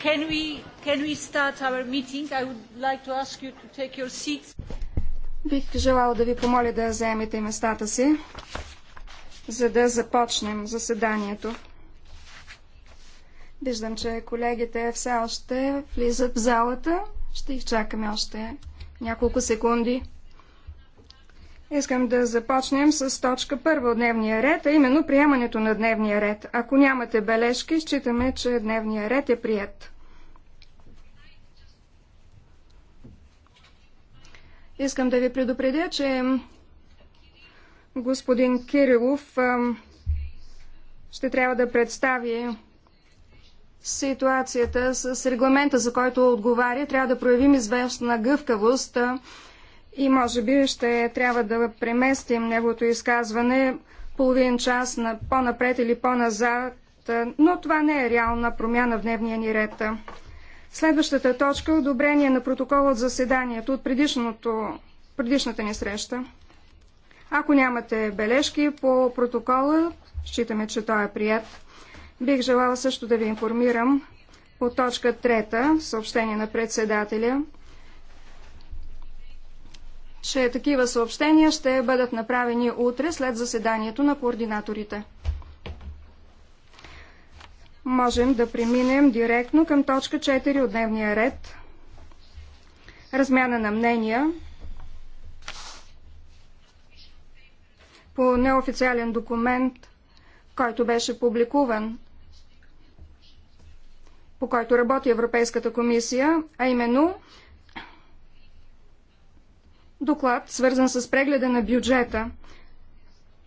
Can we, can we start our meeting? I would like to ask you to take your seats. Бих желал да ви помоля да заемете местата си, за да започнем заседанието. Виждам, че колегите все още влизат в залата. Ще изчакаме още няколко секунди. Искам да започнем с точка първа от дневния ред, а именно приемането на дневния ред. Ако нямате бележки, считаме, че дневния ред е прият. Искам да ви предупредя, че господин Кирилов ще трябва да представи ситуацията с регламента, за който отговаря. Трябва да проявим известна гъвкавост, и може би ще трябва да преместим неговото изказване половин час на по-напред или по-назад, но това не е реална промяна в дневния ни ред. Следващата точка е одобрение на протокол от заседанието от предишната ни среща. Ако нямате бележки по протокола, считаме, че той е прият. Бих желала също да ви информирам по точка трета, съобщение на председателя, че такива съобщения ще бъдат направени утре след заседанието на координаторите. Можем да преминем директно към точка 4 от дневния ред. Размяна на мнения по неофициален документ, който беше публикуван, по който работи Европейската комисия, а именно доклад, свързан с прегледа на бюджета.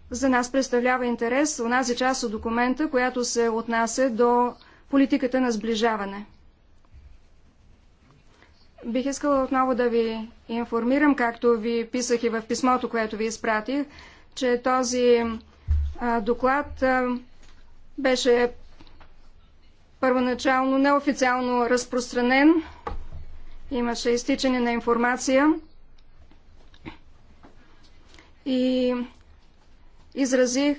За нас представлява интерес онази част от документа, която се отнася до политиката на сближаване. Бих искала отново да ви информирам, както ви писах и в писмото, което ви изпратих, че този а, доклад а, беше първоначално неофициално разпространен. Имаше изтичане на информация и изразих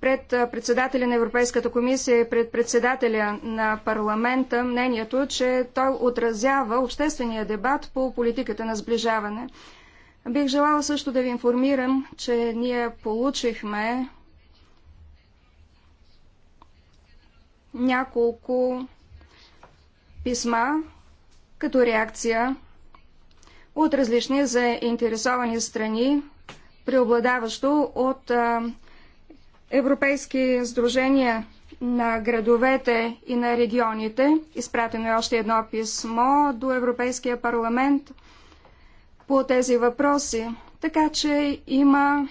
пред председателя на Европейската комисия и пред председателя на парламента мнението, че той отразява обществения дебат по политиката на сближаване. Бих желала също да ви информирам, че ние получихме няколко писма като реакция от различни заинтересовани страни преобладаващо от Европейски сдружения на градовете и на регионите. Изпратено е още едно писмо до Европейския парламент по тези въпроси. Така че има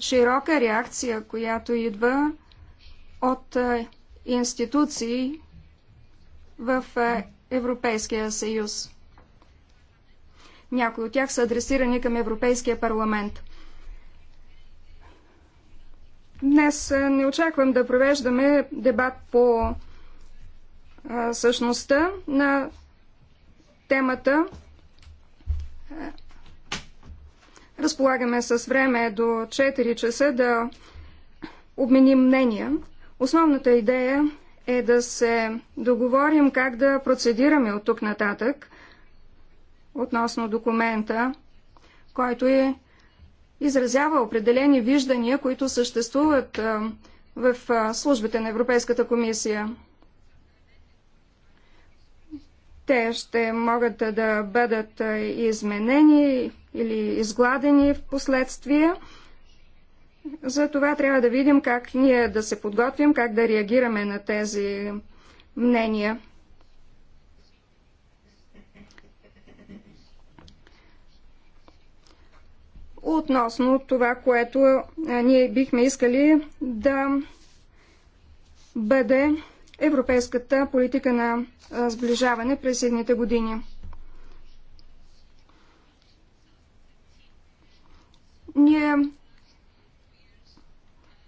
широка реакция, която идва от институции в Европейския съюз. Някои от тях са адресирани към Европейския парламент. Днес не очаквам да провеждаме дебат по а, същността на темата. Разполагаме с време до 4 часа да обменим мнения. Основната идея е да се договорим как да процедираме от тук нататък относно документа, който е изразява определени виждания, които съществуват в службите на Европейската комисия. Те ще могат да бъдат изменени или изгладени в последствие. За това трябва да видим как ние да се подготвим, как да реагираме на тези мнения. относно това, което ние бихме искали да бъде европейската политика на сближаване през едните години. Ние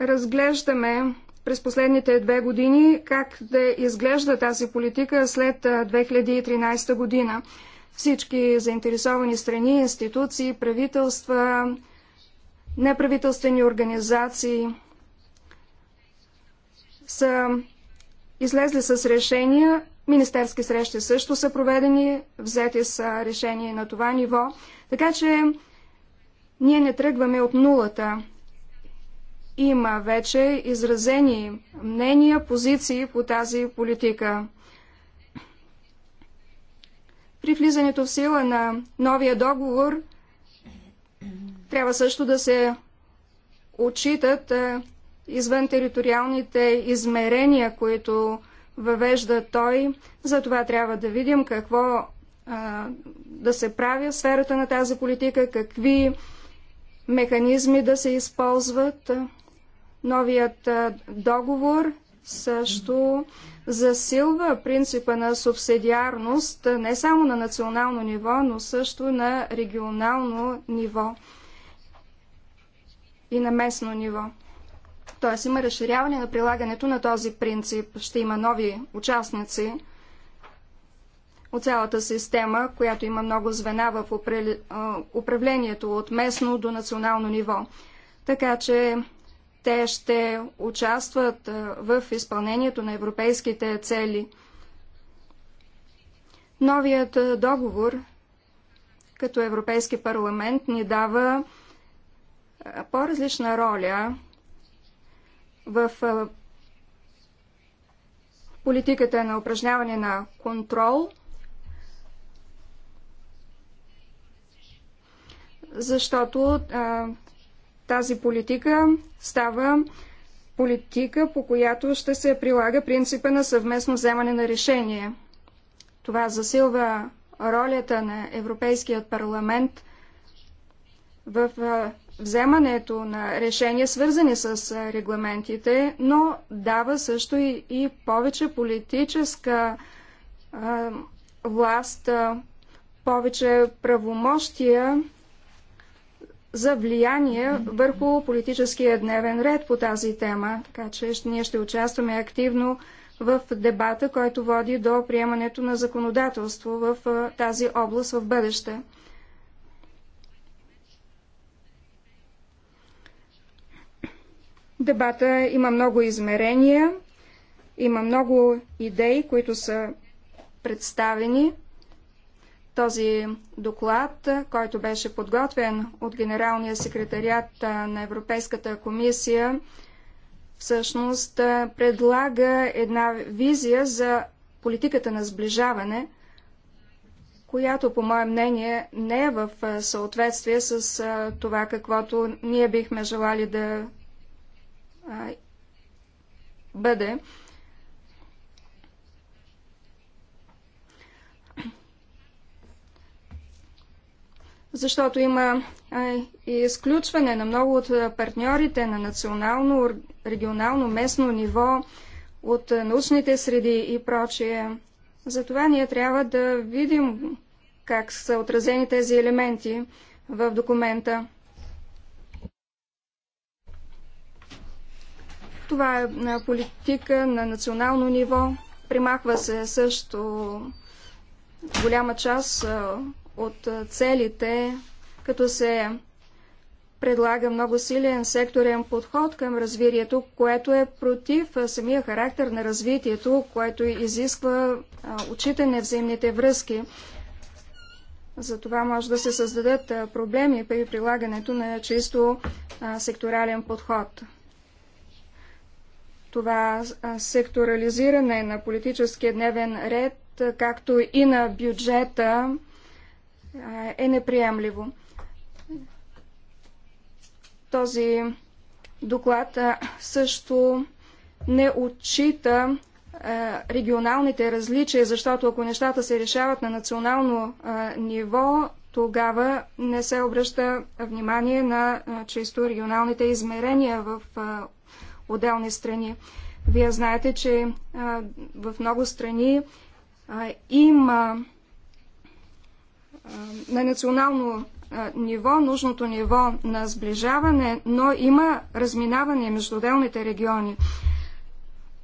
разглеждаме през последните две години как да изглежда тази политика след 2013 година всички заинтересовани страни, институции, правителства, неправителствени организации са излезли с решения. Министерски срещи също са проведени, взети са решения на това ниво. Така че ние не тръгваме от нулата. Има вече изразени мнения, позиции по тази политика. При влизането в сила на новия договор трябва също да се отчитат извън териториалните измерения, които въвежда той. Затова трябва да видим какво да се прави в сферата на тази политика, какви механизми да се използват. Новият договор също засилва принципа на субсидиарност не само на национално ниво, но също на регионално ниво и на местно ниво. Тоест има разширяване на прилагането на този принцип. Ще има нови участници от цялата система, която има много звена в управлението от местно до национално ниво. Така че те ще участват в изпълнението на европейските цели. Новият договор като Европейски парламент ни дава по-различна роля в политиката на упражняване на контрол, защото тази политика става политика, по която ще се прилага принципа на съвместно вземане на решение. Това засилва ролята на Европейският парламент в вземането на решения, свързани с регламентите, но дава също и, и повече политическа власт, повече правомощия за влияние върху политическия дневен ред по тази тема. Така че ние ще участваме активно в дебата, който води до приемането на законодателство в тази област в бъдеще. Дебата има много измерения, има много идеи, които са представени. Този доклад, който беше подготвен от Генералния секретарят на Европейската комисия, всъщност предлага една визия за политиката на сближаване, която, по мое мнение, не е в съответствие с това, каквото ние бихме желали да бъде. защото има и изключване на много от партньорите на национално, регионално, местно ниво, от научните среди и прочие. Затова ние трябва да видим как са отразени тези елементи в документа. Това е политика на национално ниво. Примахва се също голяма част от целите, като се предлага много силен секторен подход към развитието, което е против самия характер на развитието, което изисква отчитане взаимните връзки. За това може да се създадат проблеми при прилагането на чисто секторален подход. Това секторализиране на политическия дневен ред, както и на бюджета, е неприемливо. Този доклад също не отчита регионалните различия, защото ако нещата се решават на национално ниво, тогава не се обръща внимание на чисто регионалните измерения в отделни страни. Вие знаете, че в много страни има на национално ниво, нужното ниво на сближаване, но има разминаване между отделните региони.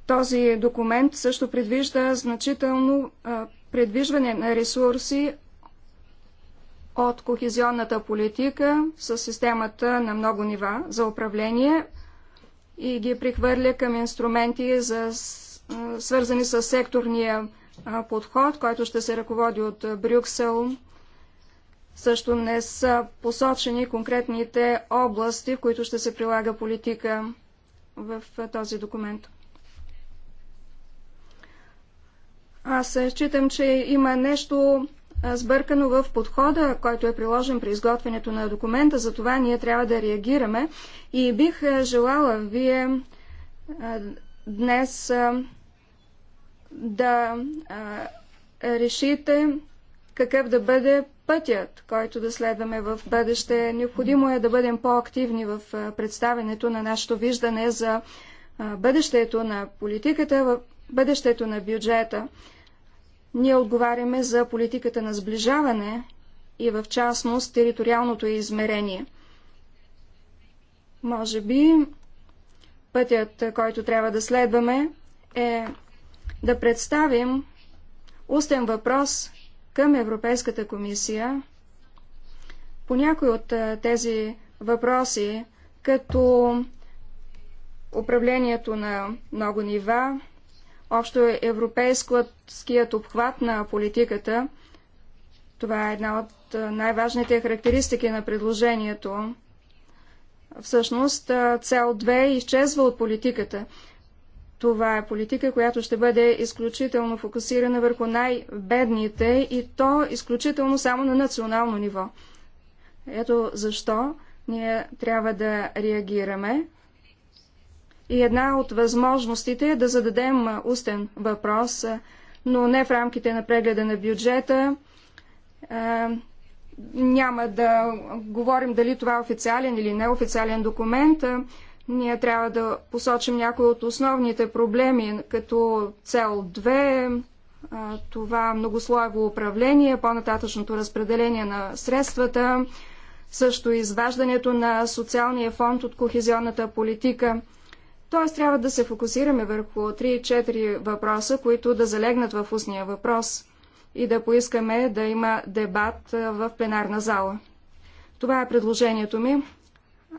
Този документ също предвижда значително предвижване на ресурси от кохезионната политика с системата на много нива за управление и ги прихвърля към инструменти за, свързани с секторния подход, който ще се ръководи от Брюксел също не са посочени конкретните области, в които ще се прилага политика в този документ. Аз считам, че има нещо сбъркано в подхода, който е приложен при изготвянето на документа, за това ние трябва да реагираме и бих желала вие днес да решите какъв да бъде пътят, който да следваме в бъдеще. Необходимо е да бъдем по-активни в представенето на нашето виждане за бъдещето на политиката, в бъдещето на бюджета. Ние отговаряме за политиката на сближаване и в частност териториалното измерение. Може би пътят, който трябва да следваме е да представим устен въпрос към Европейската комисия по някои от тези въпроси, като управлението на много нива, общо европейският обхват на политиката. Това е една от най-важните характеристики на предложението. Всъщност, цел 2 изчезва от политиката. Това е политика, която ще бъде изключително фокусирана върху най-бедните и то изключително само на национално ниво. Ето защо ние трябва да реагираме. И една от възможностите е да зададем устен въпрос, но не в рамките на прегледа на бюджета. Няма да говорим дали това е официален или неофициален документ. Ние трябва да посочим някои от основните проблеми, като цел 2, това многослоево управление, по-нататъчното разпределение на средствата, също изваждането на социалния фонд от кохезионната политика. Т.е. трябва да се фокусираме върху 3-4 въпроса, които да залегнат в устния въпрос и да поискаме да има дебат в пленарна зала. Това е предложението ми.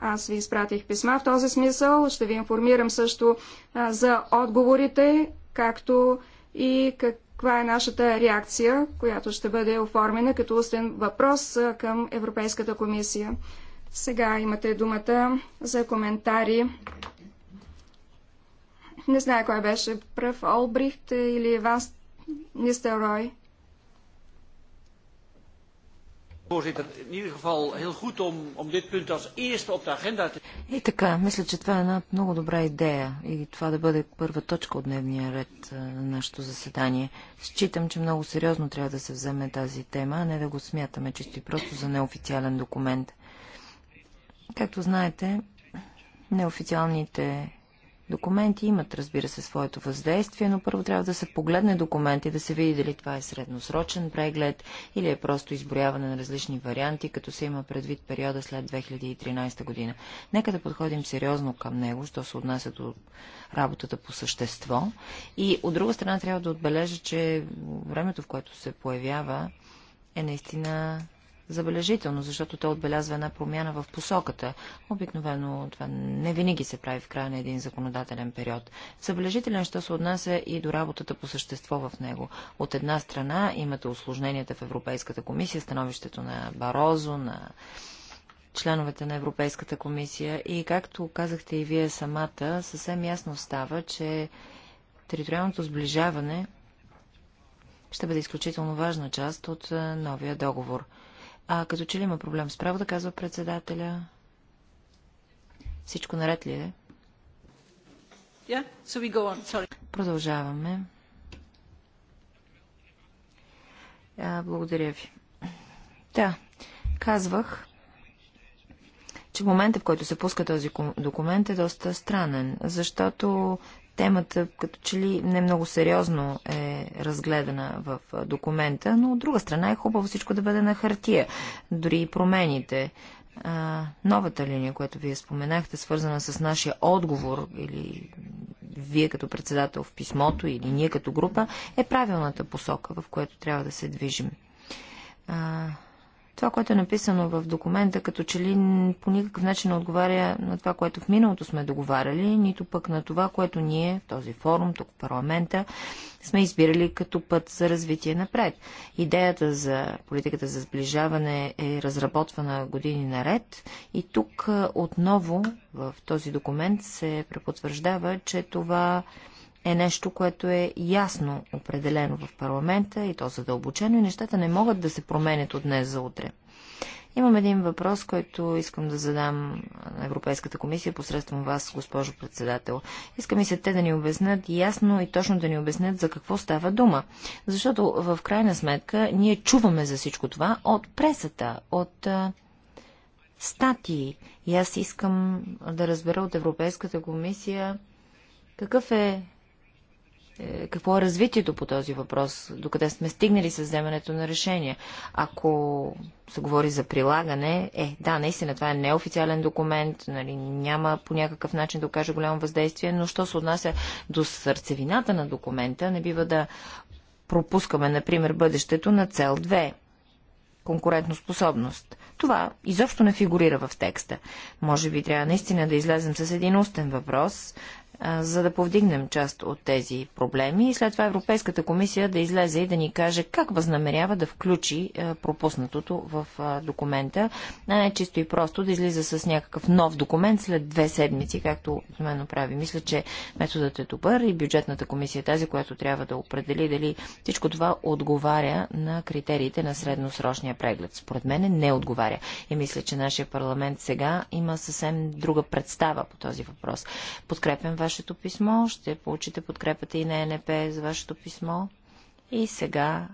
Аз ви изпратих писма в този смисъл. Ще ви информирам също а, за отговорите, както и каква е нашата реакция, която ще бъде оформена като устен въпрос а, към Европейската комисия. Сега имате думата за коментари. Не знае кой беше пръв, Олбрихт или Ван Нистерой. Voorzitter, in ieder geval heel goed om, om dit punt als eerste op de agenda te... И така, мисля, че това е една много добра идея и това да бъде първа точка от дневния ред е, на нашето заседание. Считам, че много сериозно трябва да се вземе тази тема, а не да го смятаме чисто и просто за неофициален документ. Както знаете, неофициалните документи имат, разбира се, своето въздействие, но първо трябва да се погледне документи, да се види дали това е средносрочен преглед или е просто изброяване на различни варианти, като се има предвид периода след 2013 година. Нека да подходим сериозно към него, що се отнася до работата по същество. И от друга страна трябва да отбележа, че времето, в което се появява, е наистина забележително, защото той отбелязва една промяна в посоката. Обикновено това не винаги се прави в края на един законодателен период. Забележителен, що се отнася и до работата по същество в него. От една страна имате осложненията в Европейската комисия, становището на Барозо, на членовете на Европейската комисия и, както казахте и вие самата, съвсем ясно става, че териториалното сближаване ще бъде изключително важна част от новия договор. А като че ли има проблем с право да казва председателя. Всичко наред ли е? Yeah, so we go on. Sorry. Продължаваме. А, благодаря ви. Да, казвах, че момента, в който се пуска този документ е доста странен, защото темата като че ли не много сериозно е разгледана в документа, но от друга страна е хубаво всичко да бъде на хартия, дори и промените. А, новата линия, която вие споменахте, свързана с нашия отговор или вие като председател в писмото или ние като група, е правилната посока, в която трябва да се движим. А, това, което е написано в документа, като че ли по никакъв начин не отговаря на това, което в миналото сме договаряли, нито пък на това, което ние, този форум, тук в парламента, сме избирали като път за развитие напред. Идеята за политиката за сближаване е разработвана години наред и тук отново в този документ се препотвърждава, че това е нещо, което е ясно определено в парламента и то задълбочено и нещата не могат да се променят от днес за утре. Имам един въпрос, който искам да задам на Европейската комисия посредством вас, госпожо председател. Искам и се те да ни обяснят ясно и точно да ни обяснят за какво става дума. Защото в крайна сметка ние чуваме за всичко това от пресата, от статии. И аз искам да разбера от Европейската комисия какъв е е, какво е развитието по този въпрос, докъде сме стигнали с вземането на решения. Ако се говори за прилагане, е, да, наистина това е неофициален документ, нали, няма по някакъв начин да окаже голямо въздействие, но що се отнася до сърцевината на документа, не бива да пропускаме, например, бъдещето на цел 2 конкурентоспособност. Това изобщо не фигурира в текста. Може би трябва наистина да излезем с един устен въпрос, за да повдигнем част от тези проблеми и след това Европейската комисия да излезе и да ни каже как възнамерява да включи пропуснатото в документа, най чисто и просто да излиза с някакъв нов документ след две седмици, както обикновено прави. Мисля, че методът е добър и бюджетната комисия е тази, която трябва да определи дали всичко това отговаря на критериите на средносрочния преглед. Според мен не отговаря. И мисля, че нашия парламент сега има съвсем друга представа по този въпрос. Подкрепям ваш вашето писмо, ще получите подкрепата и на НП за вашето писмо. И сега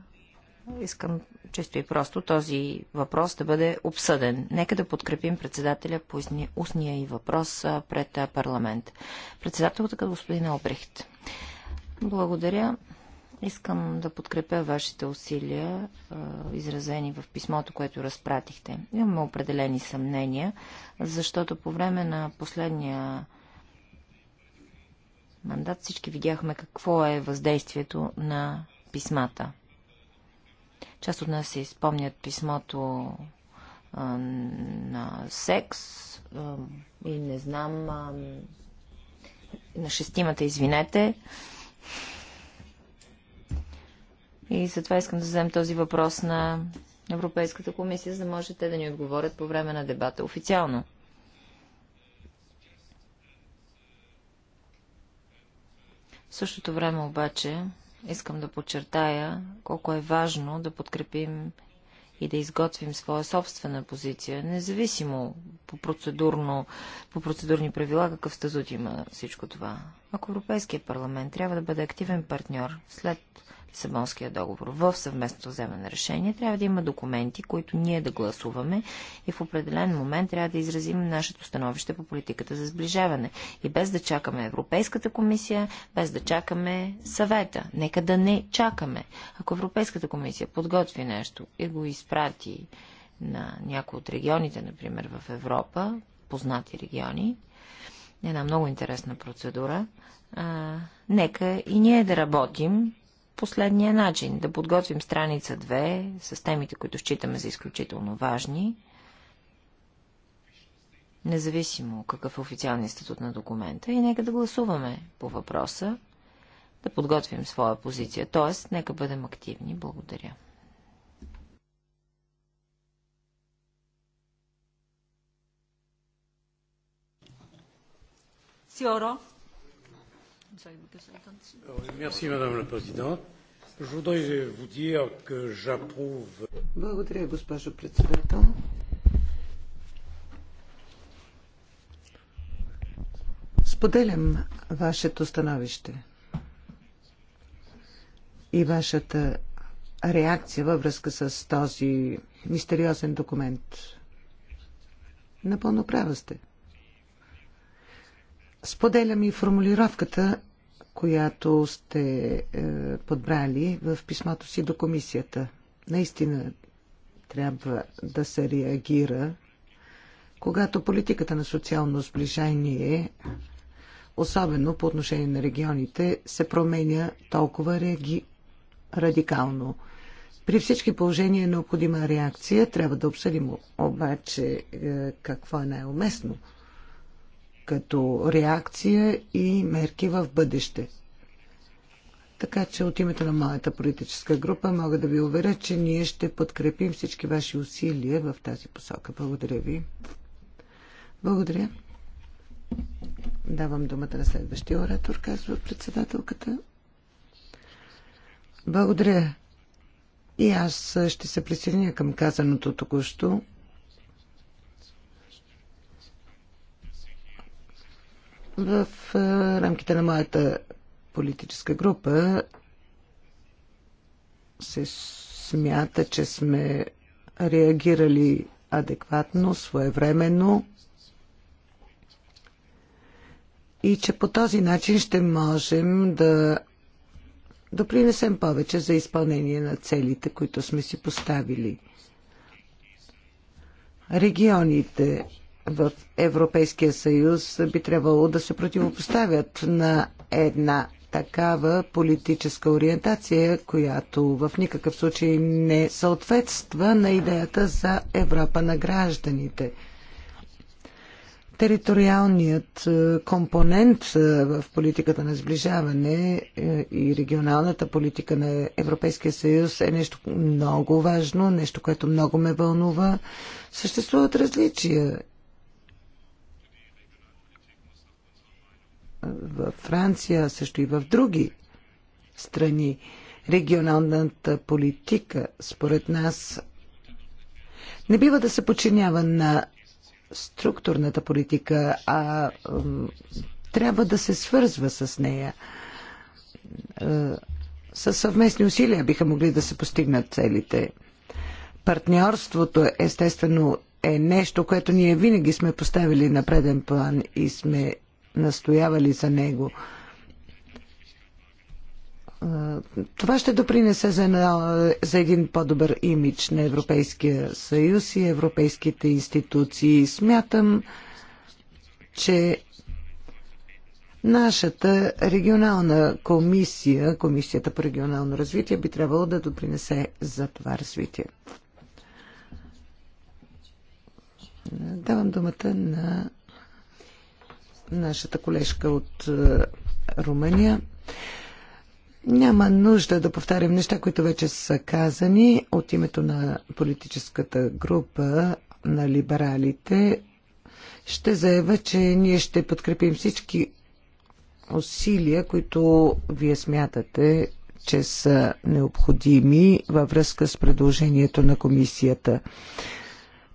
искам често и просто този въпрос да бъде обсъден. Нека да подкрепим председателя по устния и въпрос пред парламент. Председателката господин Обрехт. Благодаря. Искам да подкрепя вашите усилия, изразени в писмото, което разпратихте. Имаме определени съмнения, защото по време на последния мандат всички видяхме какво е въздействието на писмата. Част от нас си спомнят писмото а, на секс а, и не знам а, на шестимата, извинете. И затова искам да задам този въпрос на Европейската комисия, за да може те да ни отговорят по време на дебата официално. В същото време обаче искам да подчертая колко е важно да подкрепим и да изготвим своя собствена позиция, независимо по, процедурно, по процедурни правила какъв стазут има всичко това. Ако Европейския парламент трябва да бъде активен партньор след Лисабонския договор в съвместното вземане на решение, трябва да има документи, които ние да гласуваме и в определен момент трябва да изразим нашето становище по политиката за сближаване. И без да чакаме Европейската комисия, без да чакаме съвета. Нека да не чакаме. Ако Европейската комисия подготви нещо и го изпрати на някои от регионите, например в Европа, познати региони, една много интересна процедура. А, нека и ние да работим последния начин. Да подготвим страница 2 с темите, които считаме за изключително важни, независимо какъв е официалният статут на документа, и нека да гласуваме по въпроса, да подготвим своя позиция. Тоест, нека бъдем активни. Благодаря. Сиоро. Благодаря, госпожо председател. Споделям вашето становище и вашата реакция във връзка с този мистериозен документ. Напълно права сте. Споделям и формулировката която сте е, подбрали в писмото си до комисията. Наистина трябва да се реагира, когато политиката на социално сближение, особено по отношение на регионите, се променя толкова реаги... радикално. При всички положения е необходима реакция. Трябва да обсъдим обаче е, какво е най-уместно като реакция и мерки в бъдеще. Така че от името на моята политическа група мога да ви уверя, че ние ще подкрепим всички ваши усилия в тази посока. Благодаря ви. Благодаря. Давам думата на следващия оратор, казва председателката. Благодаря. И аз ще се присъединя към казаното току-що. В рамките на моята политическа група се смята, че сме реагирали адекватно, своевременно и че по този начин ще можем да допринесем повече за изпълнение на целите, които сме си поставили. Регионите в Европейския съюз би трябвало да се противопоставят на една такава политическа ориентация, която в никакъв случай не съответства на идеята за Европа на гражданите. Териториалният е, компонент е, в политиката на сближаване е, и регионалната политика на Европейския съюз е нещо много важно, нещо, което много ме вълнува. Съществуват различия в Франция, също и в други страни. Регионалната политика, според нас, не бива да се подчинява на структурната политика, а трябва да се свързва с нея. Е, със съвместни усилия биха могли да се постигнат целите. Партньорството, естествено, е нещо, което ние винаги сме поставили на преден план и сме настоявали за него. Това ще допринесе за, една, за един по-добър имидж на Европейския съюз и европейските институции. Смятам, че нашата регионална комисия, Комисията по регионално развитие, би трябвало да допринесе за това развитие. Давам думата на нашата колежка от е, Румъния. Няма нужда да повтарям неща, които вече са казани от името на политическата група на либералите. Ще заявя, че ние ще подкрепим всички усилия, които вие смятате, че са необходими във връзка с предложението на комисията.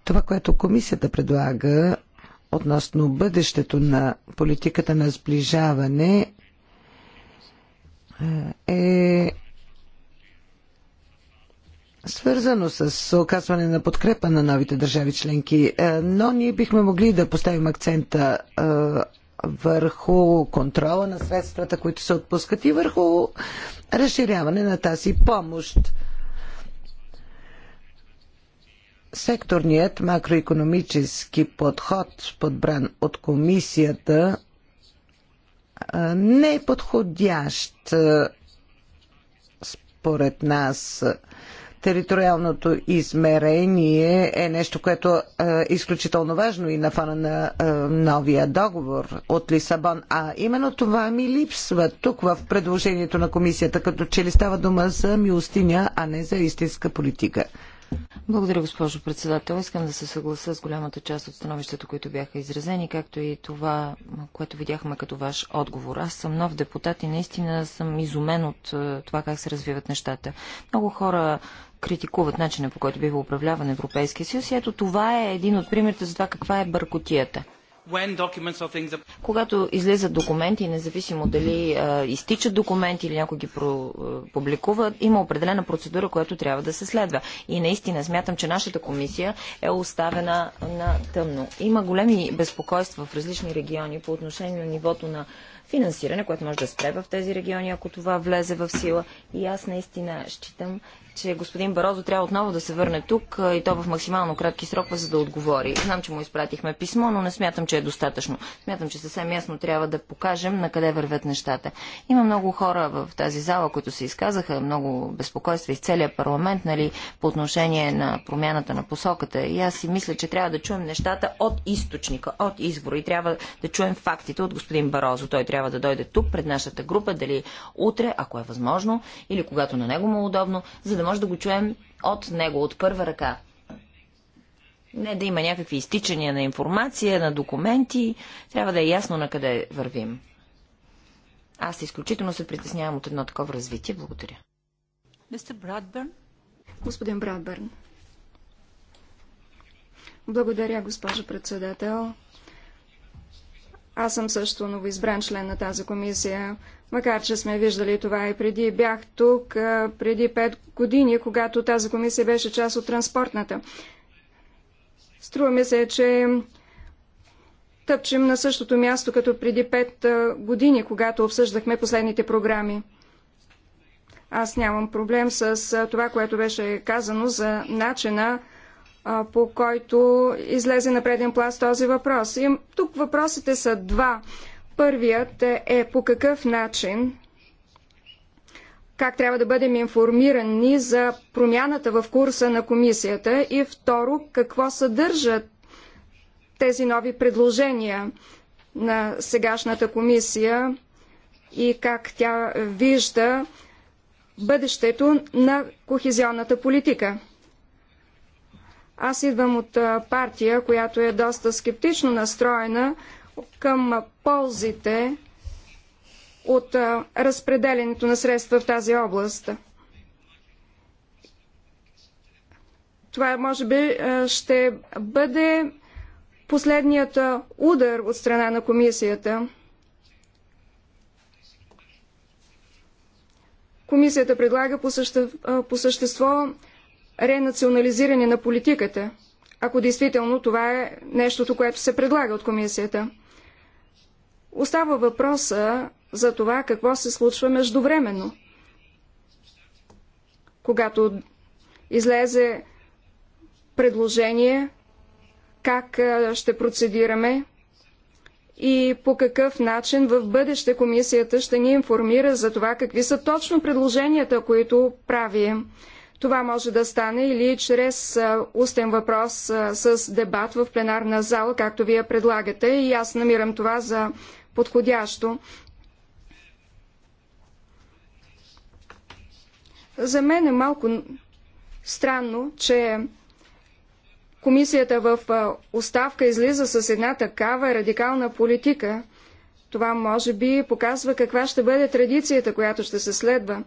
Това, което комисията предлага относно бъдещето на политиката на сближаване е, е свързано с оказване на подкрепа на новите държави членки, е, но ние бихме могли да поставим акцента е, върху контрола на средствата, които се отпускат и върху разширяване на тази помощ. Секторният макроекономически подход, подбран от комисията, не е подходящ според нас. Териториалното измерение е нещо, което е изключително важно и на фона на новия договор от Лисабон. А именно това ми липсва тук в предложението на комисията, като че ли става дума за милостиня, а не за истинска политика. Благодаря, госпожо председател. Искам да се съгласа с голямата част от становищата, които бяха изразени, както и това, което видяхме като ваш отговор. Аз съм нов депутат и наистина съм изумен от е, това как се развиват нещата. Много хора критикуват начина по който бива управляван Европейския съюз и ето това е един от примерите за това каква е бъркотията. Когато излизат документи, независимо дали а, изтичат документи или някой ги про, а, публикува, има определена процедура, която трябва да се следва. И наистина смятам, че нашата комисия е оставена на тъмно. Има големи безпокойства в различни региони по отношение на нивото на финансиране, което може да спре в тези региони, ако това влезе в сила. И аз наистина считам, че господин Барозо трябва отново да се върне тук и то в максимално кратки срокове, за да отговори. Знам, че му изпратихме писмо, но не смятам, че е достатъчно. Смятам, че съвсем ясно трябва да покажем на къде вървят нещата. Има много хора в тази зала, които се изказаха, много безпокойства из целия парламент, нали, по отношение на промяната на посоката. И аз си мисля, че трябва да чуем нещата от източника, от избора и трябва да чуем фактите от господин Барозо. Той трябва трябва да дойде тук пред нашата група, дали утре, ако е възможно, или когато на него му е удобно, за да може да го чуем от него, от първа ръка. Не да има някакви изтичания на информация, на документи, трябва да е ясно на къде вървим. Аз изключително се притеснявам от едно такова развитие. Благодаря. Мистер Брадбърн? Господин Брадбърн. Благодаря, госпожо председател. Аз съм също новоизбран член на тази комисия, макар че сме виждали това и преди. Бях тук преди пет години, когато тази комисия беше част от транспортната. Струва ми се, че тъпчем на същото място, като преди пет години, когато обсъждахме последните програми. Аз нямам проблем с това, което беше казано за начина по който излезе на преден пласт този въпрос. И тук въпросите са два. Първият е, е по какъв начин, как трябва да бъдем информирани за промяната в курса на комисията и второ, какво съдържат тези нови предложения на сегашната комисия и как тя вижда бъдещето на кохезионната политика. Аз идвам от партия, която е доста скептично настроена към ползите от разпределенето на средства в тази област. Това може би ще бъде последният удар от страна на комисията. Комисията предлага по, същество ренационализиране на политиката, ако действително това е нещото, което се предлага от комисията. Остава въпроса за това какво се случва междувременно. Когато излезе предложение, как ще процедираме и по какъв начин в бъдеще комисията ще ни информира за това какви са точно предложенията, които правим. Това може да стане или чрез устен въпрос с дебат в пленарна зала, както вие предлагате, и аз намирам това за подходящо. За мен е малко странно, че комисията в оставка излиза с една такава радикална политика. Това може би показва каква ще бъде традицията, която ще се следва.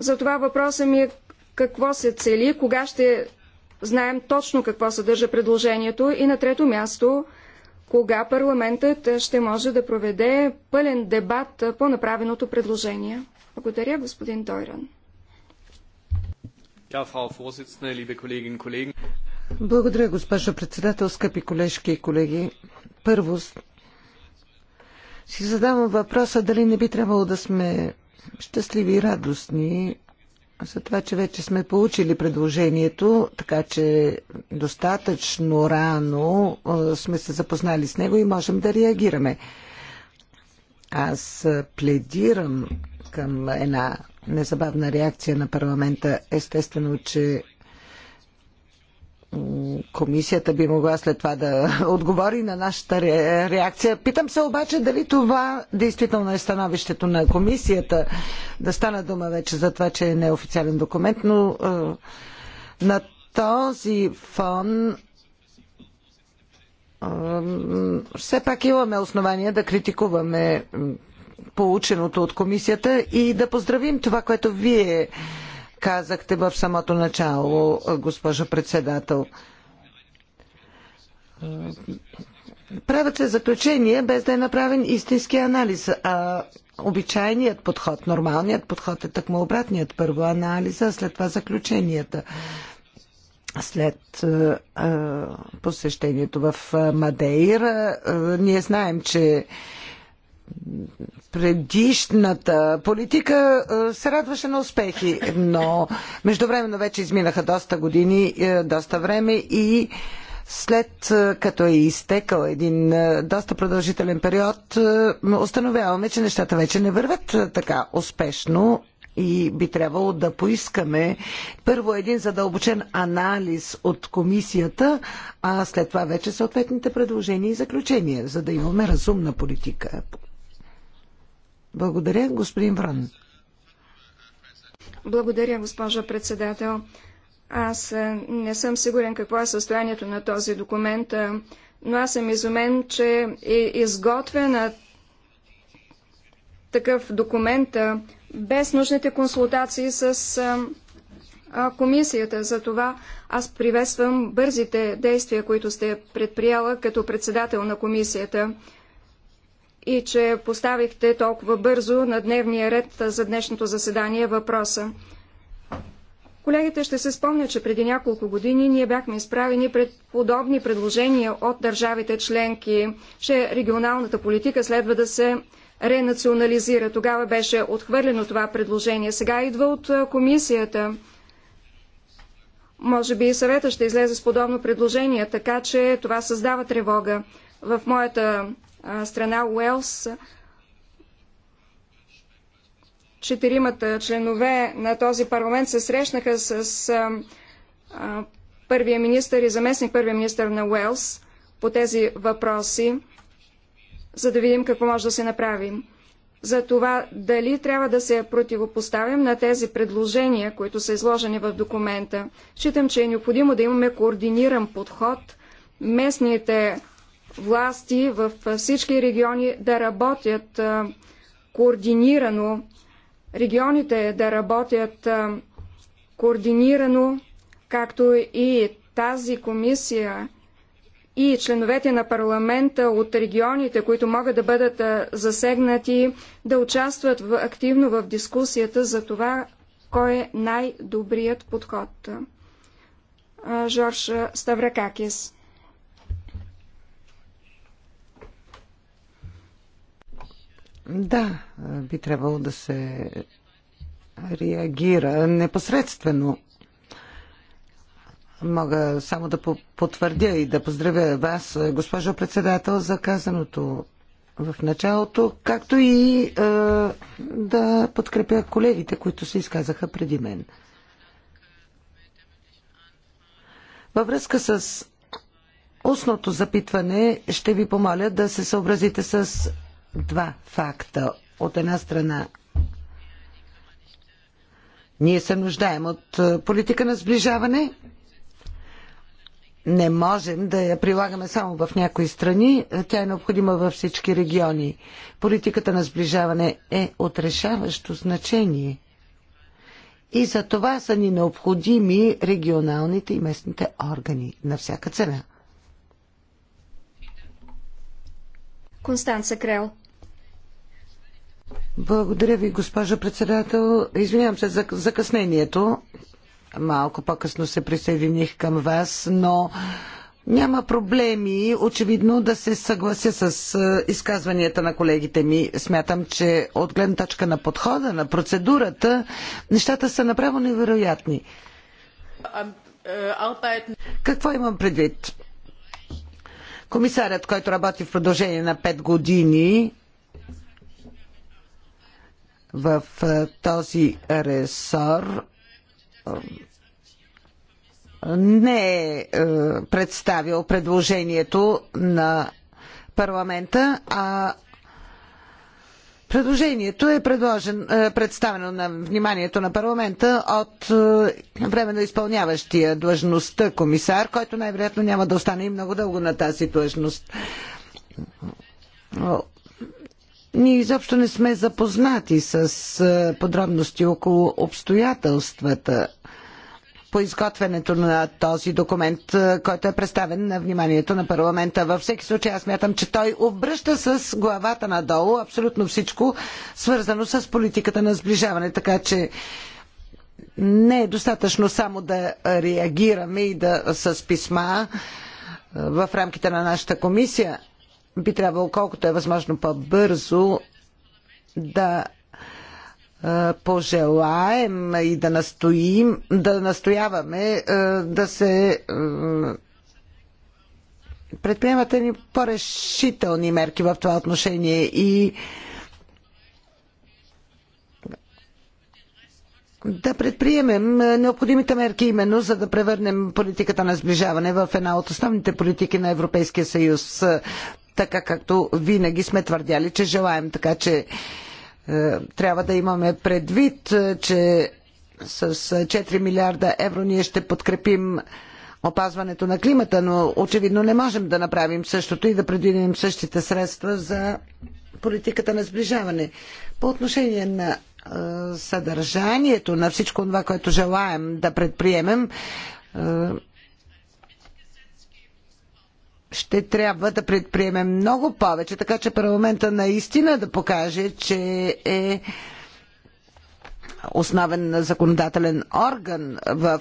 Затова въпросът ми е какво се цели, кога ще знаем точно какво съдържа предложението и на трето място, кога парламентът ще може да проведе пълен дебат по направеното предложение. Благодаря, господин Тойран. Благодаря, госпожо председател, скъпи колежки и колеги. Първо, си задавам въпроса дали не би трябвало да сме щастливи и радостни за това, че вече сме получили предложението, така че достатъчно рано сме се запознали с него и можем да реагираме. Аз пледирам към една незабавна реакция на парламента. Естествено, че комисията би могла след това да отговори на нашата реакция. Питам се обаче дали това действително е становището на комисията. Да стана дума вече за това, че е неофициален документ, но на този фон все пак имаме основания да критикуваме полученото от комисията и да поздравим това, което вие казахте в самото начало, госпожо председател. Правят се заключения, без да е направен истински анализ. А обичайният подход, нормалният подход е такмо обратният. Първо анализа, а след това заключенията. След а, посещението в Мадейра, а, ние знаем, че предишната политика е, се радваше на успехи, но междувременно вече изминаха доста години, е, доста време и след е, като е изтекал един доста продължителен период, установяваме, че нещата вече не върват така успешно и би трябвало да поискаме първо един задълбочен анализ от комисията, а след това вече съответните предложения и заключения, за да имаме разумна политика благодаря, господин Вран. Благодаря, госпожа председател. Аз не съм сигурен какво е състоянието на този документ, но аз съм изумен, че е изготвена такъв документ без нужните консултации с комисията. За това аз приветствам бързите действия, които сте предприела като председател на комисията и че поставихте толкова бързо на дневния ред за днешното заседание въпроса. Колегите ще се спомнят, че преди няколко години ние бяхме изправени пред подобни предложения от държавите членки, че регионалната политика следва да се ренационализира. Тогава беше отхвърлено това предложение. Сега идва от комисията. Може би и съвета ще излезе с подобно предложение, така че това създава тревога. В моята страна Уелс. Четиримата членове на този парламент се срещнаха с а, първия министър и заместник първия министър на Уелс по тези въпроси, за да видим какво може да се направим. За това дали трябва да се противопоставим на тези предложения, които са изложени в документа. Считам, че е необходимо да имаме координиран подход. Местните власти в всички региони да работят координирано, регионите да работят координирано, както и тази комисия и членовете на парламента от регионите, които могат да бъдат засегнати, да участват активно в дискусията за това, кой е най-добрият подход. Жорж Ставракакис. Да, би трябвало да се реагира непосредствено. Мога само да потвърдя и да поздравя вас, госпожо председател, за казаното в началото, както и е, да подкрепя колегите, които се изказаха преди мен. Във връзка с устното запитване ще ви помоля да се съобразите с два факта. От една страна, ние се нуждаем от е, политика на сближаване. Не можем да я прилагаме само в някои страни. Е, тя е необходима във всички региони. Политиката на сближаване е отрешаващо значение. И за това са ни необходими регионалните и местните органи на всяка цена. Констанца Крел благодаря ви, госпожо председател. Извинявам се за закъснението. Малко по-късно се присъединих към вас, но няма проблеми, очевидно, да се съглася с е, изказванията на колегите ми. Смятам, че от гледна точка на подхода, на процедурата, нещата са направо невероятни. Какво имам предвид? Комисарят, който работи в продължение на 5 години, в този ресор не е представил предложението на парламента, а Предложението е представено на вниманието на парламента от временно изпълняващия длъжността комисар, който най-вероятно няма да остане и много дълго на тази длъжност. Ние изобщо не сме запознати с подробности около обстоятелствата по изготвянето на този документ, който е представен на вниманието на парламента. Във всеки случай аз мятам, че той обръща с главата надолу абсолютно всичко, свързано с политиката на сближаване. Така че не е достатъчно само да реагираме и да с писма в рамките на нашата комисия би трябвало колкото е възможно по-бързо да пожелаем и да настоим, да настояваме да се предприемат ни по-решителни мерки в това отношение и да предприемем е, необходимите мерки именно за да превърнем политиката на сближаване в една от основните политики на Европейския съюз, е, така както винаги сме твърдяли, че желаем. Така че е, трябва да имаме предвид, е, че с 4 милиарда евро ние ще подкрепим опазването на климата, но очевидно не можем да направим същото и да предвидим същите средства за политиката на сближаване. По отношение на съдържанието на всичко това, което желаем да предприемем, ще трябва да предприемем много повече, така че парламента наистина да покаже, че е основен законодателен орган в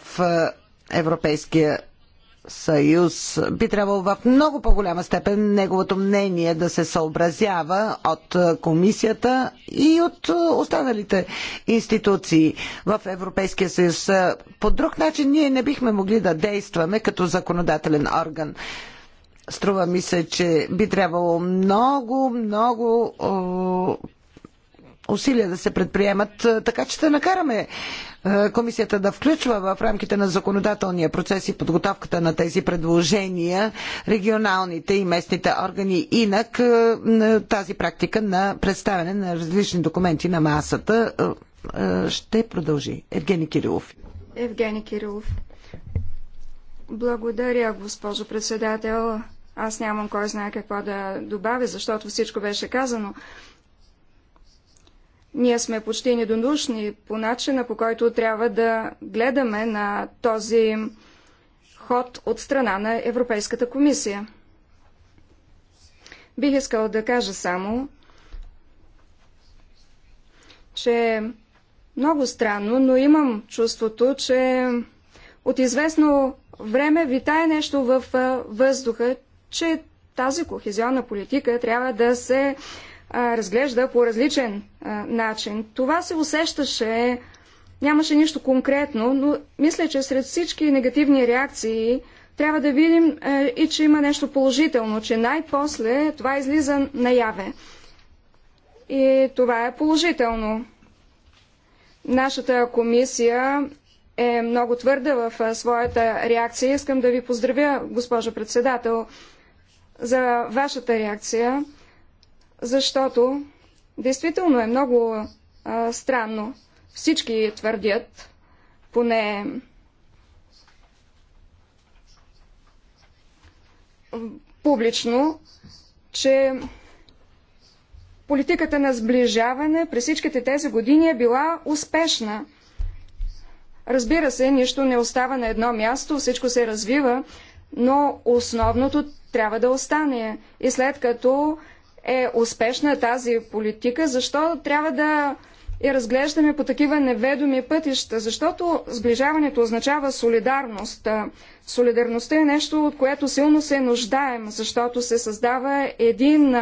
Европейския съюз, би трябвало в много по-голяма степен неговото мнение да се съобразява от комисията и от останалите институции в Европейския съюз. По друг начин ние не бихме могли да действаме като законодателен орган. Струва ми се, че би трябвало много, много усилия да се предприемат, така че да накараме е, комисията да включва в рамките на законодателния процес и подготовката на тези предложения регионалните и местните органи. Инак е, тази практика на представяне на различни документи на масата е, ще продължи. Евгений Кирилов. Евгений Кирилов. Благодаря, госпожо председател. Аз нямам кой знае какво да добавя, защото всичко беше казано. Ние сме почти недонушни по начина, по който трябва да гледаме на този ход от страна на Европейската комисия. Бих искал да кажа само, че много странно, но имам чувството, че от известно време витае нещо в въздуха, че тази кохезионна политика трябва да се разглежда по различен начин. Това се усещаше, нямаше нищо конкретно, но мисля, че сред всички негативни реакции трябва да видим и че има нещо положително, че най-после това излиза наяве. И това е положително. Нашата комисия е много твърда в своята реакция. Искам да ви поздравя, госпожо председател, за вашата реакция защото действително е много а, странно. Всички твърдят, поне публично, че политиката на сближаване през всичките тези години е била успешна. Разбира се, нищо не остава на едно място, всичко се развива, но основното трябва да остане. И след като е успешна тази политика, защо трябва да я разглеждаме по такива неведоми пътища, защото сближаването означава солидарност. Солидарността е нещо, от което силно се нуждаем, защото се създава един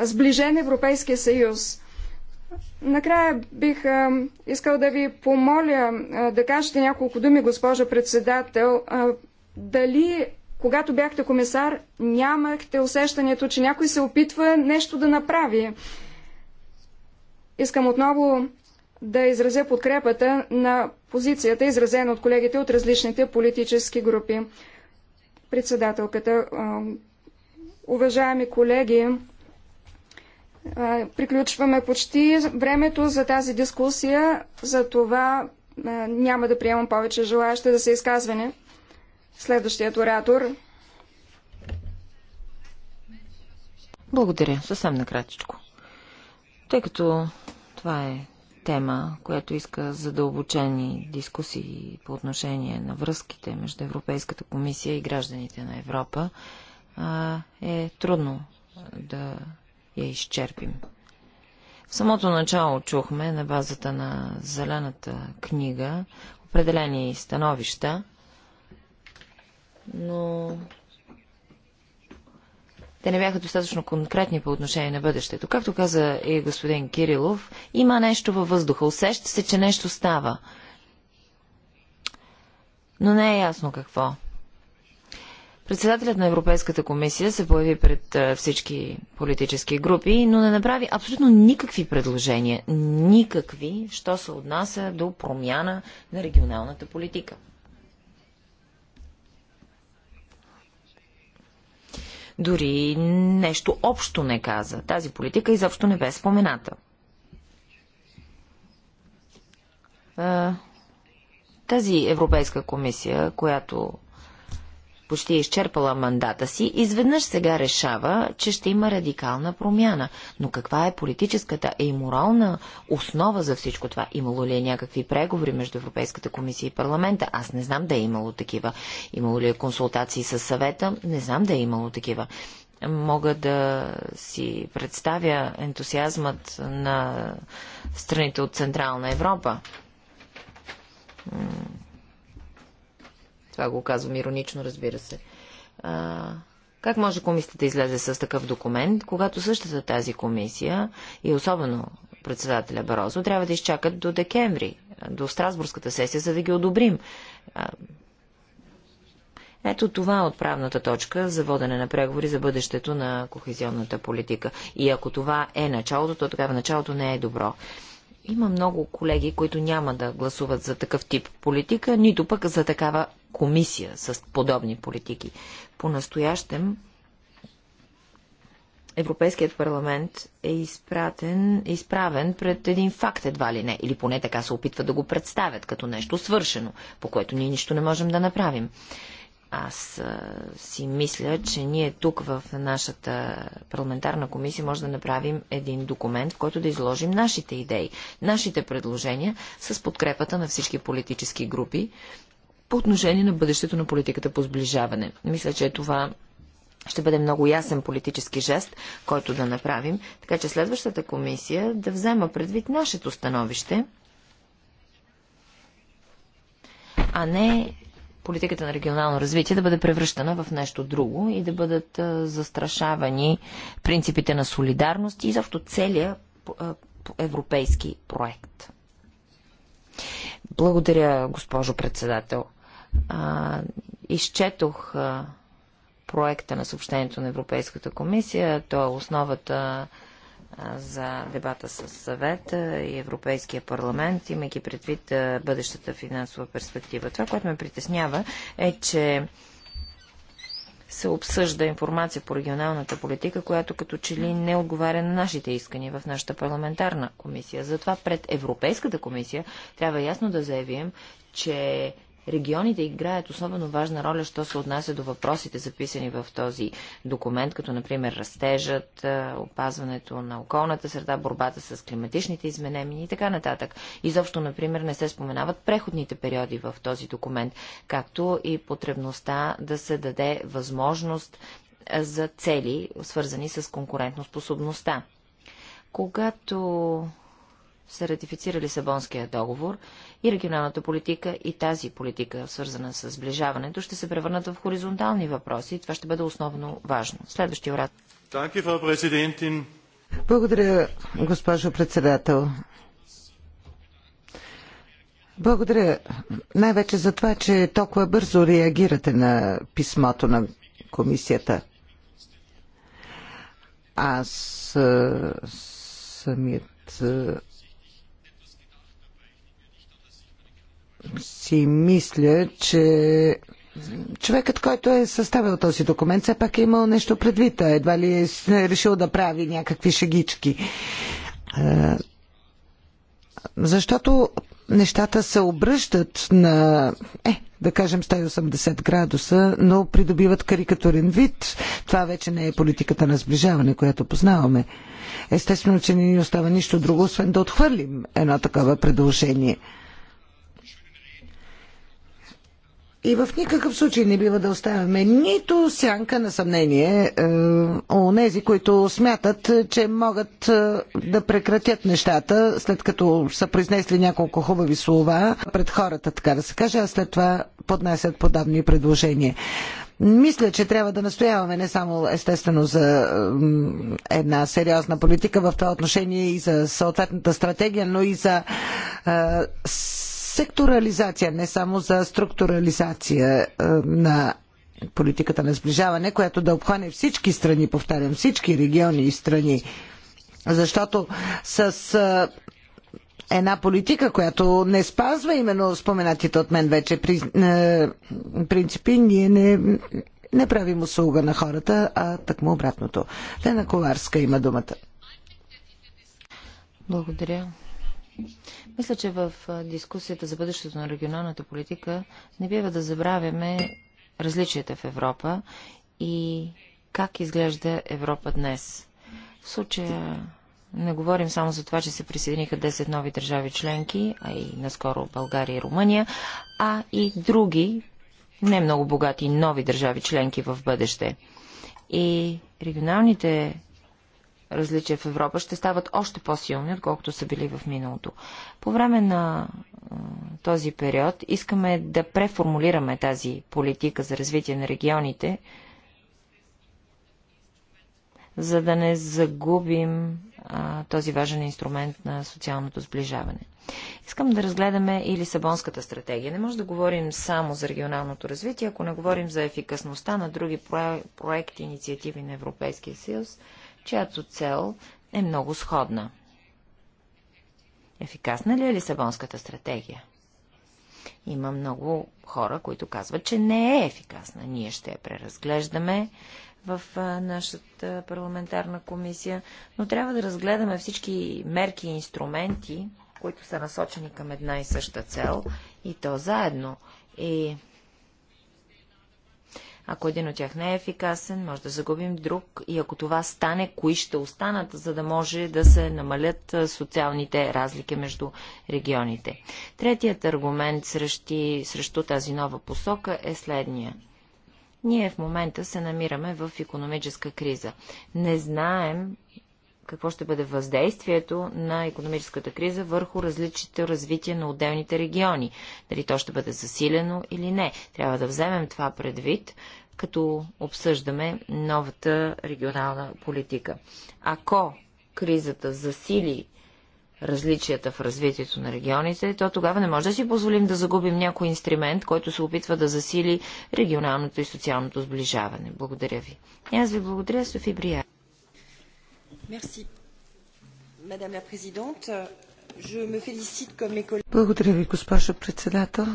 сближен Европейски съюз. Накрая бих искал да ви помоля да кажете няколко думи, госпожа председател, дали когато бяхте комисар, нямахте усещането, че някой се опитва нещо да направи. Искам отново да изразя подкрепата на позицията, изразена от колегите от различните политически групи. Председателката, уважаеми колеги, приключваме почти времето за тази дискусия, за това няма да приемам повече желаящи да се изказване. Следващият оратор. Благодаря. Съвсем накратичко. Тъй като това е тема, която иска задълбочени дискусии по отношение на връзките между Европейската комисия и гражданите на Европа, е трудно да я изчерпим. В самото начало чухме на базата на Зелената книга определени становища, но те не бяха достатъчно конкретни по отношение на бъдещето. Както каза и господин Кирилов, има нещо във въздуха. Усеща се, че нещо става. Но не е ясно какво. Председателят на Европейската комисия се появи пред е, всички политически групи, но не направи абсолютно никакви предложения. Никакви, що се отнася до промяна на регионалната политика. Дори нещо общо не каза. Тази политика изобщо не бе спомената. Тази Европейска комисия, която почти е изчерпала мандата си, изведнъж сега решава, че ще има радикална промяна. Но каква е политическата и морална основа за всичко това? Имало ли е някакви преговори между Европейската комисия и парламента? Аз не знам да е имало такива. Имало ли е консултации с съвета? Не знам да е имало такива мога да си представя ентусиазмът на страните от Централна Европа. Това го казвам иронично, разбира се. А, как може комисията да излезе с такъв документ, когато същата тази комисия и особено председателя Барозо трябва да изчакат до декември, до Страсбургската сесия, за да ги одобрим? А, ето това е отправната точка за водене на преговори за бъдещето на кохезионната политика. И ако това е началото, то тогава началото не е добро. Има много колеги, които няма да гласуват за такъв тип политика, нито пък за такава комисия с подобни политики. По-настоящем Европейският парламент е изпратен, изправен пред един факт едва ли не, или поне така се опитва да го представят като нещо свършено, по което ние нищо не можем да направим. Аз си мисля, че ние тук в нашата парламентарна комисия може да направим един документ, в който да изложим нашите идеи, нашите предложения с подкрепата на всички политически групи по отношение на бъдещето на политиката по сближаване. Мисля, че това ще бъде много ясен политически жест, който да направим, така че следващата комисия да взема предвид нашето становище, а не политиката на регионално развитие да бъде превръщана в нещо друго и да бъдат застрашавани принципите на солидарност и защото целият европейски проект. Благодаря, госпожо председател. изчетох проекта на съобщението на Европейската комисия. той е основата за дебата с съвета и Европейския парламент, имайки предвид бъдещата финансова перспектива. Това, което ме притеснява е, че се обсъжда информация по регионалната политика, която като че ли не отговаря на нашите искания в нашата парламентарна комисия. Затова пред Европейската комисия трябва ясно да заявим, че Регионите играят особено важна роля, що се отнася до въпросите, записани в този документ, като например растежът, опазването на околната среда, борбата с климатичните изменения и така нататък. Изобщо, например, не се споменават преходните периоди в този документ, както и потребността да се даде възможност за цели, свързани с конкурентоспособността. Когато се ратифицира Лисабонския договор и регионалната политика и тази политика, свързана с сближаването, ще се превърнат в хоризонтални въпроси. Това ще бъде основно важно. Следващия рад. Благодаря, госпожо председател. Благодаря най-вече за това, че толкова бързо реагирате на писмото на комисията. Аз е, самият е, си мисля, че човекът, който е съставил този документ, все пак е имал нещо предвид, а едва ли е, е решил да прави някакви шегички. Е, защото нещата се обръщат на, е, да кажем 180 градуса, но придобиват карикатурен вид. Това вече не е политиката на сближаване, която познаваме. Естествено, че не ни остава нищо друго, освен да отхвърлим едно такова предложение. И в никакъв случай не бива да оставяме нито сянка на съмнение е, у нези, които смятат, че могат е, да прекратят нещата, след като са произнесли няколко хубави слова пред хората, така да се каже, а след това поднасят подобни предложения. Мисля, че трябва да настояваме не само естествено за една сериозна политика в това отношение и за съответната стратегия, но и за е, секторализация, не само за структурализация е, на политиката на сближаване, която да обхване всички страни, повтарям, всички региони и страни. Защото с е, една политика, която не спазва именно споменатите от мен вече при, е, принципи, ние не, не правим услуга на хората, а такмо обратното. Лена Коварска има думата. Благодаря. Мисля, че в дискусията за бъдещето на регионалната политика не бива да забравяме различията в Европа и как изглежда Европа днес. В случая не говорим само за това, че се присъединиха 10 нови държави членки, а и наскоро България и Румъния, а и други, не много богати, нови държави членки в бъдеще. И регионалните различия в Европа ще стават още по-силни, отколкото са били в миналото. По време на този период искаме да преформулираме тази политика за развитие на регионите, за да не загубим а, този важен инструмент на социалното сближаване. Искам да разгледаме и Лисабонската стратегия. Не може да говорим само за регионалното развитие, ако не говорим за ефикасността на други проекти, инициативи на Европейския съюз, чиято цел е много сходна. Ефикасна ли е Лисабонската стратегия? Има много хора, които казват, че не е ефикасна. Ние ще я преразглеждаме в нашата парламентарна комисия, но трябва да разгледаме всички мерки и инструменти, които са насочени към една и съща цел, и то заедно. И ако един от тях не е ефикасен, може да загубим друг и ако това стане, кои ще останат, за да може да се намалят социалните разлики между регионите. Третият аргумент срещу, срещу тази нова посока е следния. Ние в момента се намираме в економическа криза. Не знаем какво ще бъде въздействието на економическата криза върху различните развитие на отделните региони. Дали то ще бъде засилено или не. Трябва да вземем това предвид, като обсъждаме новата регионална политика. Ако кризата засили различията в развитието на регионите, то тогава не може да си позволим да загубим някой инструмент, който се опитва да засили регионалното и социалното сближаване. Благодаря ви. И аз ви благодаря, Софи Брия. Благодаря ви, госпожо председател.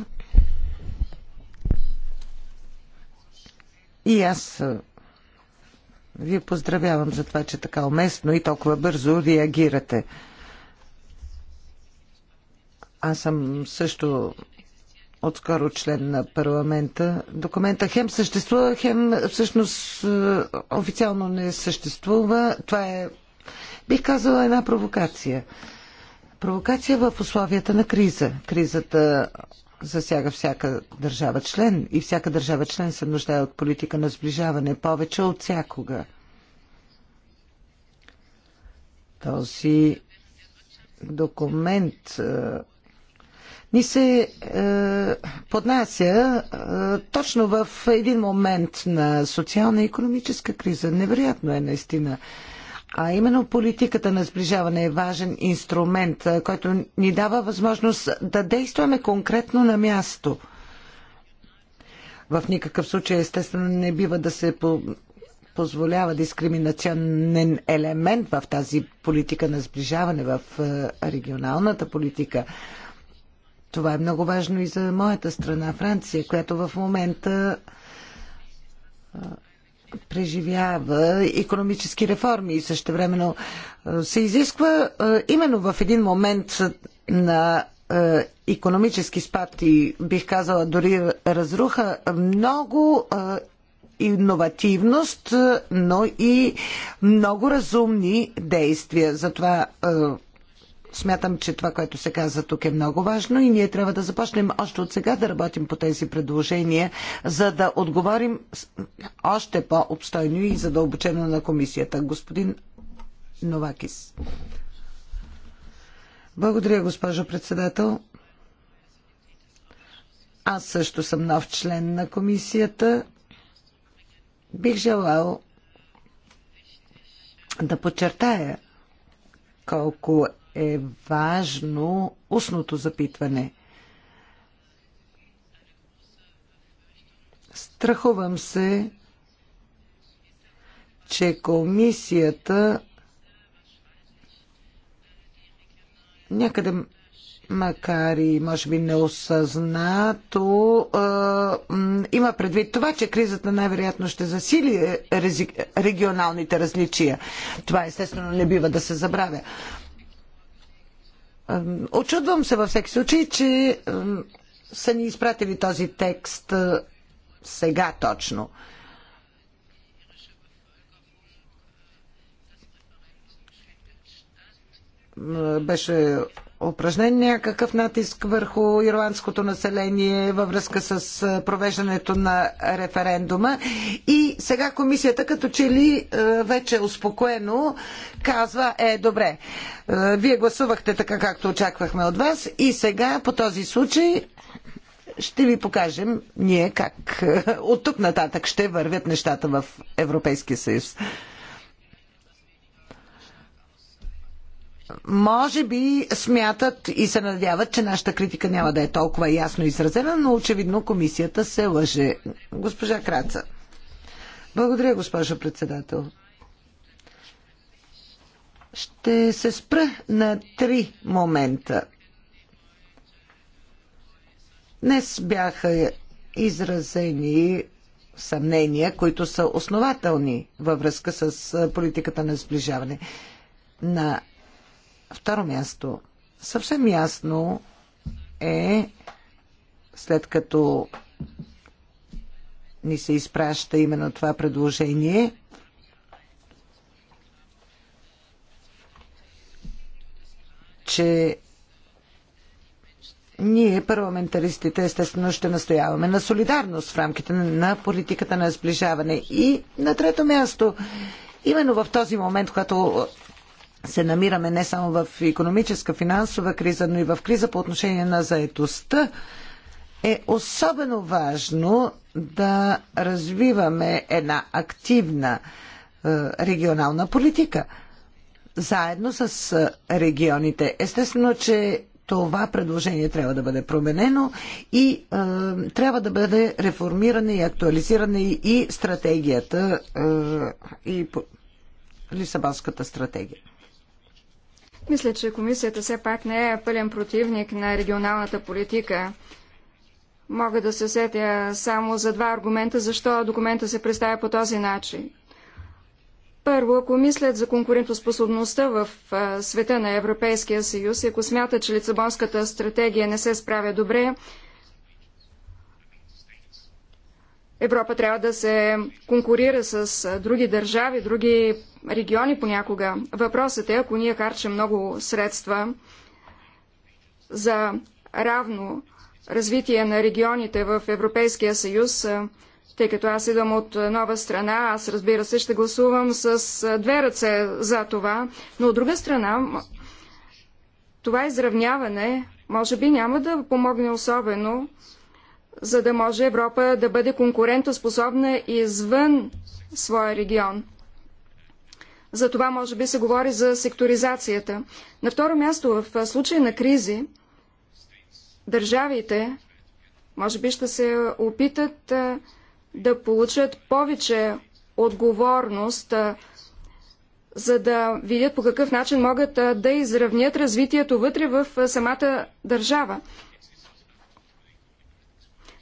И аз ви поздравявам за това, че така уместно и толкова бързо реагирате. Аз съм също отскоро член на парламента. Документа хем съществува, хем е, всъщност е, официално не съществува. Това е, бих казала, една провокация. Провокация в условията на криза. Кризата засяга всяка държава член и всяка държава член се нуждае от политика на сближаване повече от всякога. Този документ е, ни се е, поднася е, точно в един момент на социална и економическа криза. Невероятно е наистина. А именно политиката на сближаване е важен инструмент, е, който ни дава възможност да действаме конкретно на място. В никакъв случай, естествено, не бива да се по позволява дискриминационен елемент в тази политика на сближаване, в е, регионалната политика. Това е много важно и за моята страна, Франция, която в момента преживява економически реформи и също времено се изисква именно в един момент на економически спад и бих казала дори разруха много иновативност, но и много разумни действия. Затова Смятам, че това, което се каза тук е много важно и ние трябва да започнем още от сега да работим по тези предложения, за да отговорим още по-обстойно и задълбочено на комисията. Господин Новакис. Благодаря, госпожо председател. Аз също съм нов член на комисията. Бих желал да подчертая колко е важно устното запитване. Страхувам се, че комисията някъде макар и може би неосъзнато, има предвид това, че кризата най-вероятно ще засили е, регионалните различия. Това естествено не бива да се забравя. Очудвам се във всеки случай, че са ни изпратили този текст сега точно. Беше упражнен някакъв натиск върху ирландското население във връзка с провеждането на референдума. И сега комисията като че ли вече успокоено казва, е добре, вие гласувахте така както очаквахме от вас и сега по този случай ще ви покажем ние как от тук нататък ще вървят нещата в Европейския съюз. може би смятат и се надяват, че нашата критика няма да е толкова ясно изразена, но очевидно комисията се лъже. Госпожа Краца. Благодаря, госпожа председател. Ще се спра на три момента. Днес бяха изразени съмнения, които са основателни във връзка с политиката на сближаване. На второ място, съвсем ясно е, след като ни се изпраща именно това предложение, че ние, парламентаристите, естествено ще настояваме на солидарност в рамките на политиката на сближаване. И на трето място, именно в този момент, когато се намираме не само в економическа, финансова криза, но и в криза по отношение на заетостта, е особено важно да развиваме една активна е, регионална политика заедно с е, регионите. Естествено, че това предложение трябва да бъде променено и е, трябва да бъде реформирана и актуализирана и стратегията е, и Лисабонската стратегия. Мисля, че комисията все пак не е пълен противник на регионалната политика. Мога да се сетя само за два аргумента, защо документа се представя по този начин. Първо, ако мислят за конкурентоспособността в света на Европейския съюз, ако смятат, че лицабонската стратегия не се справя добре, Европа трябва да се конкурира с други държави, други региони понякога. Въпросът е, ако ние харчим много средства за равно развитие на регионите в Европейския съюз, тъй като аз идвам от нова страна, аз разбира се ще гласувам с две ръце за това, но от друга страна това изравняване може би няма да помогне особено за да може Европа да бъде конкурентоспособна извън своя регион. За това може би се говори за секторизацията. На второ място, в случай на кризи, държавите може би ще се опитат да получат повече отговорност, за да видят по какъв начин могат да изравнят развитието вътре в самата държава.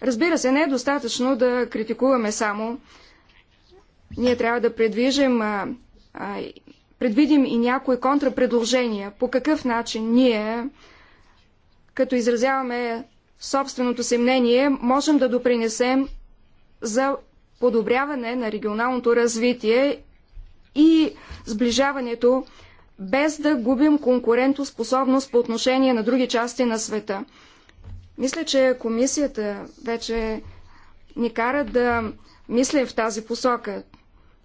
Разбира се, не е достатъчно да критикуваме само. Ние трябва да предвижим, а, а, предвидим и някои контрапредложения. По какъв начин ние, като изразяваме собственото си мнение, можем да допринесем за подобряване на регионалното развитие и сближаването, без да губим конкурентоспособност по отношение на други части на света. Мисля, че комисията вече ни кара да мислим в тази посока.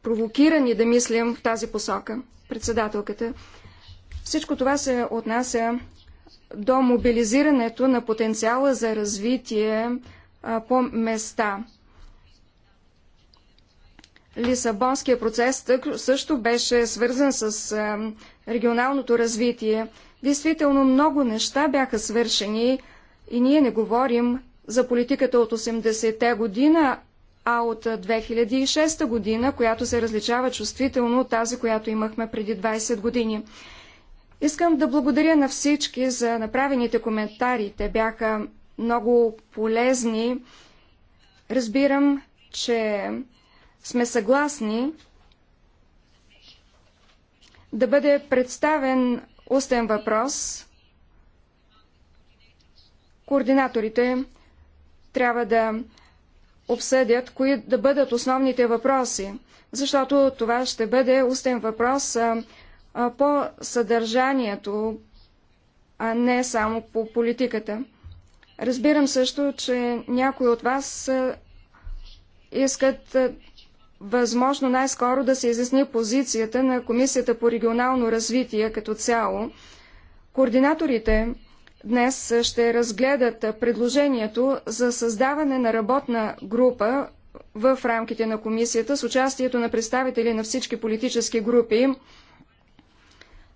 Провокирани да мислим в тази посока. Председателката. Всичко това се отнася до мобилизирането на потенциала за развитие а, по места. Лисабонския процес също беше свързан с а, регионалното развитие. Действително много неща бяха свършени и ние не говорим за политиката от 80-те година, а от 2006 година, която се различава чувствително от тази, която имахме преди 20 години. Искам да благодаря на всички за направените коментари. Те бяха много полезни. Разбирам, че сме съгласни да бъде представен устен въпрос Координаторите трябва да обсъдят кои да бъдат основните въпроси, защото това ще бъде устен въпрос по съдържанието, а не само по политиката. Разбирам също, че някои от вас искат възможно най-скоро да се изясни позицията на Комисията по регионално развитие като цяло. Координаторите днес ще разгледат предложението за създаване на работна група в рамките на комисията с участието на представители на всички политически групи,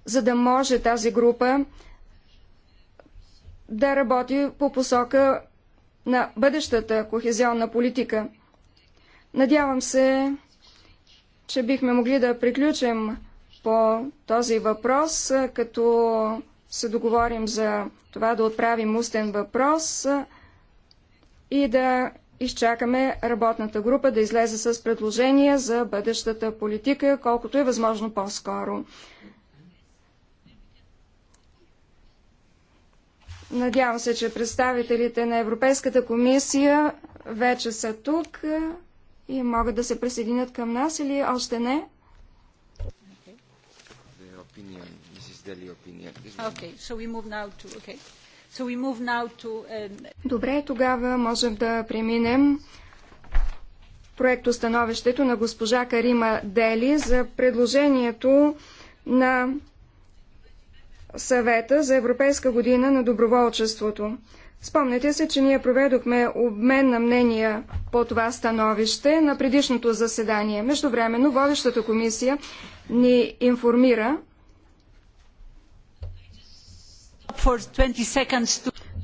за да може тази група да работи по посока на бъдещата кохезионна политика. Надявам се, че бихме могли да приключим по този въпрос, като се договорим за това да отправим устен въпрос и да изчакаме работната група да излезе с предложения за бъдещата политика, колкото е възможно по-скоро. Надявам се, че представителите на Европейската комисия вече са тук и могат да се присъединят към нас или още не. opinion. Okay, so we move now to, okay. So we move now to, um, Добре, тогава можем да преминем проекто становището на госпожа Карима Дели за предложението на съвета за Европейска година на доброволчеството. Спомняте се, че ние проведохме обмен на мнения по това становище на предишното заседание. Междувременно водещата комисия ни информира,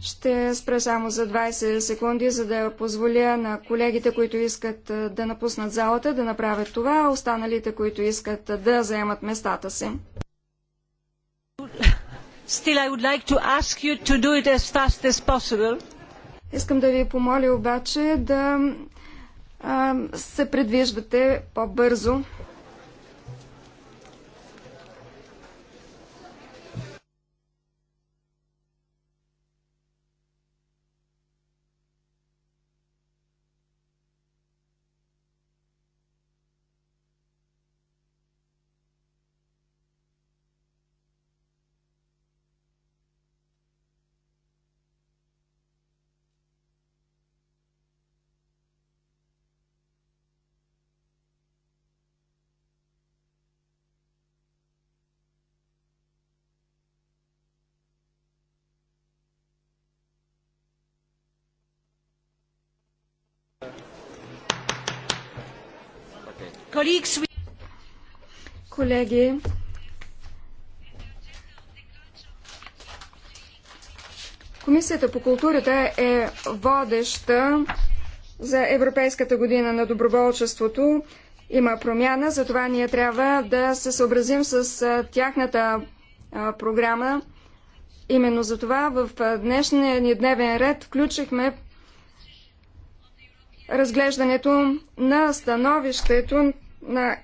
Ще спра само за 20 секунди, за да позволя на колегите, които искат да напуснат залата, да направят това, а останалите, които искат да заемат местата си. Искам да ви помоля обаче да а, се предвиждате по-бързо. Колеги, Комисията по културата е водеща за Европейската година на доброволчеството. Има промяна, затова ние трябва да се съобразим с тяхната програма. Именно за това в днешния ни дневен ред включихме разглеждането на становището на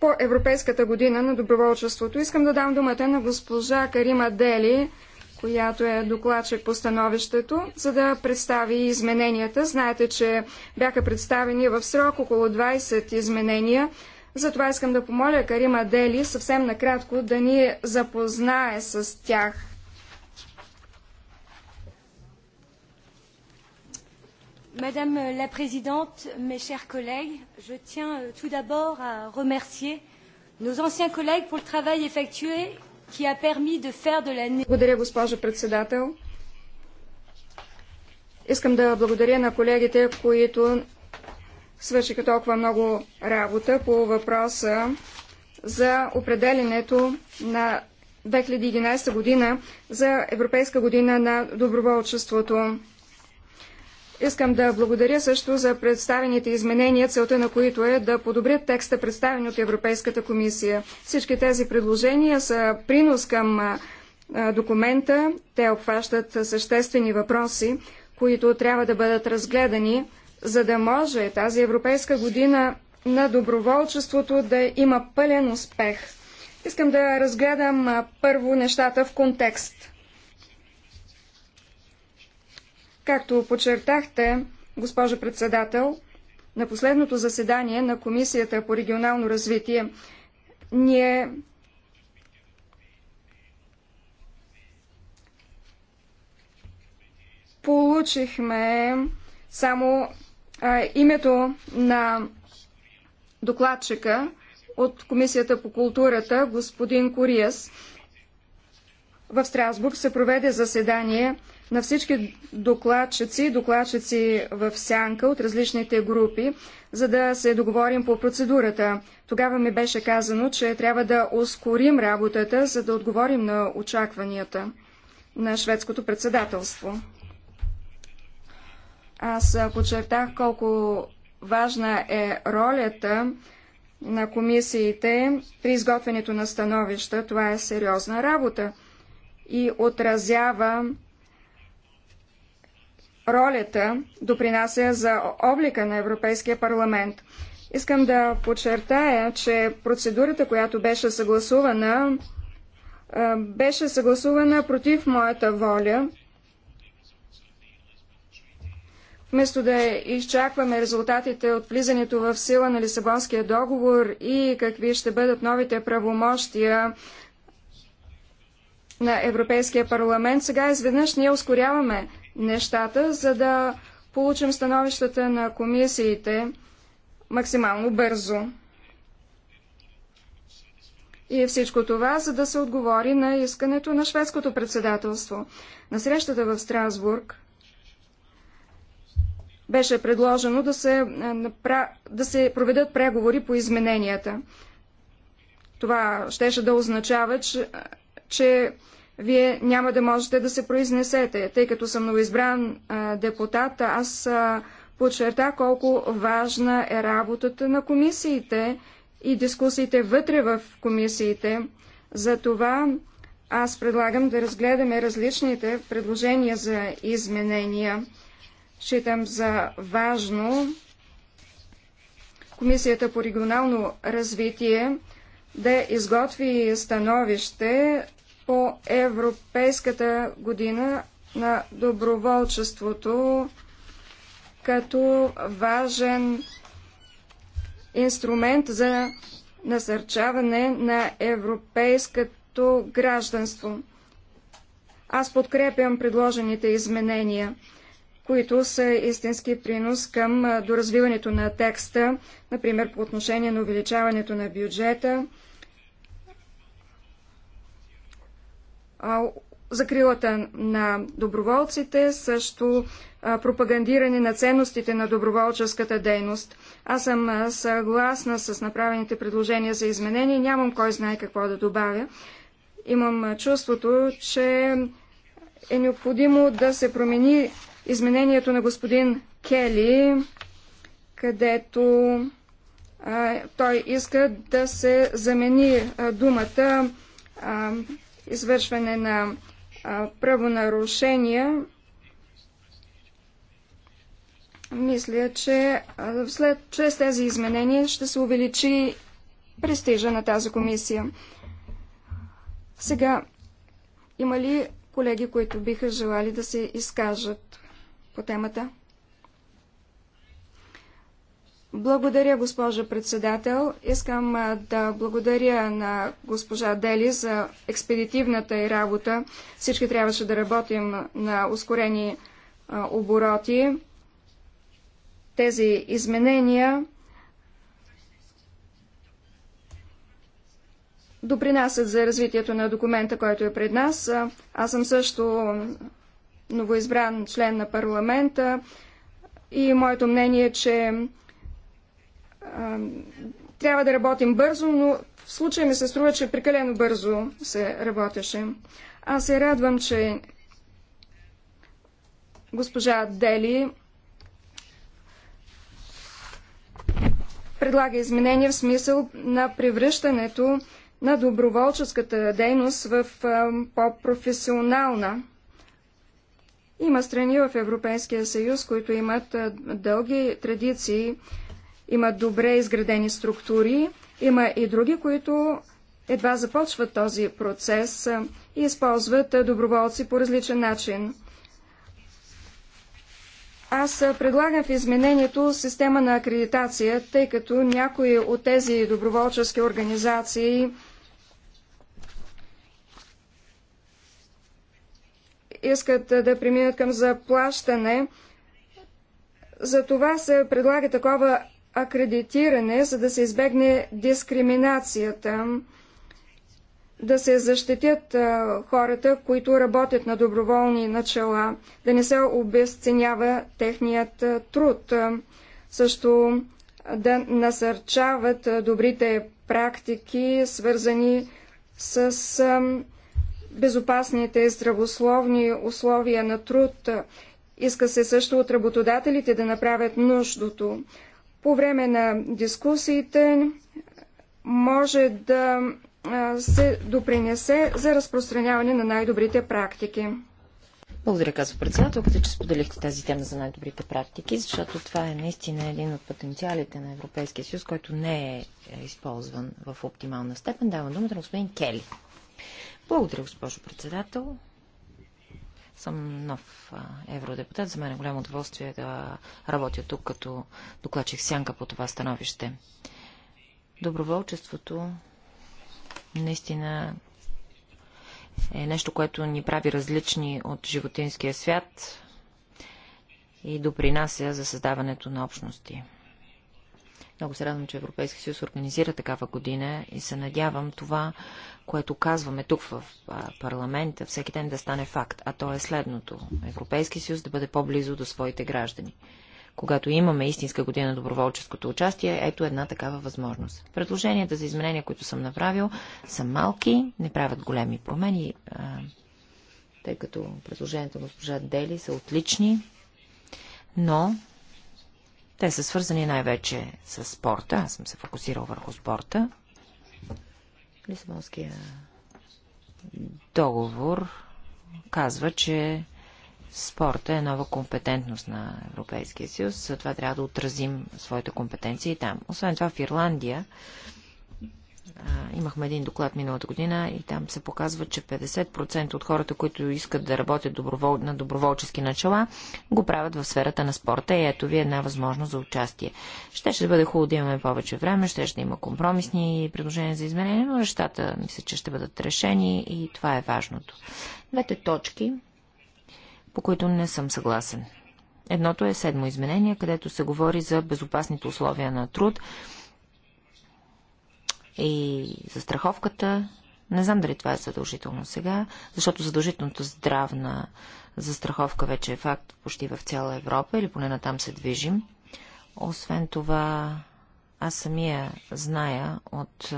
по Европейската година на доброволчеството. Искам да дам думата на госпожа Карима Дели, която е докладчик по становището, за да представи измененията. Знаете, че бяха представени в срок около 20 изменения. Затова искам да помоля Карима Дели съвсем накратко да ни запознае с тях. Madame la Présidente, mes chers collègues, je tiens euh, tout d'abord à remercier nos anciens collègues pour le travail effectué qui a permis de faire de l'année. Благодаря, госпожо председател. Искам да благодаря на колегите, които свършиха толкова много работа по въпроса за определенето на 2011 година за Европейска година на доброволчеството. Искам да благодаря също за представените изменения, целта на които е да подобрят текста, представен от Европейската комисия. Всички тези предложения са принос към документа. Те обхващат съществени въпроси, които трябва да бъдат разгледани, за да може тази Европейска година на доброволчеството да има пълен успех. Искам да разгледам първо нещата в контекст. Както подчертахте, госпожо председател, на последното заседание на Комисията по регионално развитие ние получихме само а, името на докладчика от Комисията по културата, господин Кориас. В Страсбург се проведе заседание на всички докладчици и докладчици в сянка от различните групи, за да се договорим по процедурата. Тогава ми беше казано, че трябва да ускорим работата, за да отговорим на очакванията на шведското председателство. Аз подчертах колко важна е ролята на комисиите при изготвянето на становища. Това е сериозна работа и отразява ролята допринася за облика на Европейския парламент. Искам да подчертая, че процедурата, която беше съгласувана, беше съгласувана против моята воля. Вместо да изчакваме резултатите от влизането в сила на Лисабонския договор и какви ще бъдат новите правомощия на Европейския парламент, сега изведнъж ние ускоряваме нещата, за да получим становищата на комисиите максимално бързо. И всичко това, за да се отговори на искането на шведското председателство. На срещата в Страсбург беше предложено да се, да се проведат преговори по измененията. Това щеше да означава, че, че вие няма да можете да се произнесете. Тъй като съм новоизбран депутат, аз а, подчерта колко важна е работата на комисиите и дискусиите вътре в комисиите. Затова аз предлагам да разгледаме различните предложения за изменения. Считам за важно Комисията по регионално развитие да изготви становище по Европейската година на доброволчеството като важен инструмент за насърчаване на европейското гражданство. Аз подкрепям предложените изменения, които са истински принос към доразвиването на текста, например по отношение на увеличаването на бюджета, закрилата на доброволците, също пропагандиране на ценностите на доброволческата дейност. Аз съм съгласна с направените предложения за изменение. Нямам кой знае какво да добавя. Имам чувството, че е необходимо да се промени изменението на господин Кели, където а, той иска да се замени а, думата а, извършване на правонарушения. Мисля, че след, чрез тези изменения ще се увеличи престижа на тази комисия. Сега, има ли колеги, които биха желали да се изкажат по темата? Благодаря, госпожа председател. Искам да благодаря на госпожа Дели за експедитивната и работа. Всички трябваше да работим на ускорени обороти. Тези изменения допринасят за развитието на документа, който е пред нас. Аз съм също новоизбран член на парламента и моето мнение е, че трябва да работим бързо, но в случая ми се струва, че прекалено бързо се работеше. Аз се радвам, че госпожа Дели предлага изменения в смисъл на превръщането на доброволческата дейност в по-професионална. Има страни в Европейския съюз, които имат дълги традиции има добре изградени структури, има и други, които едва започват този процес и използват доброволци по различен начин. Аз предлагам в изменението система на акредитация, тъй като някои от тези доброволчески организации искат да преминат към заплащане. За това се предлага такова акредитиране, за да се избегне дискриминацията, да се защитят а, хората, които работят на доброволни начала, да не се обесценява техният а, труд, а, също да насърчават добрите практики, свързани с безопасните здравословни условия на труд. Иска се също от работодателите да направят нуждото. По време на дискусиите може да се допринесе за разпространяване на най-добрите практики. Благодаря, казва председателката, че споделихте тази тема за най-добрите практики, защото това е наистина един от потенциалите на Европейския съюз, който не е, е използван в оптимална степен. Давам думата на господин Кели. Благодаря, госпожо председател. Съм нов евродепутат. За мен е голямо удоволствие да работя тук като докладчих сянка по това становище. Доброволчеството наистина е нещо, което ни прави различни от животинския свят и допринася за създаването на общности. Много се радвам, че Европейски съюз организира такава година и се надявам това, което казваме тук в парламента, всеки ден да стане факт, а то е следното. Европейски съюз да бъде по-близо до своите граждани. Когато имаме истинска година на доброволческото участие, ето една такава възможност. Предложенията за изменения, които съм направил, са малки, не правят големи промени, тъй като предложенията на госпожа Дели са отлични, но те са свързани най-вече с спорта. Аз съм се фокусирал върху спорта. Лисабонския договор казва, че спорта е нова компетентност на Европейския съюз, затова трябва да отразим своите компетенции и там. Освен това в Ирландия имахме един доклад миналата година и там се показва, че 50% от хората, които искат да работят добровол... на доброволчески начала, го правят в сферата на спорта и ето ви една възможност за участие. Ще ще бъде хубаво да имаме повече време, ще ще има компромисни предложения за изменения, но нещата мисля, че ще бъдат решени и това е важното. Двете точки, по които не съм съгласен. Едното е седмо изменение, където се говори за безопасните условия на труд и застраховката. Не знам дали това е задължително сега, защото задължителното здравна застраховка вече е факт почти в цяла Европа или поне натам се движим. Освен това, аз самия зная от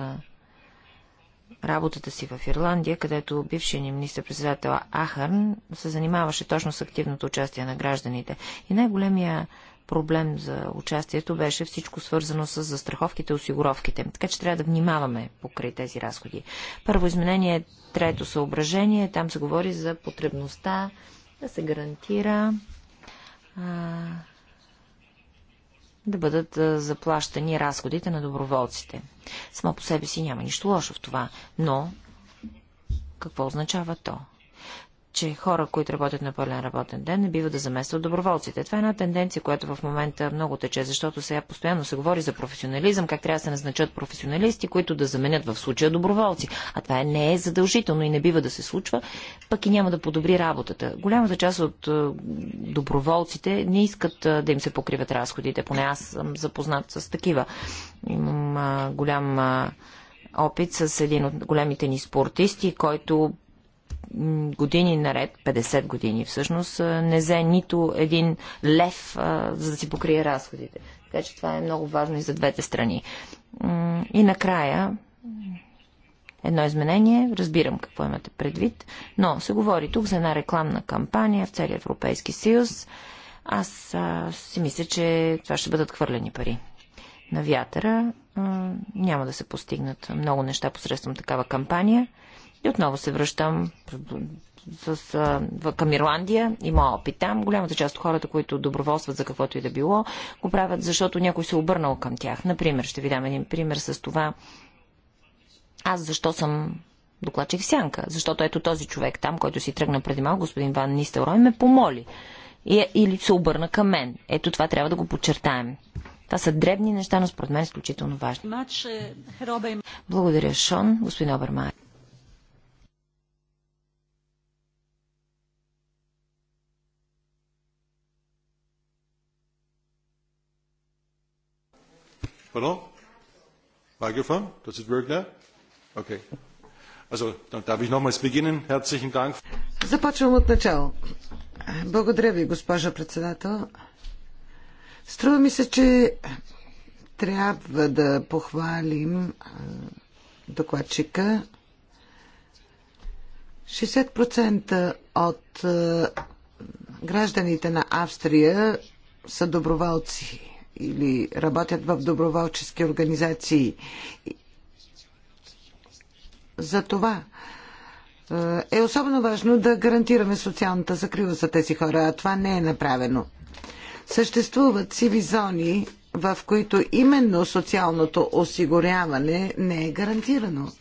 работата си в Ирландия, където бившият ни министр-председател Ахърн се занимаваше точно с активното участие на гражданите. И най-големия проблем за участието беше всичко свързано с застраховките и осигуровките. Така че трябва да внимаваме покрай тези разходи. Първо изменение, трето съображение, там се говори за потребността да се гарантира а, да бъдат заплащани разходите на доброволците. Само по себе си няма нищо лошо в това, но какво означава то? че хора, които работят на пълен работен ден, не бива да заместват доброволците. Това е една тенденция, която в момента много тече, защото сега постоянно се говори за професионализъм, как трябва да се назначат професионалисти, които да заменят в случая доброволци. А това е, не е задължително и не бива да се случва, пък и няма да подобри работата. Голямата част от е, доброволците не искат е, да им се покриват разходите, поне аз съм запознат с такива. Имам голям опит с един от големите ни спортисти, който години наред, 50 години всъщност, не взе нито един лев, а, за да си покрие разходите. Така че това е много важно и за двете страни. И накрая, едно изменение, разбирам какво имате предвид, но се говори тук за една рекламна кампания в целия Европейски съюз. Аз а, си мисля, че това ще бъдат хвърлени пари на вятъра. А, няма да се постигнат много неща посредством такава кампания отново се връщам с, а, към Ирландия. Има опит там. Голямата част от хората, които доброволстват за каквото и да било, го правят, защото някой се е обърнал към тях. Например, ще ви дам един пример с това. Аз защо съм докладчик сянка? Защото ето този човек там, който си тръгна преди малко, господин Ван Нистелрой, ме помоли. И, или се обърна към мен. Ето това трябва да го подчертаем. Това са дребни неща, но според мен е изключително важни. Е, Благодаря, Шон. Господин Обермайер. Pardon? Microphone? Does it work now? Okay. Also, dann darf ich nochmals beginnen. Herzlichen Dank. Започвам от начало. Благодаря ви, госпожа председател. Струва ми се, че трябва да похвалим докладчика. 60% от гражданите на Австрия са доброволци или работят в доброволчески организации. За това е, е особено важно да гарантираме социалната закрива за тези хора, а това не е направено. Съществуват сиви зони, в които именно социалното осигуряване не е гарантирано.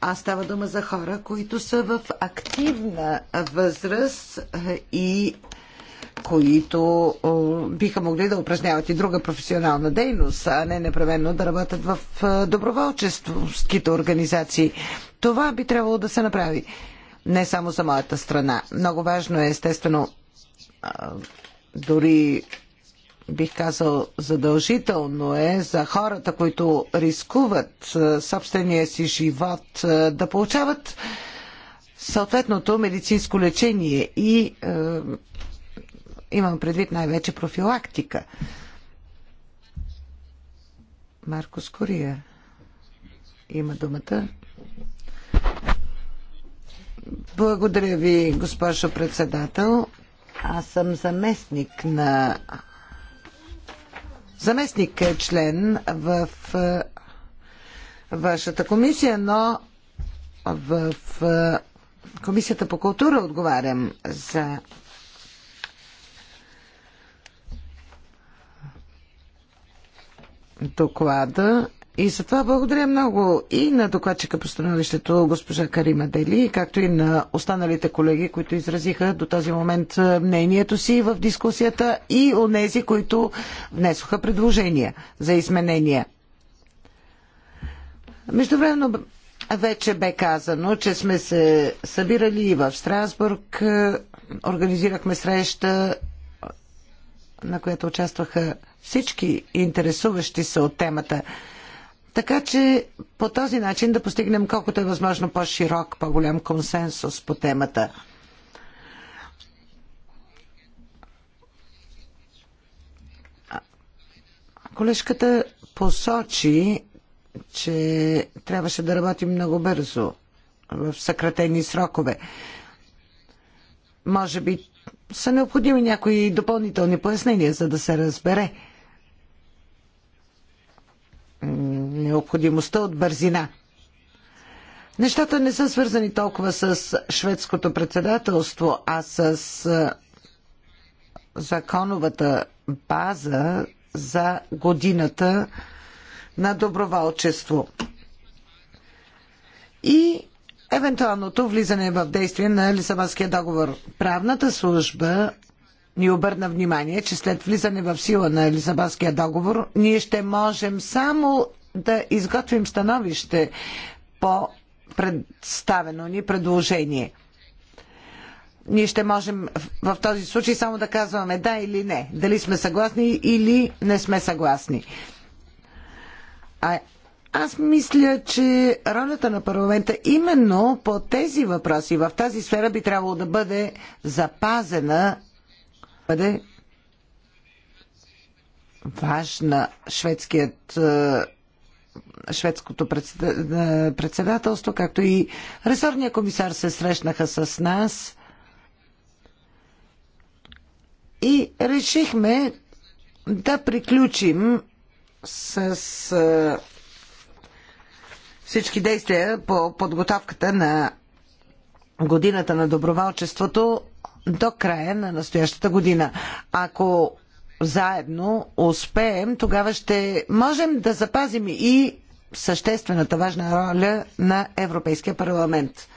А става дума за хора, които са в активна възраст е, и които биха могли да упражняват и друга професионална дейност, а не непременно да работят в доброволческите организации. Това би трябвало да се направи. Не само за моята страна. Много важно е, естествено, дори бих казал задължително е за хората, които рискуват собствения си живот да получават съответното медицинско лечение и Имам предвид най-вече профилактика. Марко Скория. има думата. Благодаря ви, госпожо председател. Аз съм заместник на заместник е член в е, вашата комисия, но в е, Комисията по култура отговарям за доклада и за това благодаря много и на докладчика по становището госпожа Карима Дели, както и на останалите колеги, които изразиха до този момент мнението си в дискусията и онези, които внесоха предложения за изменения. Междувременно вече бе казано, че сме се събирали и в Страсбург, организирахме среща на която участваха всички интересуващи се от темата. Така че по този начин да постигнем колкото е възможно по-широк, по-голям консенсус по темата. Колежката посочи, че трябваше да работим много бързо, в съкратени срокове. Може би са необходими някои допълнителни пояснения, за да се разбере необходимостта от бързина. Нещата не са свързани толкова с шведското председателство, а с законовата база за годината на доброволчество. И евентуалното влизане в действие на Лисабонския договор. Правната служба ни обърна внимание, че след влизане в сила на Лисабонския договор, ние ще можем само да изготвим становище по представено ни предложение. Ние ще можем в този случай само да казваме да или не, дали сме съгласни или не сме съгласни. А аз мисля, че ролята на парламента именно по тези въпроси в тази сфера би трябвало да бъде запазена, бъде важна шведският е, шведското е, председателство, както и ресорния комисар се срещнаха с нас и решихме да приключим с е, всички действия по подготовката на годината на доброволчеството до края на настоящата година. Ако заедно успеем, тогава ще можем да запазим и съществената важна роля на Европейския парламент.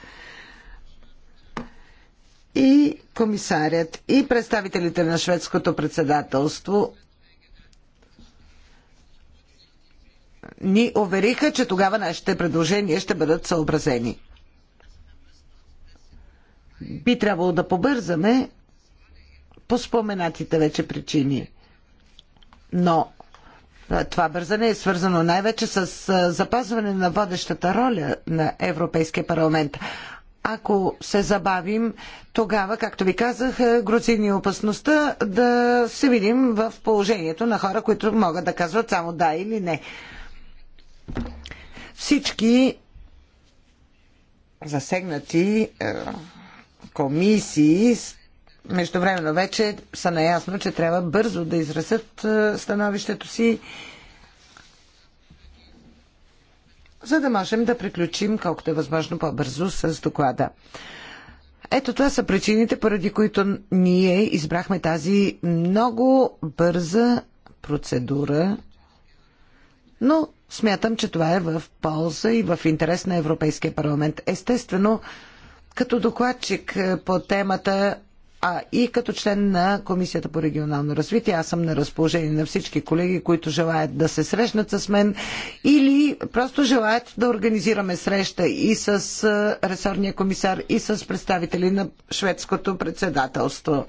И комисарят, и представителите на шведското председателство ни увериха, че тогава нашите предложения ще бъдат съобразени. Би трябвало да побързаме по споменатите вече причини. Но това бързане е свързано най-вече с запазване на водещата роля на Европейския парламент. Ако се забавим, тогава, както ви казах, грозини е опасността да се видим в положението на хора, които могат да казват само да или не всички засегнати е, комисии междувременно вече са наясно, че трябва бързо да изразят е, становището си, за да можем да приключим колкото е възможно по-бързо с доклада. Ето това са причините, поради които ние избрахме тази много бърза процедура, но Смятам, че това е в полза и в интерес на Европейския парламент. Естествено, като докладчик е, по темата, а и като член на Комисията по регионално развитие, аз съм на разположение на всички колеги, които желаят да се срещнат с мен или просто желаят да организираме среща и с е, ресорния комисар, и с представители на шведското председателство.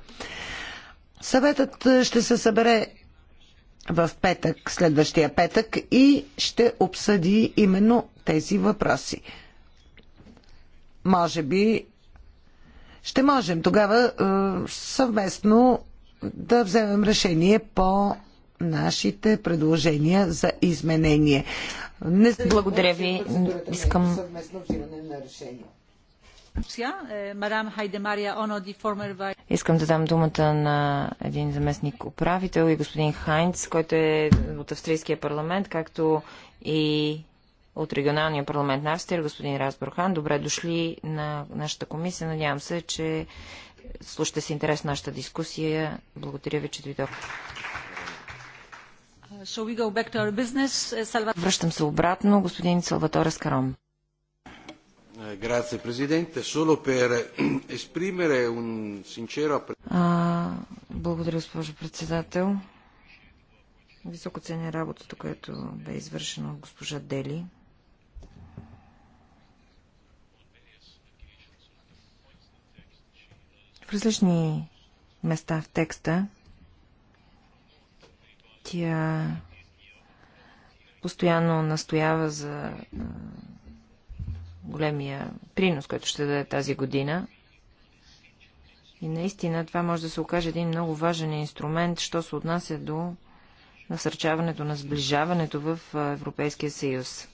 Съветът е, ще се събере в петък, следващия петък и ще обсъди именно тези въпроси. Може би ще можем тогава е, съвместно да вземем решение по нашите предложения за изменение. Не... Благодаря ви. Искам... Съвместно взимане на решение. Е, Искам да дам думата на един заместник управител и господин Хайнц, който е от Австрийския парламент, както и от регионалния парламент на Австрия, господин Разбрухан. Добре дошли на нашата комисия. Надявам се, че слушате с интерес нашата дискусия. Благодаря ви, че дойдохте. Връщам се обратно, господин Салваторе Скаром. Eh, eh, благодаря, госпожо председател. Високо ценя работата, която бе извършена от госпожа Дели. В различни места в текста тя постоянно настоява за големия принос, който ще даде тази година. И наистина това може да се окаже един много важен инструмент, що се отнася до насърчаването на сближаването в Европейския съюз.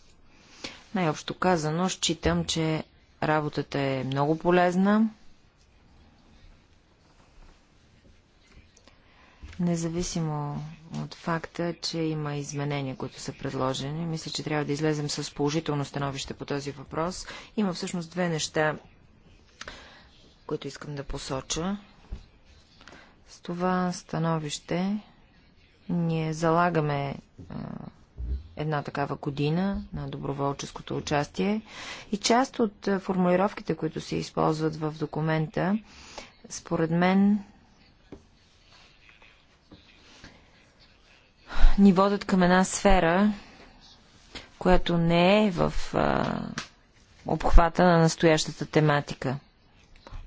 Най-общо казано, считам, че работата е много полезна. Независимо от факта, че има изменения, които са предложени, мисля, че трябва да излезем с положително становище по този въпрос. Има всъщност две неща, които искам да посоча. С това становище ние залагаме една такава година на доброволческото участие и част от формулировките, които се използват в документа, според мен ни водят към една сфера, която не е в а, обхвата на настоящата тематика.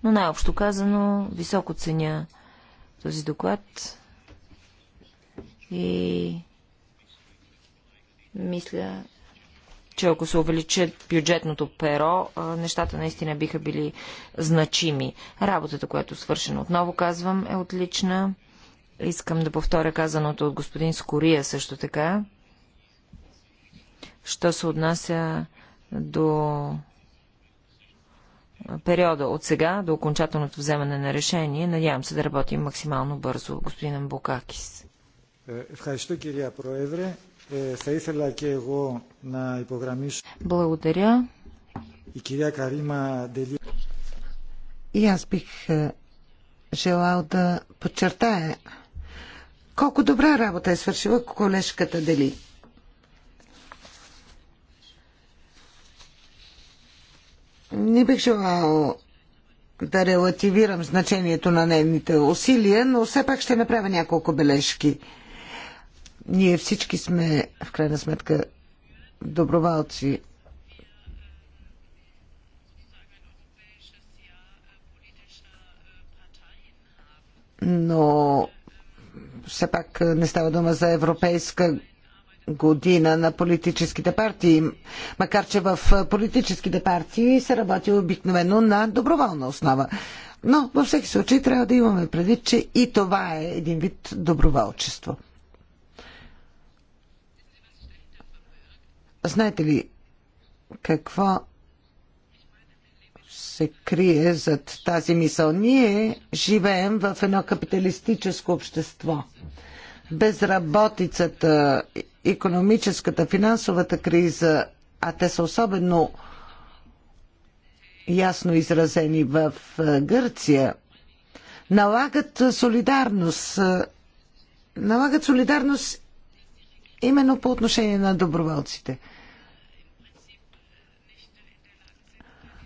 Но най-общо казано, високо ценя този доклад и мисля, че ако се увеличат бюджетното перо, нещата наистина биха били значими. Работата, която е свършена, отново казвам, е отлична. Искам да повторя казаното от господин Скория също така. Що се отнася до периода от сега до окончателното вземане на решение, надявам се да работим максимално бързо. Господин Амбукакис. Благодаря. И аз бих е, желал да подчертая колко добра работа е свършила колежката Дели. Не бих желал да релативирам значението на нейните усилия, но все пак ще направя няколко бележки. Ние всички сме, в крайна сметка, доброволци. Но все пак е, не става дума за европейска година на политическите партии, макар че в е, политическите партии се работи обикновено на доброволна основа. Но във всеки случай трябва да имаме предвид, че и това е един вид доброволчество. Знаете ли какво се крие зад тази мисъл. Ние живеем в едно капиталистическо общество. Безработицата, економическата, финансовата криза, а те са особено ясно изразени в Гърция, налагат солидарност. Налагат солидарност именно по отношение на доброволците –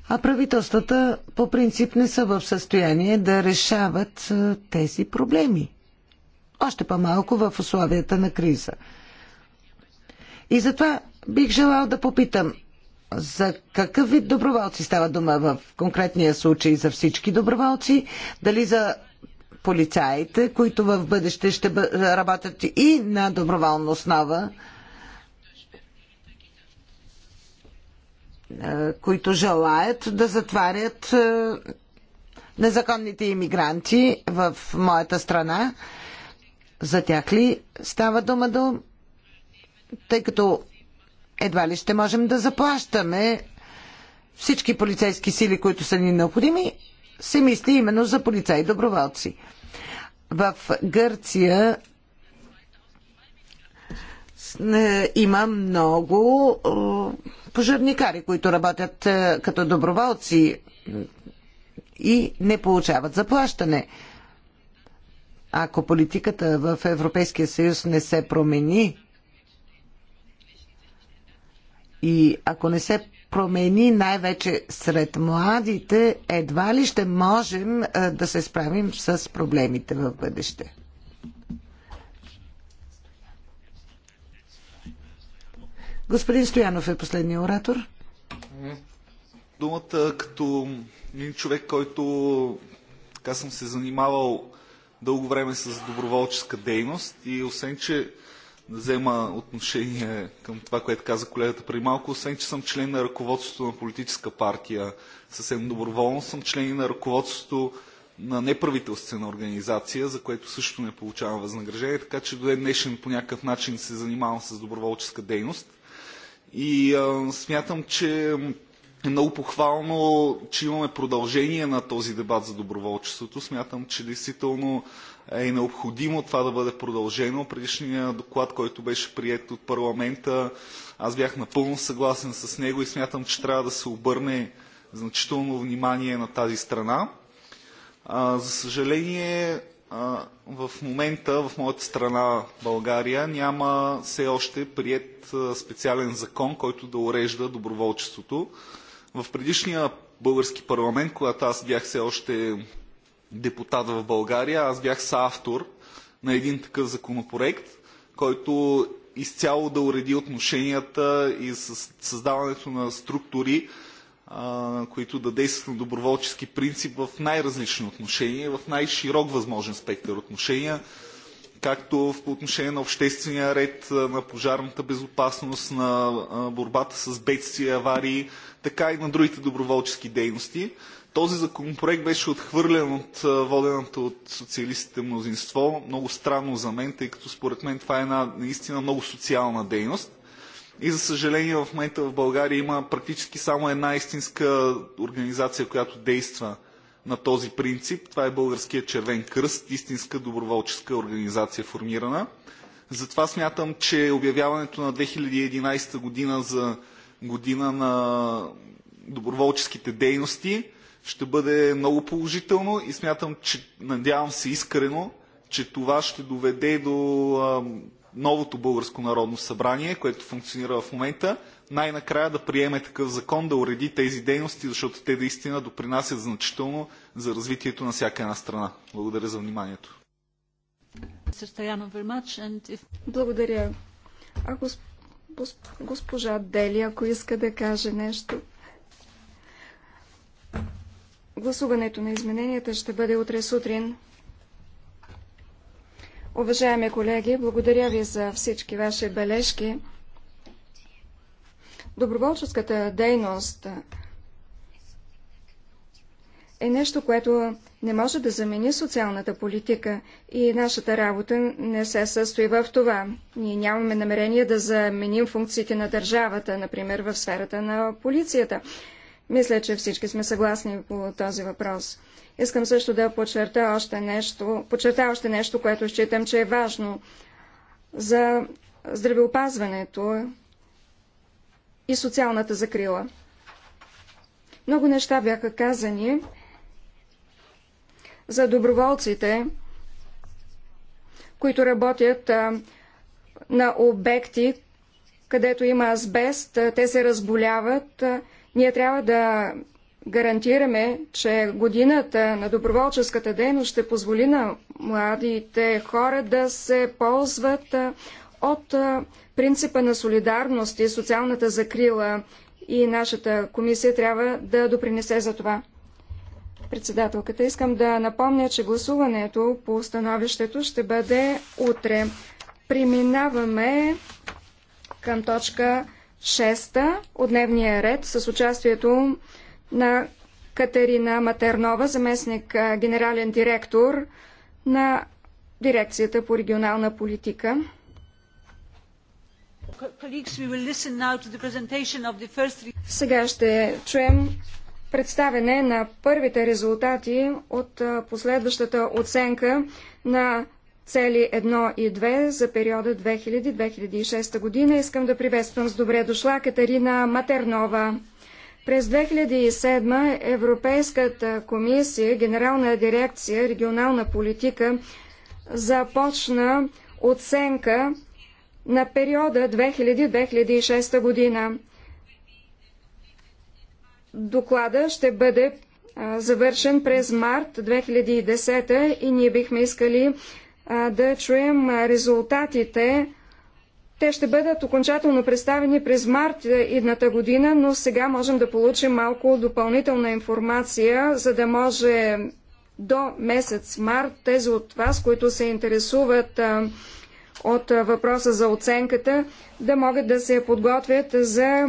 А правителствата по принцип не са в състояние да решават тези проблеми. Още по-малко в условията на криза. И затова бих желал да попитам, за какъв вид доброволци става дума в конкретния случай за всички доброволци, дали за полицаите, които в бъдеще ще работят и на доброволна основа, Е, които желаят да затварят е, незаконните иммигранти в моята страна. За тях ли става дума до... Тъй като едва ли ще можем да заплащаме всички полицейски сили, които са ни необходими, се мисли именно за полицаи и доброволци. В Гърция е, има много пожарникари, които работят е, като доброволци и не получават заплащане. Ако политиката в Европейския съюз не се промени и ако не се промени най-вече сред младите, едва ли ще можем е, да се справим с проблемите в бъдеще. Господин Стоянов е последния оратор. Думата като един човек, който така съм се занимавал дълго време с доброволческа дейност и освен, че да взема отношение към това, което каза колегата преди малко, освен, че съм член на ръководството на политическа партия, съвсем доброволно съм член на ръководството на неправителствена организация, за което също не получавам възнаграждение, така че до ден днешен по някакъв начин се занимавам с доброволческа дейност. И а, смятам, че е много похвално, че имаме продължение на този дебат за доброволчеството. Смятам, че действително е необходимо това да бъде продължено. Предишният доклад, който беше прият от парламента, аз бях напълно съгласен с него и смятам, че трябва да се обърне значително внимание на тази страна. А, за съжаление, в момента в моята страна България няма все още прият специален закон, който да урежда доброволчеството. В предишния български парламент, когато аз бях все още депутат в България, аз бях съавтор на един такъв законопроект, който изцяло да уреди отношенията и създаването на структури, които да действат на доброволчески принцип в най-различни отношения, в най-широк възможен спектър отношения, както по отношение на обществения ред, на пожарната безопасност, на борбата с бедствия, аварии, така и на другите доброволчески дейности. Този законопроект беше отхвърлен от воденото от социалистите мнозинство. Много странно за мен, тъй като според мен това е една наистина много социална дейност. И за съжаление в момента в България има практически само една истинска организация, която действа на този принцип. Това е Българския червен кръст, истинска доброволческа организация формирана. Затова смятам, че обявяването на 2011 година за година на доброволческите дейности ще бъде много положително и смятам, че надявам се искрено, че това ще доведе до новото българско народно събрание, което функционира в момента, най-накрая да приеме такъв закон, да уреди тези дейности, защото те наистина допринасят значително за развитието на всяка една страна. Благодаря за вниманието. Благодаря. А госпожа Дели, ако иска да каже нещо. Гласуването на измененията ще бъде утре сутрин. Уважаеми колеги, благодаря ви за всички ваши бележки. Доброволческата дейност е нещо, което не може да замени социалната политика и нашата работа не се състои в това. Ние нямаме намерение да заменим функциите на държавата, например в сферата на полицията. Мисля, че всички сме съгласни по този въпрос. Искам също да подчерта още нещо, подчерта още нещо, което считам, че е важно за здравеопазването и социалната закрила. Много неща бяха казани за доброволците, които работят на обекти, където има азбест, те се разболяват. Ние трябва да гарантираме, че годината на доброволческата дейност ще позволи на младите хора да се ползват от принципа на солидарност и социалната закрила и нашата комисия трябва да допринесе за това. Председателката, искам да напомня, че гласуването по становището ще бъде утре. Преминаваме към точка 6 от дневния ред с участието на Катерина Матернова, заместник генерален директор на Дирекцията по регионална политика. Сега ще чуем представене на първите резултати от последващата оценка на цели 1 и 2 за периода 2000-2006 година. Искам да приветствам с добре дошла Катерина Матернова. През 2007 Европейската комисия, Генерална дирекция регионална политика, започна оценка на периода 2000-2006 година. Доклада ще бъде завършен през март 2010 и ние бихме искали да чуем резултатите те ще бъдат окончателно представени през март е, едната година, но сега можем да получим малко допълнителна информация, за да може до месец март тези от вас, които се интересуват е, от е, въпроса за оценката, да могат да се подготвят за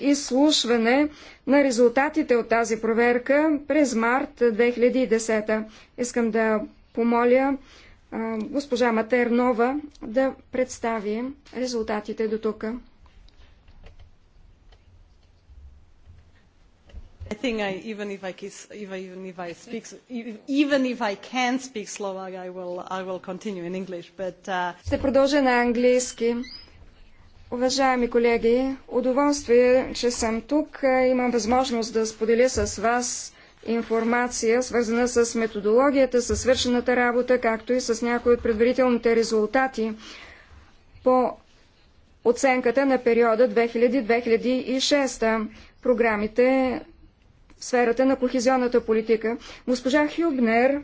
изслушване на резултатите от тази проверка през март 2010. Искам да помоля госпожа Матернова да представи резултатите до тук. I think I, even if I, kiss, even if I speak, e-, even if I can speak Slovak, I will, I will continue in English. But uh... ще продължа на английски. Уважаеми колеги, удоволствие, че съм тук. Имам възможност да споделя с вас информация, свързана с методологията, с свършената работа, както и с някои от предварителните резултати по оценката на периода 2000-2006, програмите в сферата на кохезионната политика. Госпожа Хюбнер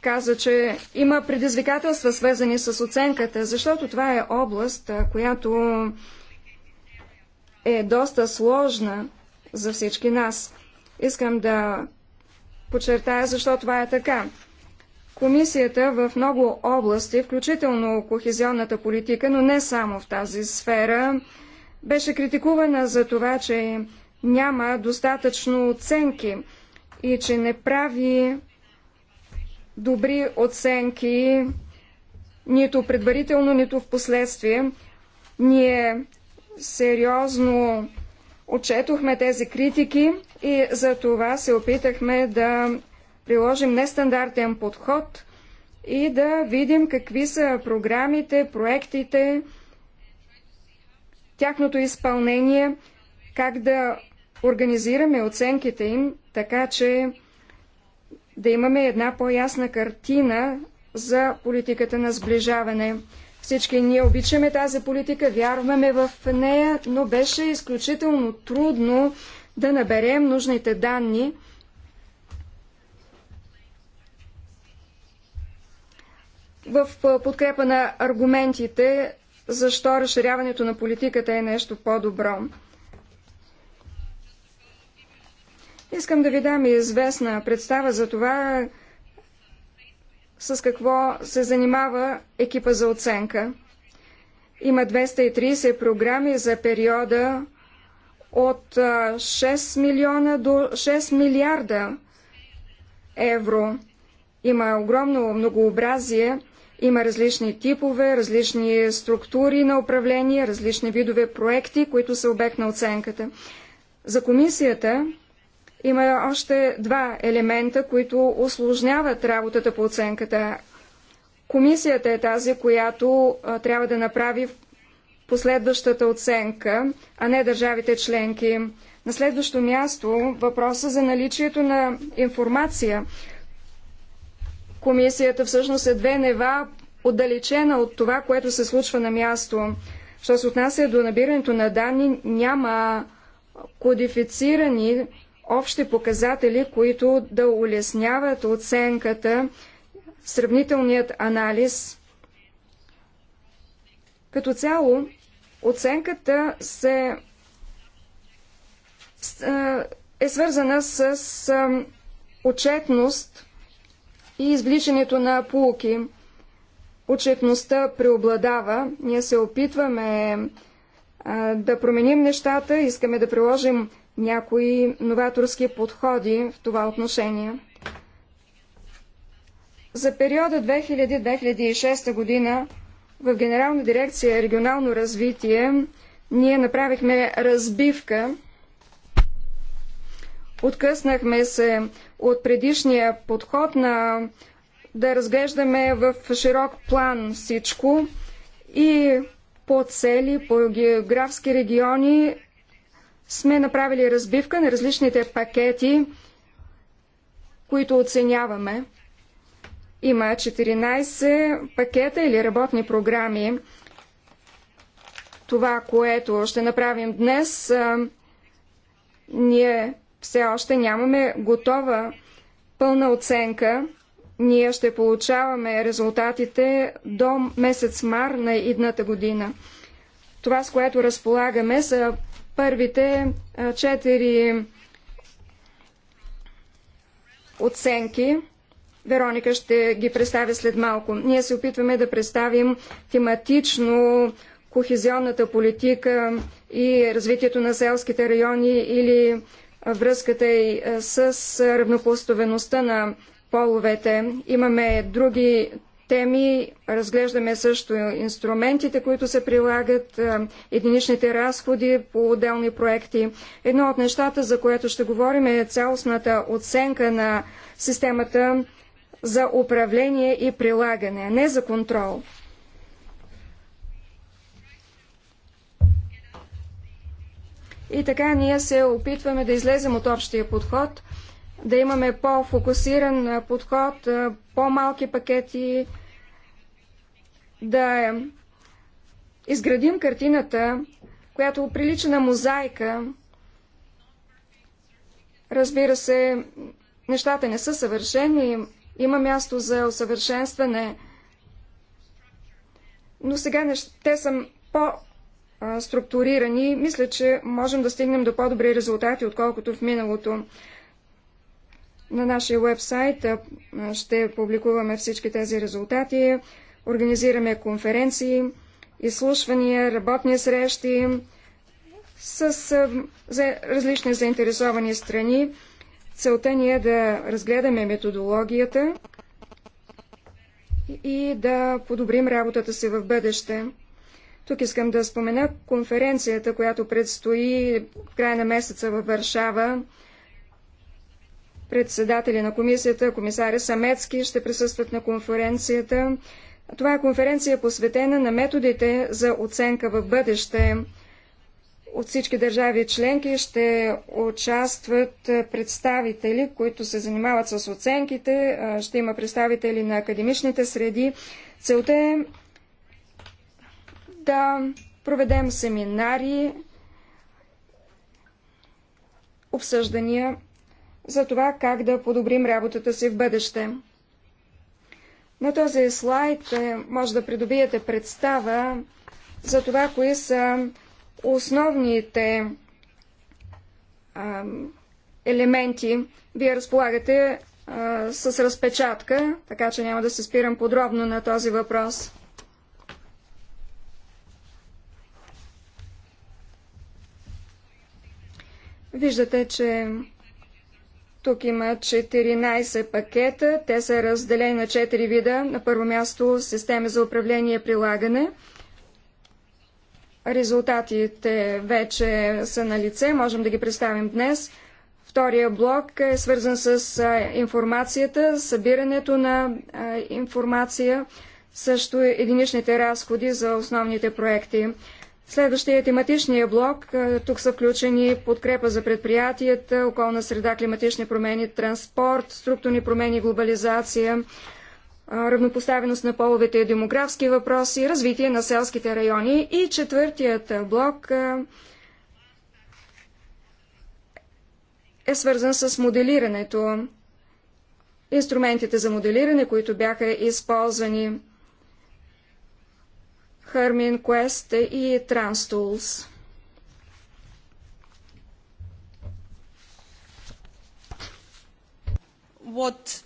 каза, че има предизвикателства свързани с оценката, защото това е област, която е доста сложна за всички нас. Искам да подчертая защо това е така. Комисията в много области, включително кохезионната политика, но не само в тази сфера, беше критикувана за това, че няма достатъчно оценки и че не прави добри оценки нито предварително, нито в последствие. Ние сериозно Отчетохме тези критики и за това се опитахме да приложим нестандартен подход и да видим какви са програмите, проектите, тяхното изпълнение, как да организираме оценките им, така че да имаме една по-ясна картина за политиката на сближаване. Всички ние обичаме тази политика, вярваме в нея, но беше изключително трудно да наберем нужните данни. В подкрепа на аргументите, защо разширяването на политиката е нещо по-добро. Искам да ви дам известна представа за това, с какво се занимава екипа за оценка. Има 230 програми за периода от 6 милиона до 6 милиарда евро. Има огромно многообразие, има различни типове, различни структури на управление, различни видове проекти, които са обект на оценката. За комисията има още два елемента, които осложняват работата по оценката. Комисията е тази, която а, трябва да направи последващата оценка, а не държавите членки. На следващо място въпроса за наличието на информация. Комисията всъщност е две нева отдалечена от това, което се случва на място. Що се отнася до набирането на данни, няма кодифицирани общи показатели, които да улесняват оценката, сравнителният анализ. Като цяло, оценката се е свързана с отчетност и извличането на полуки. Отчетността преобладава. Ние се опитваме да променим нещата, искаме да приложим някои новаторски подходи в това отношение. За периода 2000-2006 година в Генерална дирекция регионално развитие ние направихме разбивка. Откъснахме се от предишния подход на да разглеждаме в широк план всичко и по цели, по географски региони сме направили разбивка на различните пакети, които оценяваме. Има 14 пакета или работни програми. Това, което ще направим днес, ние все още нямаме готова пълна оценка. Ние ще получаваме резултатите до месец мар на идната година. Това, с което разполагаме, са първите четири оценки. Вероника ще ги представя след малко. Ние се опитваме да представим тематично кохезионната политика и развитието на селските райони или връзката и с равнопоставеността на половете. Имаме други системи, Разглеждаме също инструментите, които се прилагат, единичните разходи по отделни проекти. Едно от нещата, за което ще говорим е цялостната оценка на системата за управление и прилагане, а не за контрол. И така ние се опитваме да излезем от общия подход, да имаме по-фокусиран подход, по-малки пакети, да изградим картината, която прилича на мозайка. Разбира се, нещата не са съвършени, има място за усъвършенстване, но сега те са по-структурирани. Мисля, че можем да стигнем до по-добри резултати, отколкото в миналото. На нашия вебсайт ще публикуваме всички тези резултати. Организираме конференции, изслушвания, работни срещи с различни заинтересовани страни. Целта ни е да разгледаме методологията и да подобрим работата си в бъдеще. Тук искам да спомена конференцията, която предстои в края на месеца във Варшава. Председатели на комисията, комисаря Самецки ще присъстват на конференцията. Това е конференция посветена на методите за оценка в бъдеще. От всички държави членки ще участват представители, които се занимават с оценките, ще има представители на академичните среди. Целта е да проведем семинари, обсъждания за това как да подобрим работата си в бъдеще. На този слайд е, може да придобиете представа за това, кои са основните елементи. Вие разполагате с разпечатка, така че няма да се спирам подробно на този въпрос. Виждате, че тук има 14 пакета. Те са разделени на 4 вида. На първо място системи за управление и прилагане. Резултатите вече са на лице. Можем да ги представим днес. Втория блок е свързан с информацията, събирането на информация, също единичните разходи за основните проекти. Следващия тематичния блок. Тук са включени подкрепа за предприятията, околна среда, климатични промени, транспорт, структурни промени, глобализация, равнопоставеност на половете и демографски въпроси, развитие на селските райони. И четвъртият блок е свързан с моделирането. Инструментите за моделиране, които бяха използвани Хармин Квест и Транстулс. What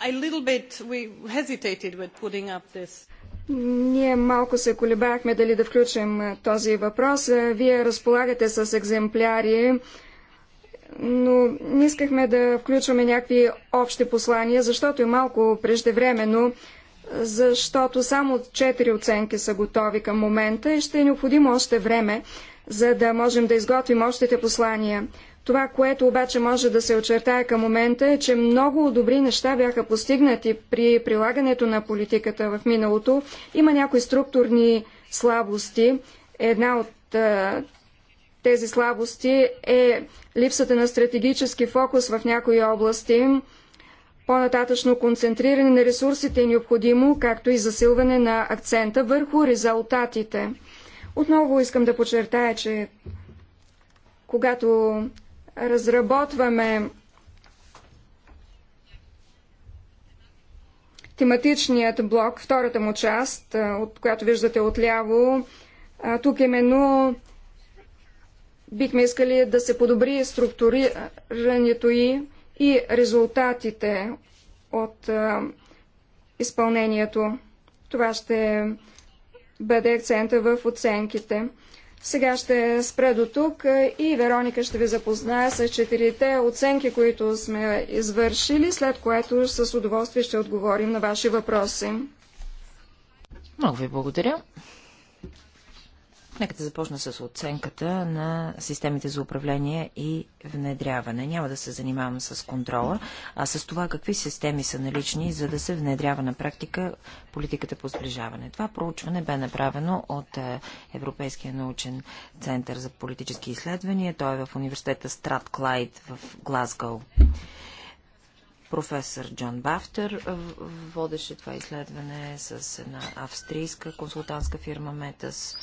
a little bit we hesitated with putting up this. Ние малко се колебахме дали да включим този въпрос. Вие разполагате с екземпляри, но не искахме да включваме някакви общи послания, защото е малко преждевременно защото само 4 оценки са готови към момента и ще е необходимо още време, за да можем да изготвим общите послания. Това, което обаче може да се очертае към момента е, че много добри неща бяха постигнати при прилагането на политиката в миналото. Има някои структурни слабости. Една от а, тези слабости е липсата на стратегически фокус в някои области. По-нататъчно концентриране на ресурсите е необходимо, както и засилване на акцента върху резултатите. Отново искам да подчертая, че когато разработваме тематичният блок, втората му част, от която виждате отляво, тук именно бихме искали да се подобри структурирането и и резултатите от а, изпълнението. Това ще бъде акцента в оценките. Сега ще спра до тук и Вероника ще ви запознае с четирите оценки, които сме извършили, след което с удоволствие ще отговорим на ваши въпроси. Много ви благодаря. Нека да започна с оценката на системите за управление и внедряване. Няма да се занимавам с контрола, а с това какви системи са налични, за да се внедрява на практика политиката по сближаване. Това проучване бе направено от е, Европейския научен център за политически изследвания. Той е в университета Страт Клайд в Глазгоу. Професор Джон Бафтер водеше това изследване с една австрийска консултантска фирма Метас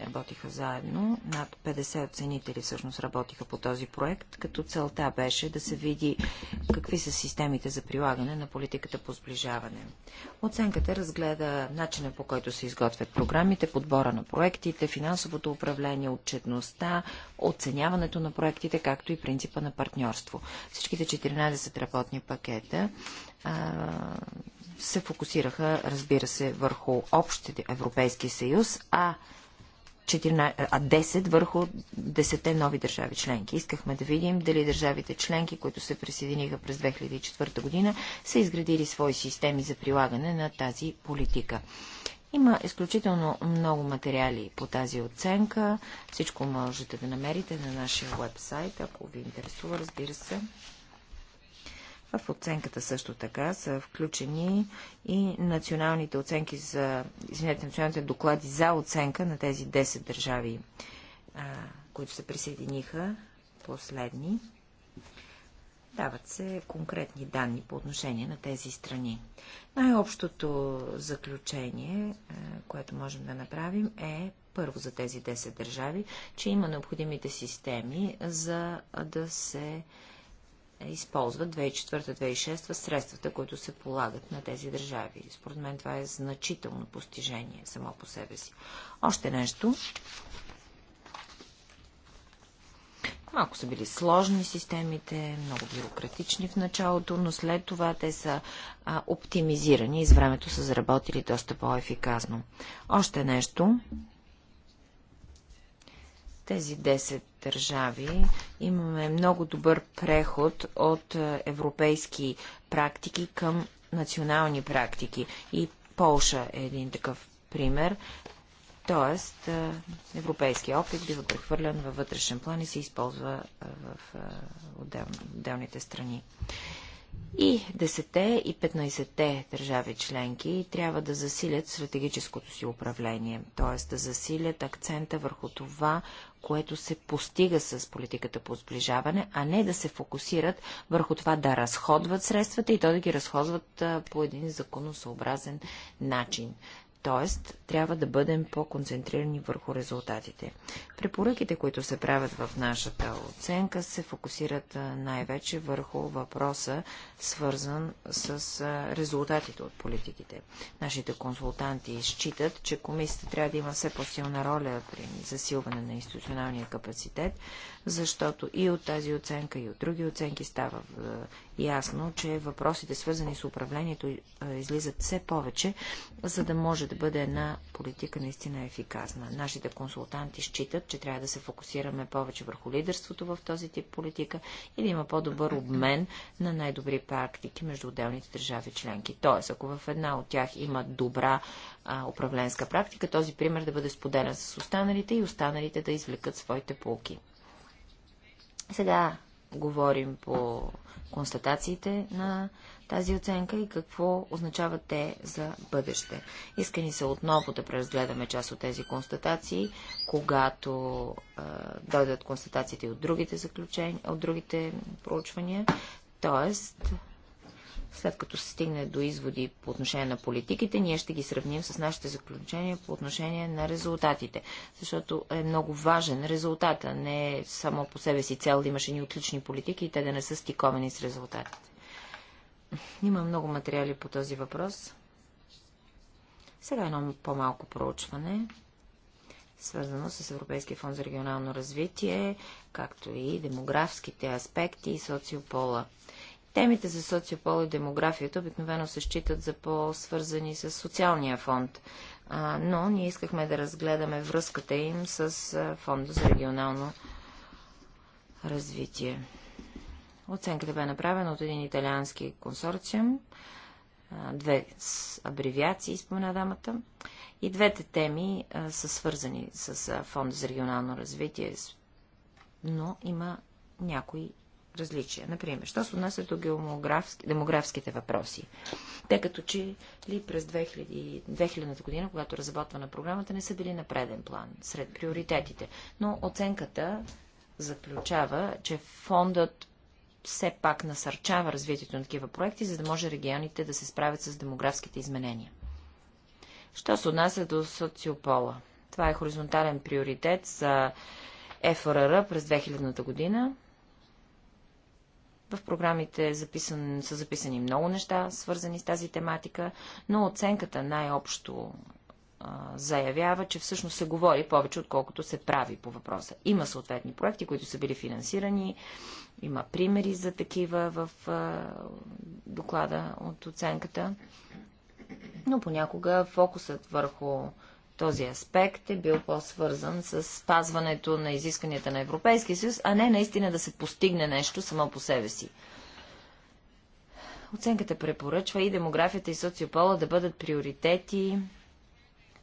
работиха заедно. Над 50 оценители всъщност работиха по този проект, като целта беше да се види какви са системите за прилагане на политиката по сближаване. Оценката разгледа начина по който се изготвят програмите, подбора на проектите, финансовото управление, отчетността, оценяването на проектите, както и принципа на партньорство. Всичките 14 работни пакета се фокусираха, разбира се, върху общите Европейски съюз, а а 10 върху 10 нови държави членки. Искахме да видим дали държавите членки, които се присъединиха през 2004 година, са изградили свои системи за прилагане на тази политика. Има изключително много материали по тази оценка. Всичко можете да намерите на нашия вебсайт, ако ви интересува, разбира се. В оценката също така са включени и националните оценки за, извинете, националните доклади за оценка на тези 10 държави, а, които се присъединиха последни. Дават се конкретни данни по отношение на тези страни. Най-общото заключение, което можем да направим е първо за тези 10 държави, че има необходимите системи за да се използват 2004-2006 средствата, които се полагат на тези държави. Според мен това е значително постижение само по себе си. Още нещо. Малко са били сложни системите, много бюрократични в началото, но след това те са а, оптимизирани и с времето са заработили доста по-ефикасно. Още нещо тези 10 държави имаме много добър преход от е, европейски практики към национални практики. И Полша е един такъв пример. Тоест, е, европейския опит бива прехвърлен във вътрешен план и се използва е, в отделните страни. И 10-те и 15-те държави членки трябва да засилят стратегическото си управление, т.е. да засилят акцента върху това, което се постига с политиката по сближаване, а не да се фокусират върху това да разходват средствата и то да ги разходват по един законосъобразен начин. Т.е. трябва да бъдем по-концентрирани върху резултатите. Препоръките, които се правят в нашата оценка, се фокусират най-вече върху въпроса, свързан с резултатите от политиките. Нашите консултанти считат, че комисията трябва да има все по-силна роля при засилване на институционалния капацитет, защото и от тази оценка, и от други оценки става е, ясно, че въпросите свързани с управлението е, излизат все повече, за да може да бъде една политика наистина ефикасна. Нашите консултанти считат, че трябва да се фокусираме повече върху лидерството в този тип политика и да има по-добър обмен на най-добри практики между отделните държави членки. Тоест, ако в една от тях има добра а, управленска практика, този пример да бъде споделен с останалите и останалите да извлекат своите полки. Сега говорим по констатациите на тази оценка и какво означават те за бъдеще. Иска ни се отново да преразгледаме част от тези констатации, когато е, дойдат констатациите от другите, заключения, от другите проучвания. Тоест, след като се стигне до изводи по отношение на политиките, ние ще ги сравним с нашите заключения по отношение на резултатите. Защото е много важен резултата, не е само по себе си цел да имаше ни отлични политики и те да не са стиковани с резултатите. Има много материали по този въпрос. Сега едно по-малко проучване, свързано с Европейския фонд за регионално развитие, както и демографските аспекти и социопола. Темите за социопол и демографията обикновено се считат за по-свързани с социалния фонд, а, но ние искахме да разгледаме връзката им с фонда за регионално развитие. Оценката бе направена от един италиански консорциум, две абревиации, спомена дамата. И двете теми а, са свързани с а, Фонда за регионално развитие, но има някои различия. Например, що се отнася до демографските въпроси? Те като че ли през 2000, 2000 година, когато разработвана програмата, не са били на преден план сред приоритетите. Но оценката заключава, че фондът все пак насърчава развитието на такива проекти, за да може регионите да се справят с демографските изменения. Що се отнася до социопола? Това е хоризонтален приоритет за ФРР през 2000 година в програмите е записан, са записани много неща, свързани с тази тематика, но оценката най-общо заявява, че всъщност се говори повече, отколкото се прави по въпроса. Има съответни проекти, които са били финансирани, има примери за такива в доклада от оценката, но понякога фокусът върху този аспект е бил по-свързан с спазването на изискванията на Европейския съюз, а не наистина да се постигне нещо само по себе си. Оценката препоръчва и демографията и социопола да бъдат приоритети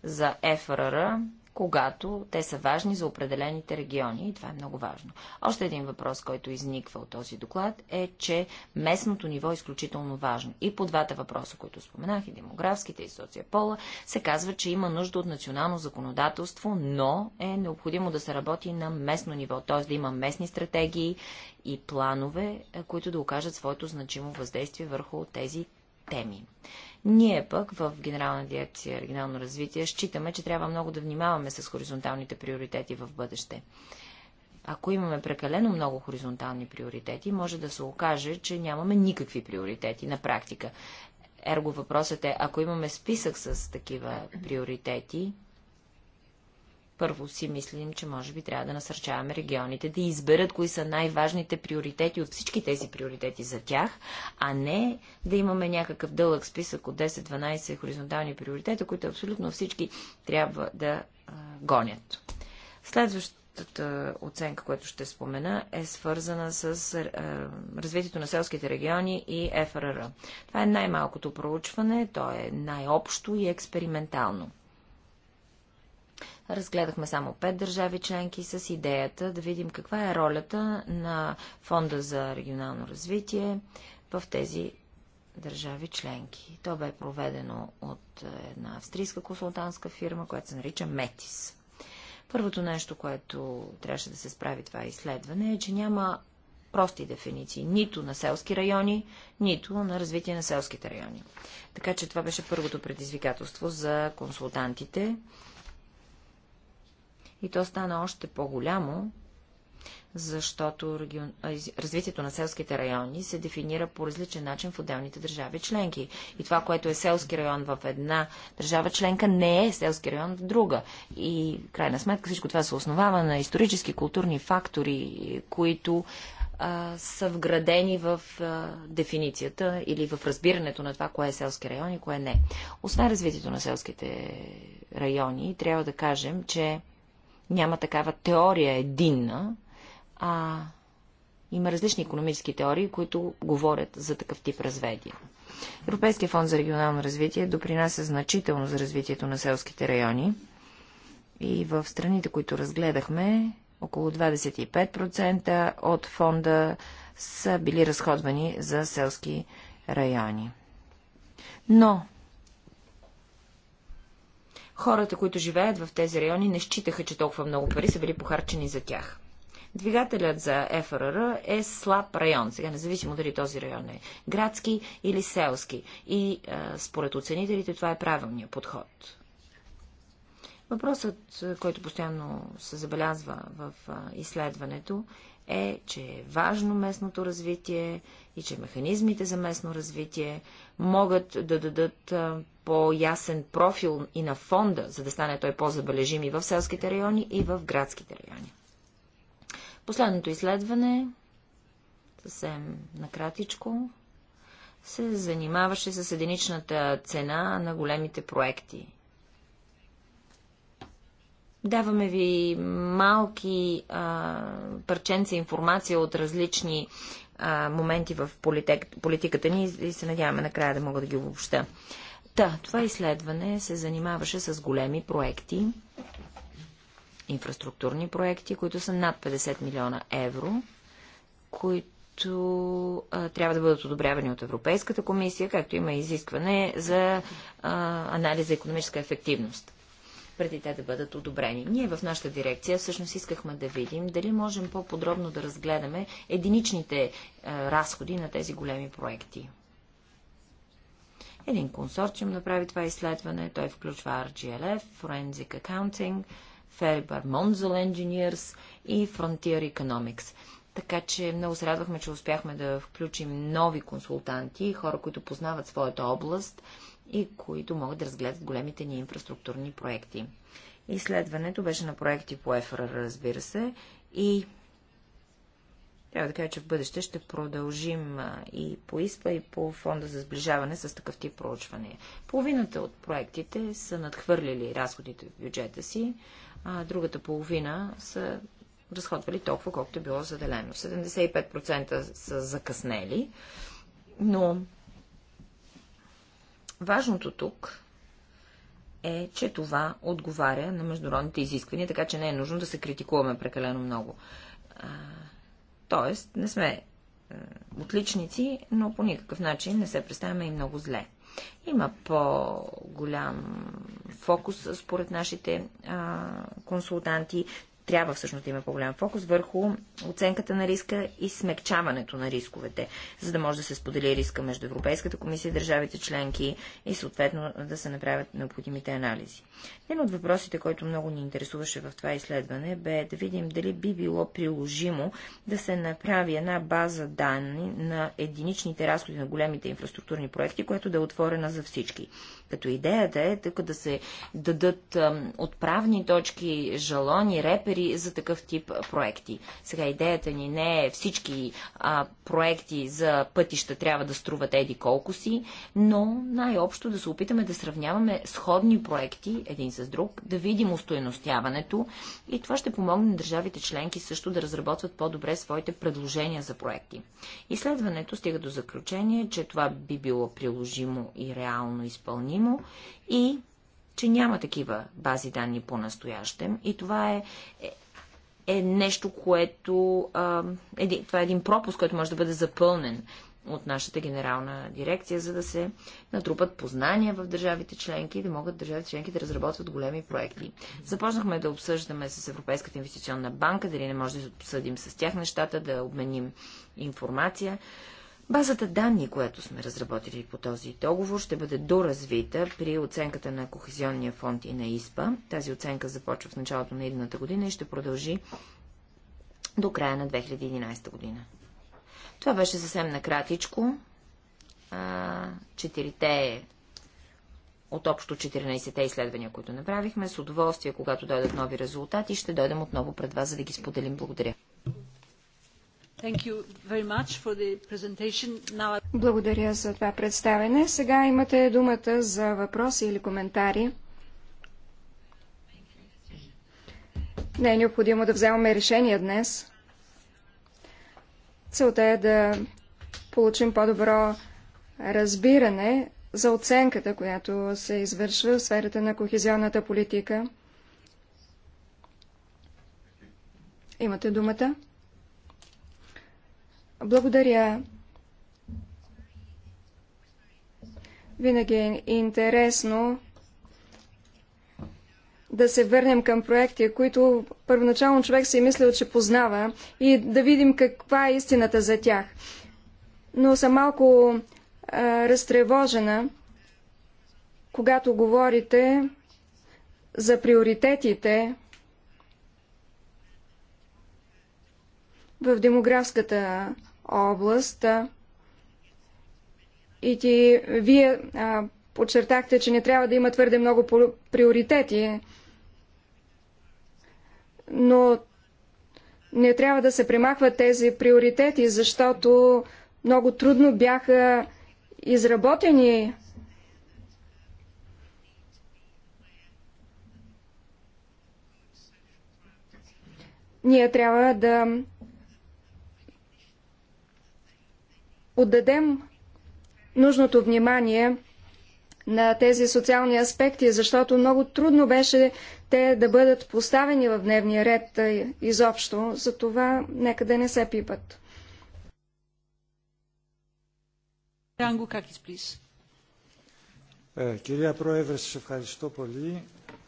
за ФРР когато те са важни за определените региони и това е много важно. Още един въпрос, който изниква от този доклад е, че местното ниво е изключително важно. И по двата въпроса, които споменах, и демографските, и социопола, се казва, че има нужда от национално законодателство, но е необходимо да се работи на местно ниво, т.е. да има местни стратегии и планове, които да окажат своето значимо въздействие върху тези теми. Ние пък в Генерална дирекция регионално развитие считаме, че трябва много да внимаваме с хоризонталните приоритети в бъдеще. Ако имаме прекалено много хоризонтални приоритети, може да се окаже, че нямаме никакви приоритети на практика. Ерго въпросът е, ако имаме списък с такива приоритети, първо си мислим, че може би трябва да насърчаваме регионите да изберат кои са най-важните приоритети от всички тези приоритети за тях, а не да имаме някакъв дълъг списък от 10-12 хоризонтални приоритета, които абсолютно всички трябва да а, гонят. Следващата оценка, която ще спомена, е свързана с а, развитието на селските региони и ФРР. Това е най-малкото проучване, то е най-общо и експериментално. Разгледахме само пет държави членки с идеята да видим каква е ролята на Фонда за регионално развитие в тези държави членки. То бе проведено от е, една австрийска консултантска фирма, която се нарича Метис. Първото нещо, което трябваше да се справи това изследване е, че няма прости дефиниции, нито на селски райони, нито на развитие на селските райони. Така че това беше първото предизвикателство за консултантите и то стана още по-голямо, защото регион... развитието на селските райони се дефинира по различен начин в отделните държави членки. И това, което е селски район в една държава членка, не е селски район в друга. И крайна сметка всичко това се основава на исторически, културни фактори, които а, са вградени в а, дефиницията или в разбирането на това, кое е селски район и кое не. Освен развитието на селските райони, трябва да кажем, че няма такава теория единна, а има различни економически теории, които говорят за такъв тип разведия. Европейския фонд за регионално развитие допринася значително за развитието на селските райони и в страните, които разгледахме, около 25% от фонда са били разходвани за селски райони. Но Хората, които живеят в тези райони, не считаха, че толкова много пари са били похарчени за тях. Двигателят за ФРР е слаб район, сега независимо дали този район е градски или селски. И а, според оценителите това е правилният подход. Въпросът, който постоянно се забелязва в изследването, е, че е важно местното развитие и че механизмите за местно развитие могат да дадат по-ясен профил и на фонда, за да стане той по-забележим и в селските райони, и в градските райони. Последното изследване, съвсем накратичко, се занимаваше с единичната цена на големите проекти. Даваме ви малки а, парченца информация от различни а, моменти в политиката ни и се надяваме накрая да мога да ги обобща. Та, това изследване се занимаваше с големи проекти, инфраструктурни проекти, които са над 50 милиона евро, които а, трябва да бъдат одобрявани от Европейската комисия, както има изискване за а, анализ за економическа ефективност преди те да бъдат одобрени. Ние в нашата дирекция всъщност искахме да видим дали можем по-подробно да разгледаме единичните а, разходи на тези големи проекти. Един консорциум направи това изследване. Той включва RGLF, Forensic Accounting, Faber Monzel Engineers и Frontier Economics. Така че много се радвахме, че успяхме да включим нови консултанти, хора, които познават своята област и които могат да разгледат големите ни инфраструктурни проекти. Изследването беше на проекти по ЕФР, разбира се, и трябва да кажа, че в бъдеще ще продължим и по ИСПА, и по фонда за сближаване с такъв тип проучвания. Половината от проектите са надхвърлили разходите в бюджета си, а другата половина са разходвали толкова, колкото е било заделено. 75% са закъснели, но важното тук е, че това отговаря на международните изисквания, така че не е нужно да се критикуваме прекалено много. Тоест, не сме отличници, но по никакъв начин не се представяме и много зле. Има по-голям фокус според нашите а, консултанти, трябва всъщност да има по-голям фокус върху оценката на риска и смекчаването на рисковете, за да може да се сподели риска между Европейската комисия и държавите членки и съответно да се направят необходимите анализи. Един от въпросите, който много ни интересуваше в това изследване, бе да видим дали би било приложимо да се направи една база данни на единичните разходи на големите инфраструктурни проекти, която да е отворена за всички. Като идеята е тук да се дадат отправни точки, жалони, репери, кадри за такъв тип проекти. Сега идеята ни не е всички а, проекти за пътища трябва да струват еди колко си, но най-общо да се опитаме да сравняваме сходни проекти един с друг, да видим устойностяването и това ще помогне на държавите членки също да разработват по-добре своите предложения за проекти. Изследването стига до заключение, че това би било приложимо и реално изпълнимо и че няма такива бази данни по-настоящем и това е, е, е нещо, което... Е, това е един пропуск, който може да бъде запълнен от нашата генерална дирекция, за да се натрупат познания в държавите членки и да могат държавите членки да разработват големи проекти. Започнахме да обсъждаме с Европейската инвестиционна банка, дали не може да обсъдим с тях нещата, да обменим информация. Базата данни, която сме разработили по този договор, ще бъде доразвита при оценката на Кохезионния фонд и на ИСПА. Тази оценка започва в началото на едната година и ще продължи до края на 2011 година. Това беше съвсем накратичко. Четирите от общо 14-те изследвания, които направихме. С удоволствие, когато дойдат нови резултати, ще дойдем отново пред вас, за да ги споделим. Благодаря. Благодаря за това представене. Сега имате думата за въпроси или коментари. Не е необходимо да вземаме решение днес. Целта е да получим по-добро разбиране за оценката, която се извършва в сферата на кохезионната политика. Имате думата. Благодаря. Винаги е интересно да се върнем към проекти, които първоначално човек си е мислил, че познава и да видим каква е истината за тях. Но съм малко а, разтревожена, когато говорите за приоритетите в демографската област. И ти, вие а, подчертахте, че не трябва да има твърде много приоритети, но не трябва да се премахват тези приоритети, защото много трудно бяха изработени ние трябва да отдадем нужното внимание на тези социални аспекти, защото много трудно беше те да бъдат поставени в дневния ред изобщо, затова нека да не се пипат. Ранго Какис, е, плиз.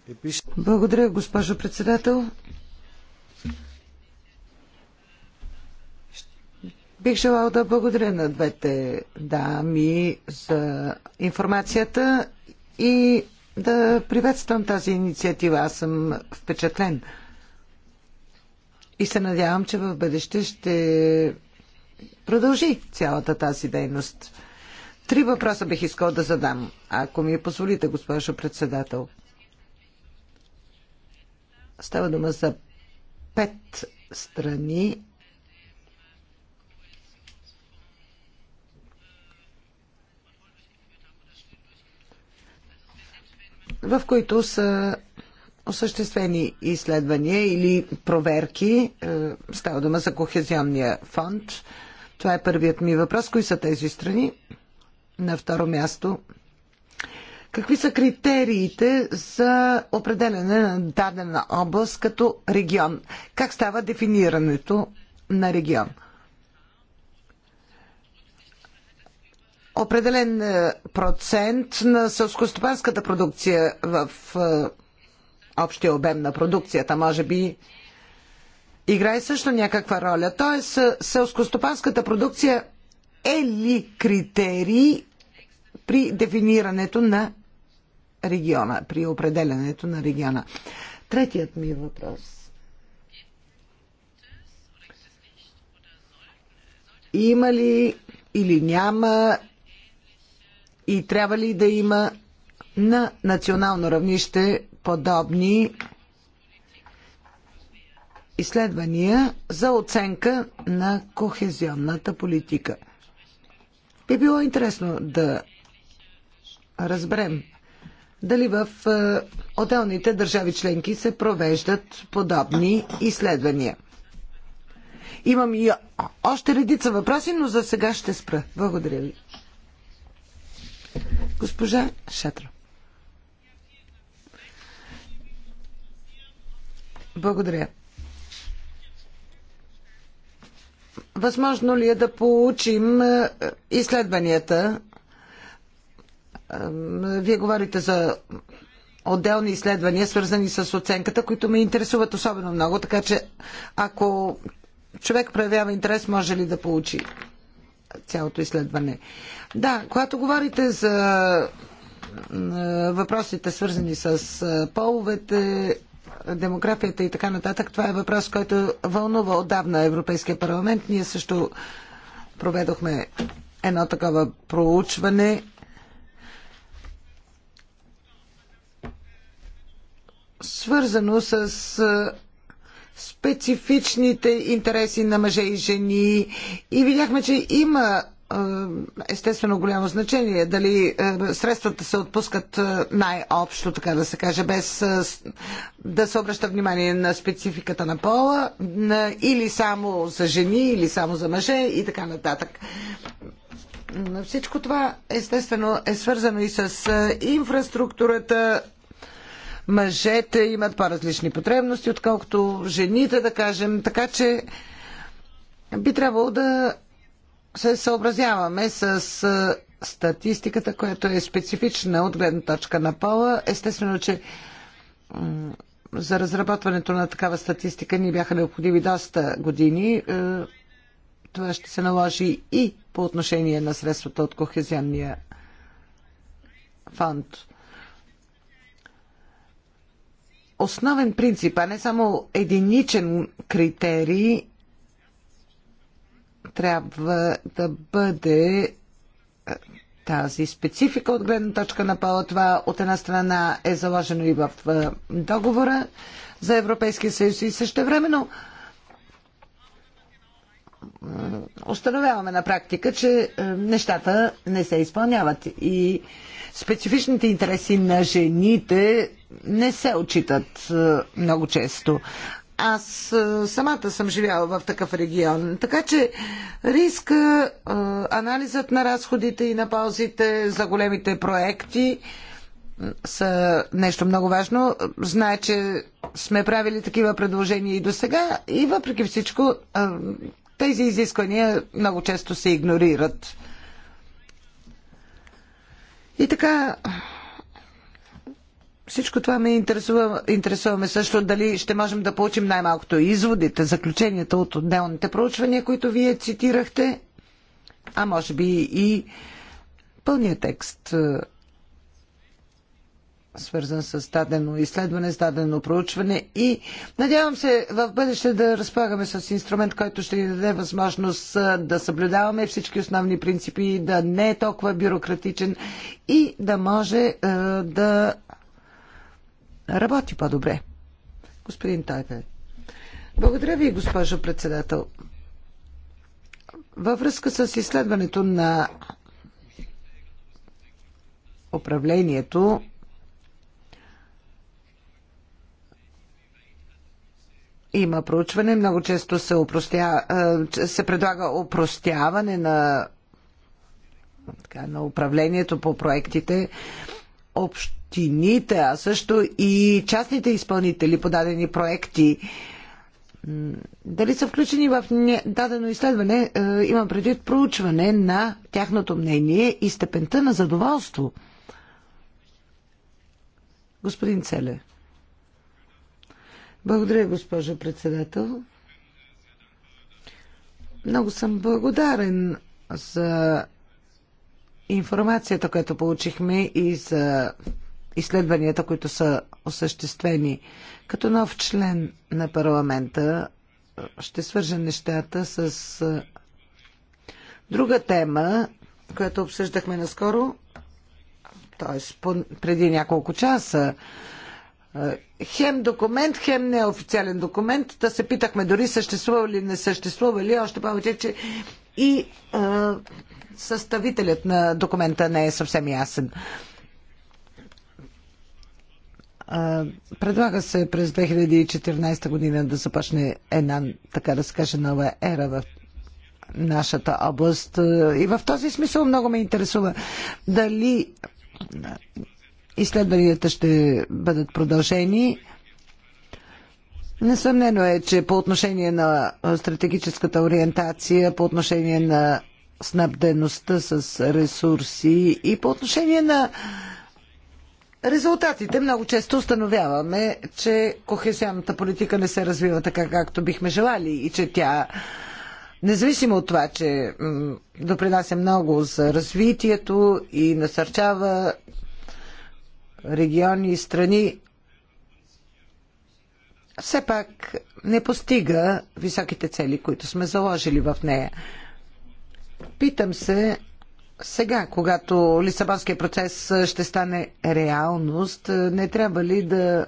Е, Благодаря, госпожо председател. Бих желал да благодаря на двете дами за информацията и да приветствам тази инициатива. Аз съм впечатлен. И се надявам, че в бъдеще ще продължи цялата тази дейност. Три въпроса бих искал да задам, ако ми позволите, госпожо председател. Става дума за пет страни в които са осъществени изследвания или проверки. Е, става дума за Кохезионния фонд. Това е първият ми въпрос. Кои са тези страни? На второ място. Какви са критериите за определене на дадена област като регион? Как става дефинирането на регион? определен е, процент на сълскостопанската продукция в е, общия обем на продукцията, може би играе също някаква роля. Тоест, е, селскостопанската продукция е ли критерий при дефинирането на региона, при определенето на региона? Третият ми въпрос. Има ли или няма и трябва ли да има на национално равнище подобни изследвания за оценка на кохезионната политика? Би било интересно да разберем дали в е, отделните държави членки се провеждат подобни изследвания. Имам и още редица въпроси, но за сега ще спра. Благодаря ви. Госпожа Шатра. Благодаря. Възможно ли е да получим е, изследванията? Е, вие говорите за отделни изследвания, свързани с оценката, които ме интересуват особено много, така че ако човек проявява интерес, може ли да получи цялото изследване. Да, когато говорите за въпросите свързани с половете, демографията и така нататък, това е въпрос, който вълнува отдавна Европейския парламент. Ние също проведохме едно такова проучване свързано с специфичните интереси на мъже и жени и видяхме, че има естествено голямо значение дали средствата се отпускат най-общо, така да се каже, без да се обръща внимание на спецификата на пола, или само за жени, или само за мъже и така нататък. Всичко това естествено е свързано и с инфраструктурата, мъжете имат по-различни потребности, отколкото жените, да кажем. Така че би трябвало да се съобразяваме с статистиката, която е специфична от гледна точка на пола. Естествено, че за разработването на такава статистика ни бяха необходими доста години. Е, това ще се наложи и по отношение на средствата от Кохезионния фонд основен принцип, а не само единичен критерий, трябва да бъде е, тази специфика от гледна точка на пола. Това от една страна е заложено и в е, договора за Европейския съюз и също времено но установяваме на практика, че е, нещата не се изпълняват и специфичните интереси на жените не се отчитат е, много често. Аз е, самата съм живяла в такъв регион, така че риска, анализът на разходите и на ползите за големите проекти са нещо много важно. Знае, че сме правили такива предложения и до сега и въпреки всичко тези изисквания много често се игнорират. И така, всичко това ме интересува, интересуваме също дали ще можем да получим най-малкото изводите, заключенията от отделните проучвания, които вие цитирахте, а може би и пълния текст свързан с дадено изследване, с дадено проучване и надявам се в бъдеще да разполагаме с инструмент, който ще ни даде възможност да съблюдаваме всички основни принципи, да не е толкова бюрократичен и да може да работи по-добре. Господин Тайпе. Благодаря ви, госпожо председател. Във връзка с изследването на управлението има проучване, много често се, упростя, се предлага упростяване на, така, на управлението по проектите. Общините, а също и частните изпълнители по дадени проекти дали са включени в дадено изследване, имам предвид проучване на тяхното мнение и степента на задоволство. Господин Целе. Благодаря, госпожо председател. Много съм благодарен за информацията, която получихме и за изследванията, които са осъществени. Като нов член на парламента ще свържа нещата с друга тема, която обсъждахме наскоро, т.е. преди няколко часа хем документ, хем неофициален документ. Да се питахме дори съществува ли, не съществува ли, още повече, че и а, съставителят на документа не е съвсем ясен. Предлага се през 2014 година да започне една, така да се каже, нова ера в нашата област. И в този смисъл много ме интересува дали изследванията ще бъдат продължени. Несъмнено е, че по отношение на стратегическата ориентация, по отношение на снабдеността с ресурси и по отношение на резултатите, много често установяваме, че кохесионната политика не се развива така, както бихме желали и че тя независимо от това, че допринася много за развитието и насърчава региони и страни все пак не постига високите цели, които сме заложили в нея. Питам се сега, когато Лисабонския процес ще стане реалност, не трябва ли да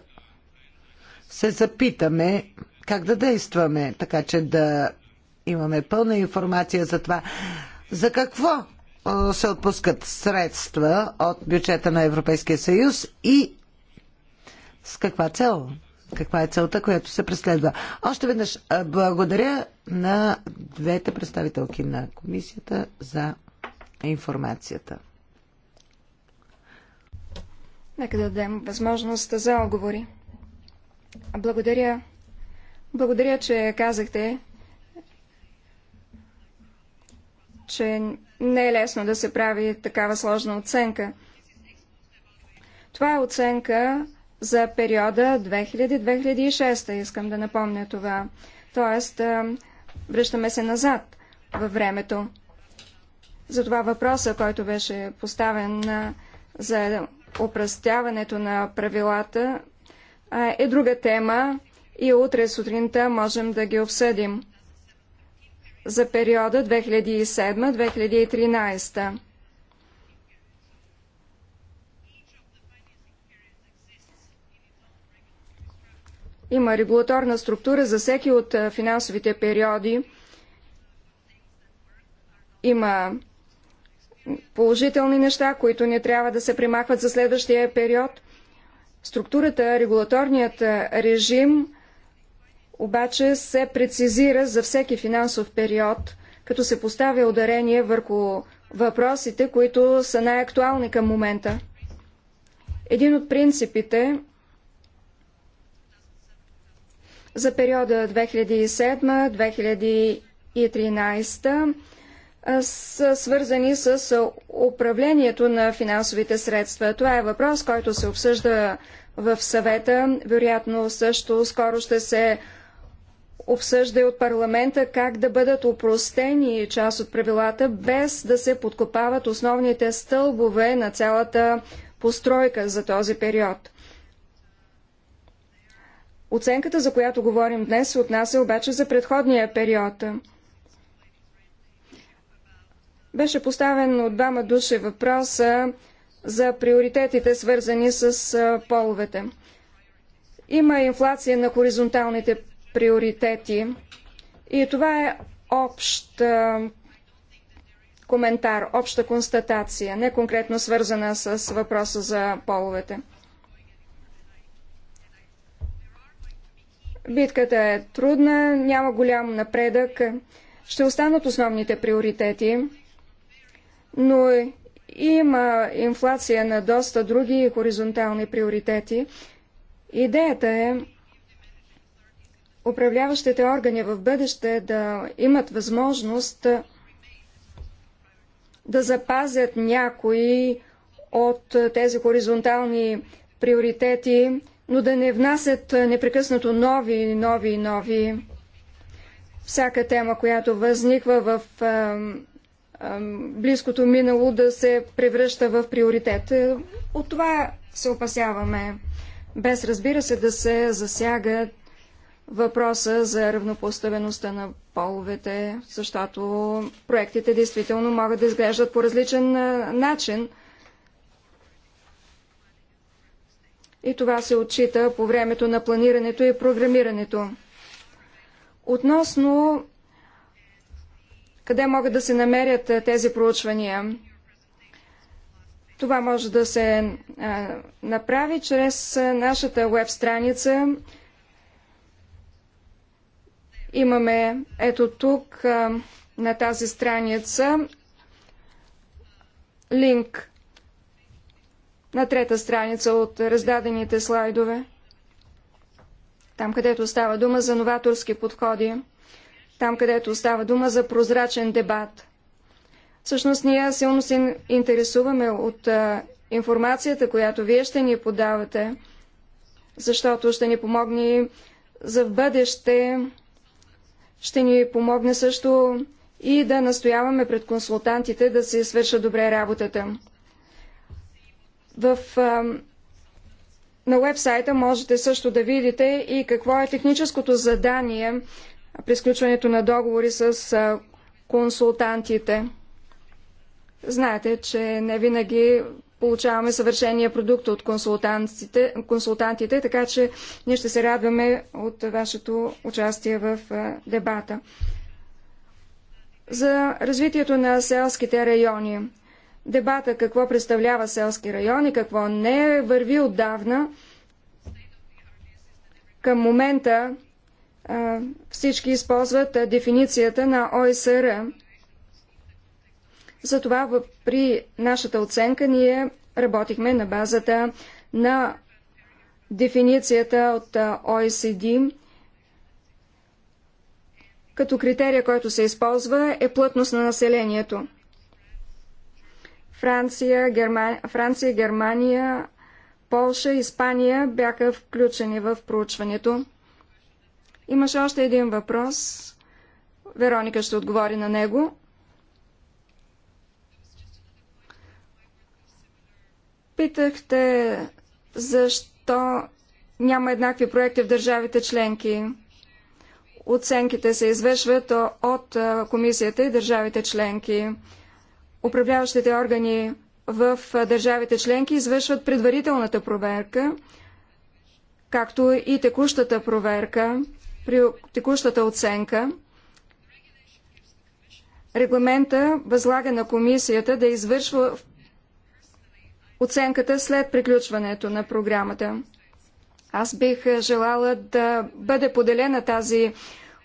се запитаме как да действаме, така че да имаме пълна информация за това, за какво се отпускат средства от бюджета на Европейския съюз и с каква цел? Каква е целта, която се преследва? Още веднъж благодаря на двете представителки на комисията за информацията. Нека да дадем възможност за отговори. Благодаря. Благодаря, че казахте, че не е лесно да се прави такава сложна оценка. Това е оценка за периода 2000-2006, искам да напомня това. Тоест, връщаме се назад във времето. Затова въпроса, който беше поставен за опръстяването на правилата, е друга тема и утре сутринта можем да ги обсъдим за периода 2007-2013. Има регулаторна структура за всеки от финансовите периоди. Има положителни неща, които не трябва да се примахват за следващия период. Структурата, регулаторният режим – обаче се прецизира за всеки финансов период, като се поставя ударение върху въпросите, които са най-актуални към момента. Един от принципите за периода 2007-2013 са свързани с управлението на финансовите средства. Това е въпрос, който се обсъжда в съвета. Вероятно също скоро ще се обсъжда и от парламента как да бъдат опростени част от правилата, без да се подкопават основните стълбове на цялата постройка за този период. Оценката, за която говорим днес, се отнася обаче за предходния период. Беше поставен от двама души въпроса за приоритетите, свързани с половете. Има инфлация на хоризонталните приоритети. И това е общ коментар, обща констатация, не конкретно свързана с въпроса за половете. Битката е трудна, няма голям напредък. Ще останат основните приоритети, но има инфлация на доста други хоризонтални приоритети. Идеята е управляващите органи в бъдеще да имат възможност да запазят някои от тези хоризонтални приоритети, но да не внасят непрекъснато нови, нови, нови. Всяка тема, която възниква в близкото минало да се превръща в приоритет. От това се опасяваме. Без, разбира се, да се засягат въпроса за равнопоставеността на половете, защото проектите действително могат да изглеждат по различен начин. И това се отчита по времето на планирането и програмирането. Относно къде могат да се намерят тези проучвания, това може да се направи чрез нашата веб страница Имаме ето тук на тази страница линк на трета страница от раздадените слайдове. Там, където става дума за новаторски подходи, там, където става дума за прозрачен дебат. Всъщност, ние силно се интересуваме от а, информацията, която вие ще ни подавате, защото ще ни помогне за в бъдеще ще ни помогне също и да настояваме пред консултантите да се свърша добре работата. В, а, на вебсайта можете също да видите и какво е техническото задание при сключването на договори с а, консултантите. Знаете, че не винаги получаваме съвършения продукт от консултантите, консултантите, така че ние ще се радваме от вашето участие в дебата. За развитието на селските райони. Дебата какво представлява селски райони, какво не върви отдавна. Към момента всички използват дефиницията на ОСР затова при нашата оценка ние работихме на базата на дефиницията от OECD, е като критерия, който се използва, е плътност на населението. Франция, Германия, Франция, Германия Полша, Испания бяха включени в проучването. Имаше още един въпрос. Вероника ще отговори на него. Питахте защо няма еднакви проекти в държавите членки. Оценките се извършват от комисията и държавите членки. Управляващите органи в държавите членки извършват предварителната проверка, както и текущата проверка при текущата оценка. Регламента възлага на комисията да извършва оценката след приключването на програмата. Аз бих е, желала да бъде поделена тази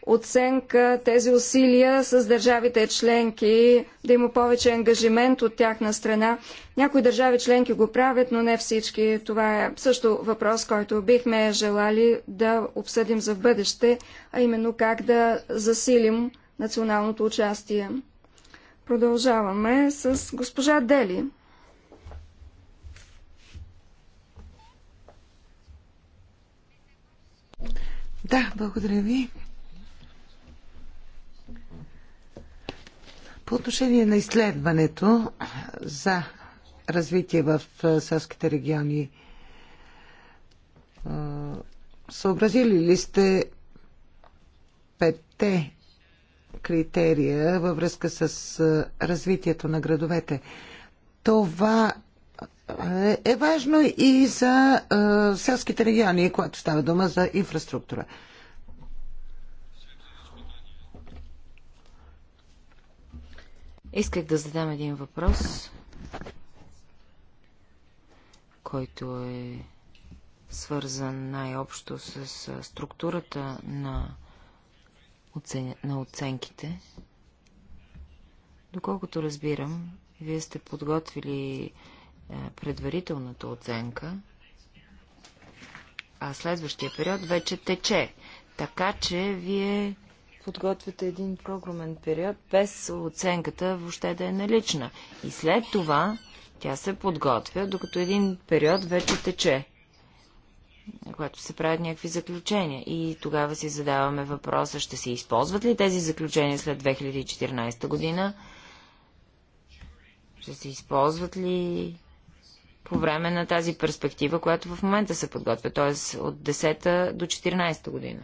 оценка, тези усилия с държавите членки, да има повече ангажимент от тяхна страна. Някои държави членки го правят, но не всички. Това е също въпрос, който бихме желали да обсъдим за в бъдеще, а именно как да засилим националното участие. Продължаваме с госпожа Дели. Да, благодаря ви. По отношение на изследването за развитие в селските региони, съобразили ли сте петте критерия във връзка с развитието на градовете? Това е, е важно и за е, селските региони, когато става дума за инфраструктура. Исках да задам един въпрос, който е свързан най-общо с структурата на, оцен... на оценките. Доколкото разбирам, вие сте подготвили е, предварителната оценка, а следващия период вече тече. Така че вие подготвяте един програмен период без оценката въобще да е налична. И след това тя се подготвя, докато един период вече тече, когато се правят някакви заключения. И тогава си задаваме въпроса, ще се използват ли тези заключения след 2014 година? Ще се използват ли по време на тази перспектива, която в момента се подготвя, т.е. от 10 до 14 година.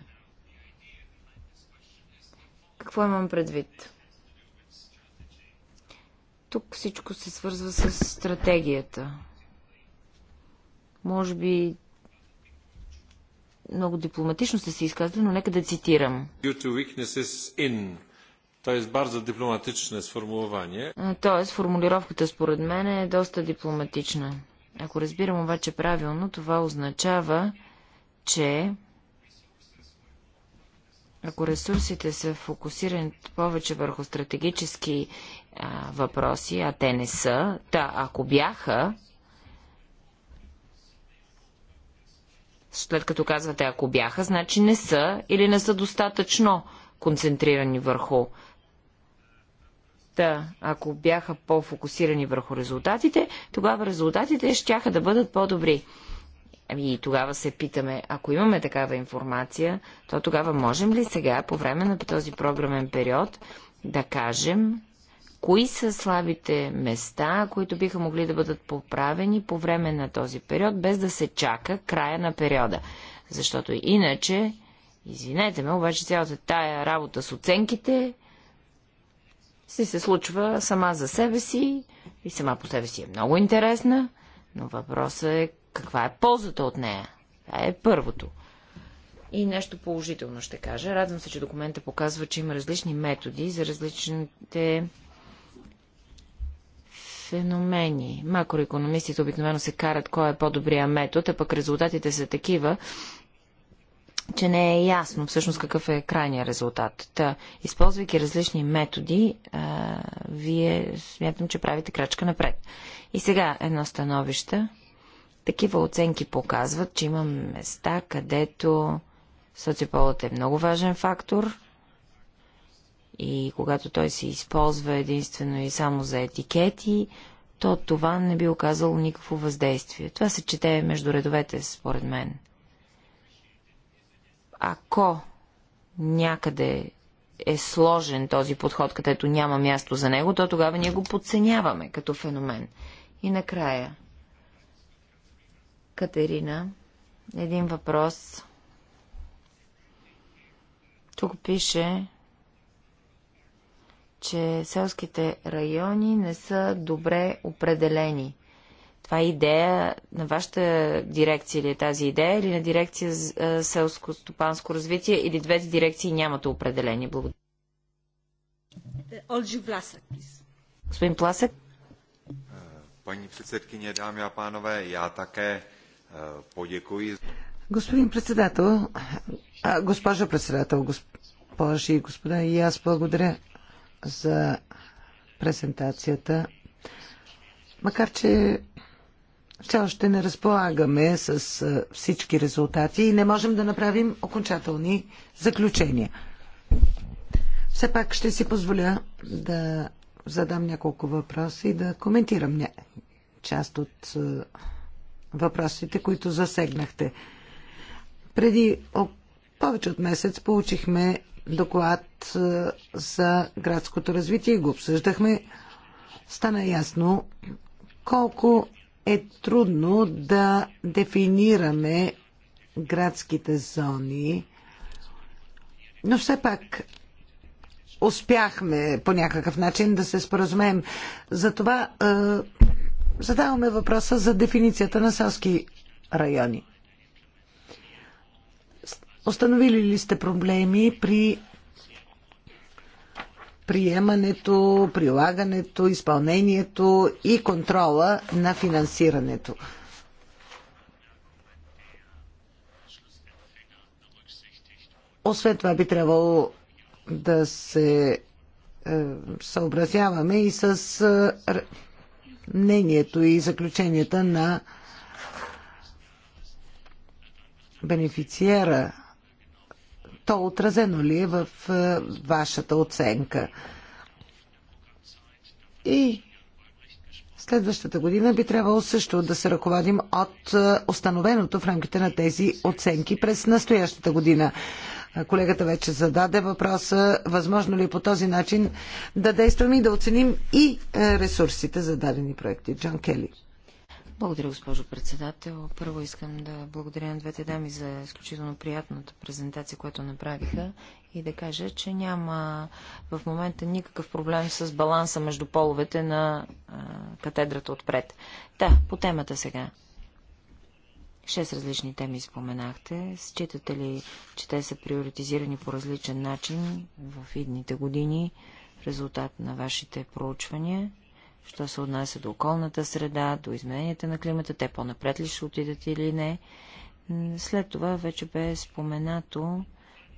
Какво имам предвид? Тук всичко се свързва с стратегията. Може би много дипломатично сте се изказали, но нека да цитирам. Т.е. jest bardzo dyplomatyczne sformułowanie. Тоест, формулировката според мен е доста дипломатична. Ако разбирам обаче правилно, това означава, че ако ресурсите са фокусирани повече върху стратегически а, въпроси, а те не са, да, ако бяха, след като казвате ако бяха, значи не са или не са достатъчно концентрирани върху Та, ако бяха по-фокусирани върху резултатите, тогава резултатите ще да бъдат по-добри. Ами, и тогава се питаме, ако имаме такава информация, то тогава можем ли сега, по време на този програмен период, да кажем кои са слабите места, които биха могли да бъдат поправени по време на този период, без да се чака края на периода. Защото иначе, извинете ме, обаче цялата тая работа с оценките си се случва сама за себе си и сама по себе си е много интересна, но въпросът е каква е ползата от нея. Това е първото. И нещо положително ще кажа. Радвам се, че документа показва, че има различни методи за различните феномени. Макроекономистите обикновено се карат кой е по-добрия метод, а пък резултатите са такива, че не е ясно всъщност какъв е крайният резултат. Та, използвайки различни методи, а, вие смятам, че правите крачка напред. И сега едно становище. Такива оценки показват, че има места, където социополът е много важен фактор и когато той се използва единствено и само за етикети, то това не би оказало никакво въздействие. Това се чете между редовете, според мен – ако някъде е сложен този подход, където няма място за него, то тогава ние го подценяваме като феномен. И накрая, Катерина, един въпрос. Тук пише, че селските райони не са добре определени. Това е идея на вашата дирекция или е тази идея или на дирекция за селско-стопанско развитие или двете дирекции нямате определение? Благодаря. Олджи Власък, Господин Пласък. Пани председкиня, дами и панове, я také подякую. Господин председател, а, госпожа председател, госпожи и господа, и аз благодаря за презентацията. Макар, че все още не разполагаме с всички резултати и не можем да направим окончателни заключения. Все пак ще си позволя да задам няколко въпроса и да коментирам ня... част от въпросите, които засегнахте. Преди повече от месец получихме доклад за градското развитие и го обсъждахме. Стана ясно колко е трудно да дефинираме градските зони, но все пак успяхме по някакъв начин да се споразумеем. Затова е, задаваме въпроса за дефиницията на селски райони. Установили ли сте проблеми при приемането, прилагането, изпълнението и контрола на финансирането. Освен това би трябвало да се е, съобразяваме и с е, мнението и заключенията на бенефициера то отразено ли е в е, вашата оценка? И следващата година би трябвало също да се ръководим от е, установеното в рамките на тези оценки през настоящата година. Колегата вече зададе въпроса, възможно ли е по този начин да действаме и да оценим и ресурсите за дадени проекти. Джон Кели. Благодаря, госпожо председател. Първо искам да благодаря на двете дами за изключително приятната презентация, която направиха и да кажа, че няма в момента никакъв проблем с баланса между половете на а, катедрата отпред. Да, по темата сега. Шест различни теми споменахте. Считате ли, че те са приоритизирани по различен начин в идните години в резултат на вашите проучвания? що се отнася до околната среда, до измененията на климата, те по-напред ли ще отидат или не. След това вече бе споменато,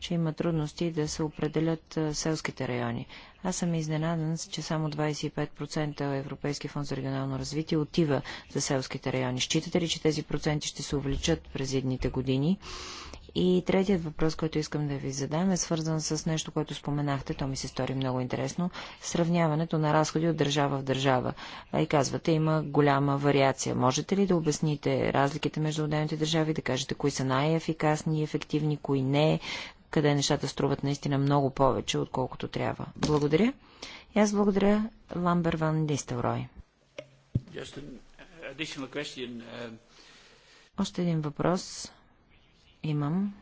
че има трудности да се определят селските райони. Аз съм изненадан, че само 25% Европейски фонд за регионално развитие отива за селските райони. Считате ли, че тези проценти ще се увеличат през едните години и третият въпрос, който искам да ви задам, е свързан с нещо, което споменахте, то ми се стори много интересно, сравняването на разходи от държава в държава. И казвате, има голяма вариация. Можете ли да обясните разликите между отделните държави, да кажете кои са най-ефикасни и ефективни, кои не, къде нещата струват наистина много повече, отколкото трябва. Благодаря. И аз благодаря Ламбер Ван Дистелрой. Uh, Още един въпрос имам.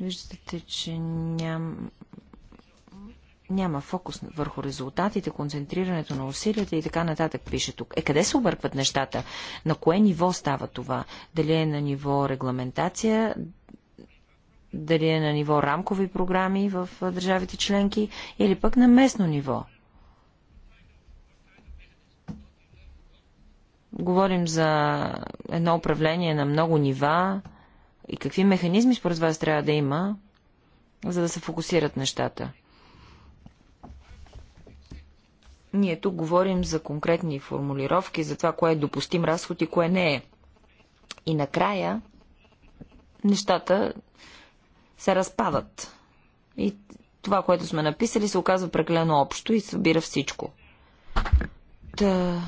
Виждате, че ням... няма фокус върху резултатите, концентрирането на усилията и така нататък пише тук. Е, къде се объркват нещата? На кое ниво става това? Дали е на ниво регламентация, дали е на ниво рамкови програми в държавите членки или пък на местно ниво? Говорим за едно управление на много нива и какви механизми според вас трябва да има, за да се фокусират нещата. Ние тук говорим за конкретни формулировки, за това, кое е допустим разход и кое не е. И накрая нещата се разпадат. И това, което сме написали, се оказва прекалено общо и събира всичко. Та,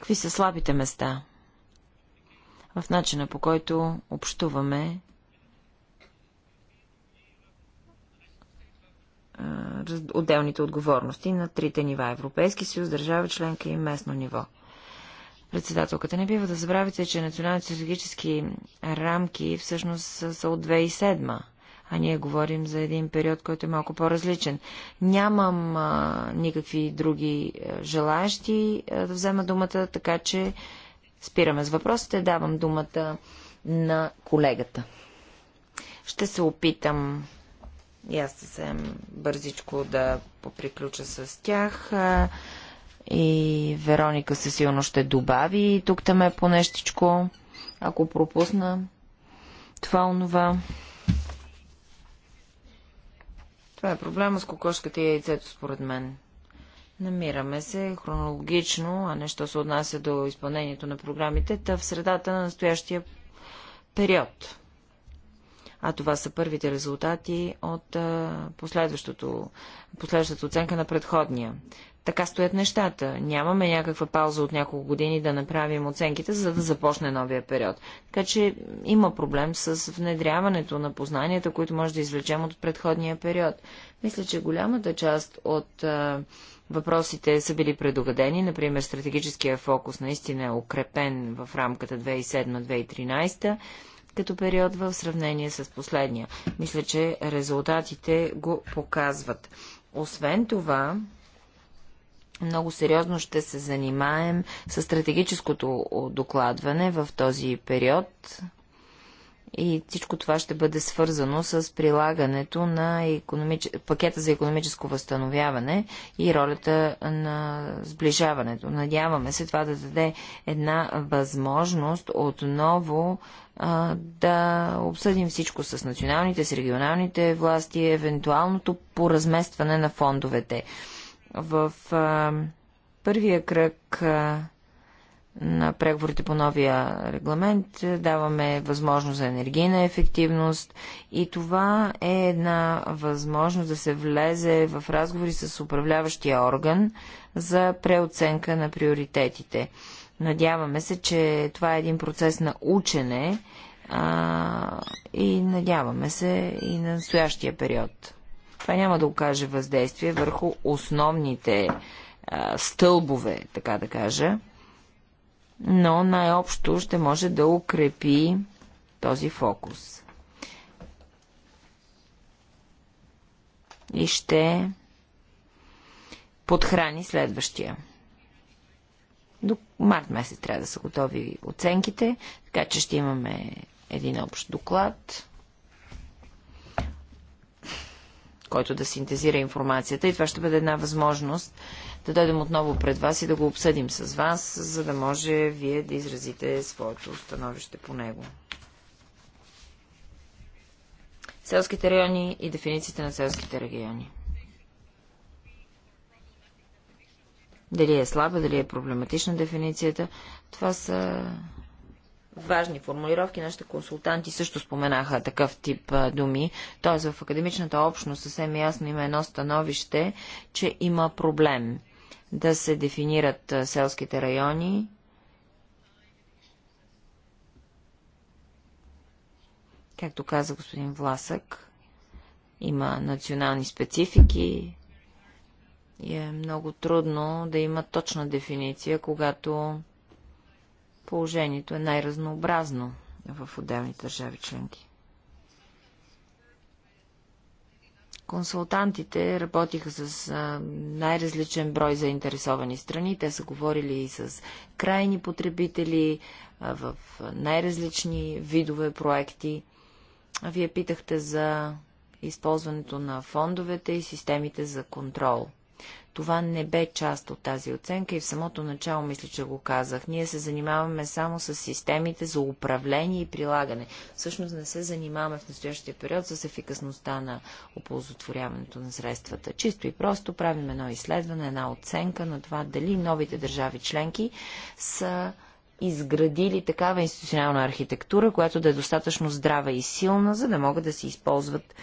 Какви са слабите места в начина по който общуваме отделните отговорности на трите нива Европейски съюз, държава членка и местно ниво. Председателката не бива да забравите, че националните стратегически рамки всъщност са от 2007 а ние говорим за един период, който е малко по-различен. Нямам а, никакви други желащи желаящи а, да взема думата, така че спираме с въпросите. Давам думата на колегата. Ще се опитам и аз съвсем бързичко да поприключа с тях. И Вероника със сигурно ще добави тук там е понещичко, ако пропусна това онова. Това е проблема с кокошката и яйцето, според мен. Намираме се хронологично, а нещо се отнася до изпълнението на програмите, та в средата на настоящия период. А това са първите резултати от последващото, последващата оценка на предходния. Така стоят нещата. Нямаме някаква пауза от няколко години да направим оценките, за да започне новия период. Така че има проблем с внедряването на познанията, които може да извлечем от предходния период. Мисля, че голямата част от а, въпросите са били предугадени. Например, стратегическия фокус наистина е укрепен в рамката 2007-2013 като период в сравнение с последния. Мисля, че резултатите го показват. Освен това, много сериозно ще се занимаем с стратегическото докладване в този период и всичко това ще бъде свързано с прилагането на економич... пакета за економическо възстановяване и ролята на сближаването. Надяваме се това да даде една възможност отново а, да обсъдим всичко с националните, с регионалните власти, евентуалното поразместване на фондовете. В а, първия кръг а, на преговорите по новия регламент е, даваме възможност за енергийна ефективност и това е една възможност да се влезе в разговори с управляващия орган за преоценка на приоритетите. Надяваме се, че това е един процес на учене а, и надяваме се и на настоящия период. Това няма да окаже въздействие върху основните а, стълбове, така да кажа, но най-общо ще може да укрепи този фокус. И ще подхрани следващия. До март месец трябва да са готови оценките, така че ще имаме един общ доклад. който да синтезира информацията и това ще бъде една възможност да дойдем отново пред вас и да го обсъдим с вас, за да може вие да изразите своето становище по него. Селските райони и дефинициите на селските региони. Дали е слаба, дали е проблематична дефиницията, това са важни формулировки. Нашите консултанти също споменаха такъв тип а, думи. Т.е. в академичната общност съвсем ясно има едно становище, че има проблем да се дефинират а, селските райони. Както каза господин Власък, има национални специфики и е много трудно да има точна дефиниция, когато Положението е най-разнообразно в отделните държави членки. Консултантите работиха с най-различен брой заинтересовани страни. Те са говорили и с крайни потребители в най-различни видове проекти. Вие питахте за използването на фондовете и системите за контрол – това не бе част от тази оценка и в самото начало мисля, че го казах. Ние се занимаваме само с системите за управление и прилагане. Всъщност не се занимаваме в настоящия период с ефикасността на оползотворяването на средствата. Чисто и просто правим едно изследване, една оценка на това дали новите държави членки са изградили такава институционална архитектура, която да е достатъчно здрава и силна, за да могат да се използват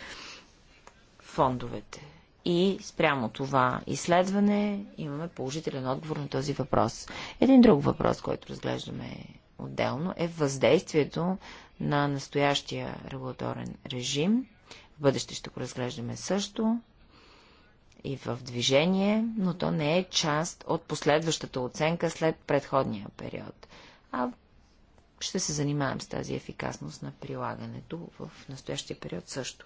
фондовете. И спрямо това изследване имаме положителен отговор на този въпрос. Един друг въпрос, който разглеждаме отделно, е въздействието на настоящия регулаторен режим. В бъдеще ще го разглеждаме също и в движение, но то не е част от последващата оценка след предходния период. А ще се занимаем с тази ефикасност на прилагането в настоящия период също.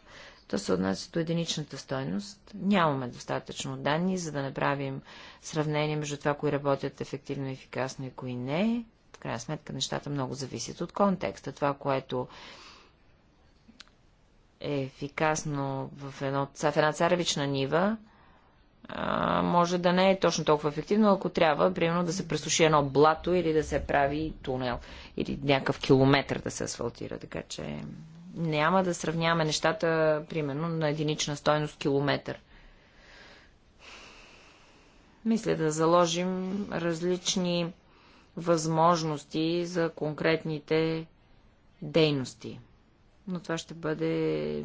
Що се отнася до единичната стойност, нямаме достатъчно данни, за да направим сравнение между това, кои работят ефективно и ефикасно и кои не. В крайна сметка нещата много зависят от контекста. Това, което е ефикасно в, едно, в една царевична нива, може да не е точно толкова ефективно, ако трябва, примерно, да се пресуши едно блато или да се прави тунел, или някакъв километр да се асфалтира, така че няма да сравняваме нещата, примерно, на единична стойност километър. Мисля да заложим различни възможности за конкретните дейности. Но това ще бъде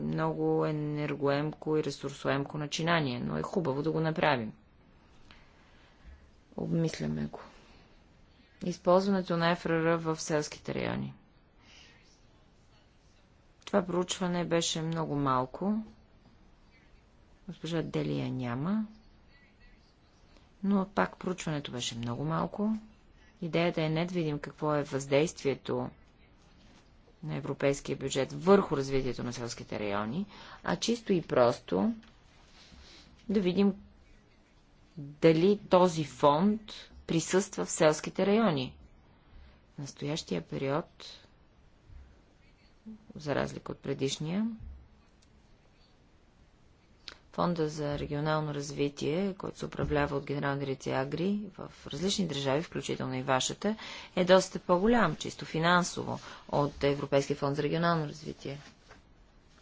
много енергоемко и ресурсоемко начинание, но е хубаво да го направим. Обмисляме го. Използването на ФРР в селските райони – това проучване беше много малко. Госпожа Делия няма. Но пак проучването беше много малко. Идеята е не да видим какво е въздействието на европейския бюджет върху развитието на селските райони, а чисто и просто да видим дали този фонд присъства в селските райони. В настоящия период за разлика от предишния. Фонда за регионално развитие, който се управлява от генерална дирекция Агри в различни държави, включително и вашата, е доста по-голям, чисто финансово, от Европейския фонд за регионално развитие.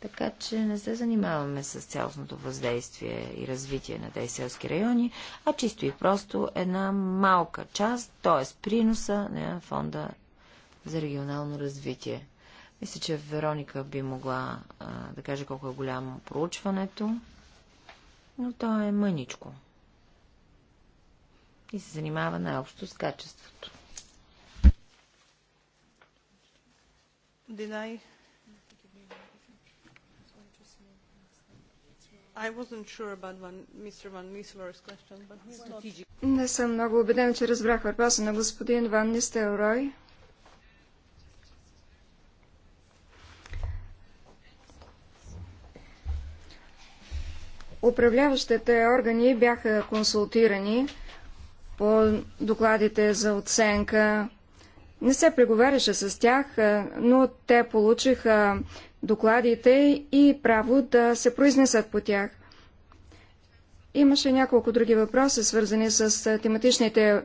Така че не се занимаваме с цялостното въздействие и развитие на тези селски райони, а чисто и просто една малка част, т.е. приноса на фонда за регионално развитие. Мисля, че Вероника би могла а, да каже колко е голямо проучването, но то е мъничко. И се занимава най-общо с качеството. Did Sure one, question, not... Не съм много убеден, че разбрах въпроса на господин Ван Нистелрой. Управляващите органи бяха консултирани по докладите за оценка. Не се преговаряше с тях, но те получиха докладите и право да се произнесат по тях. Имаше няколко други въпроси, свързани с тематичните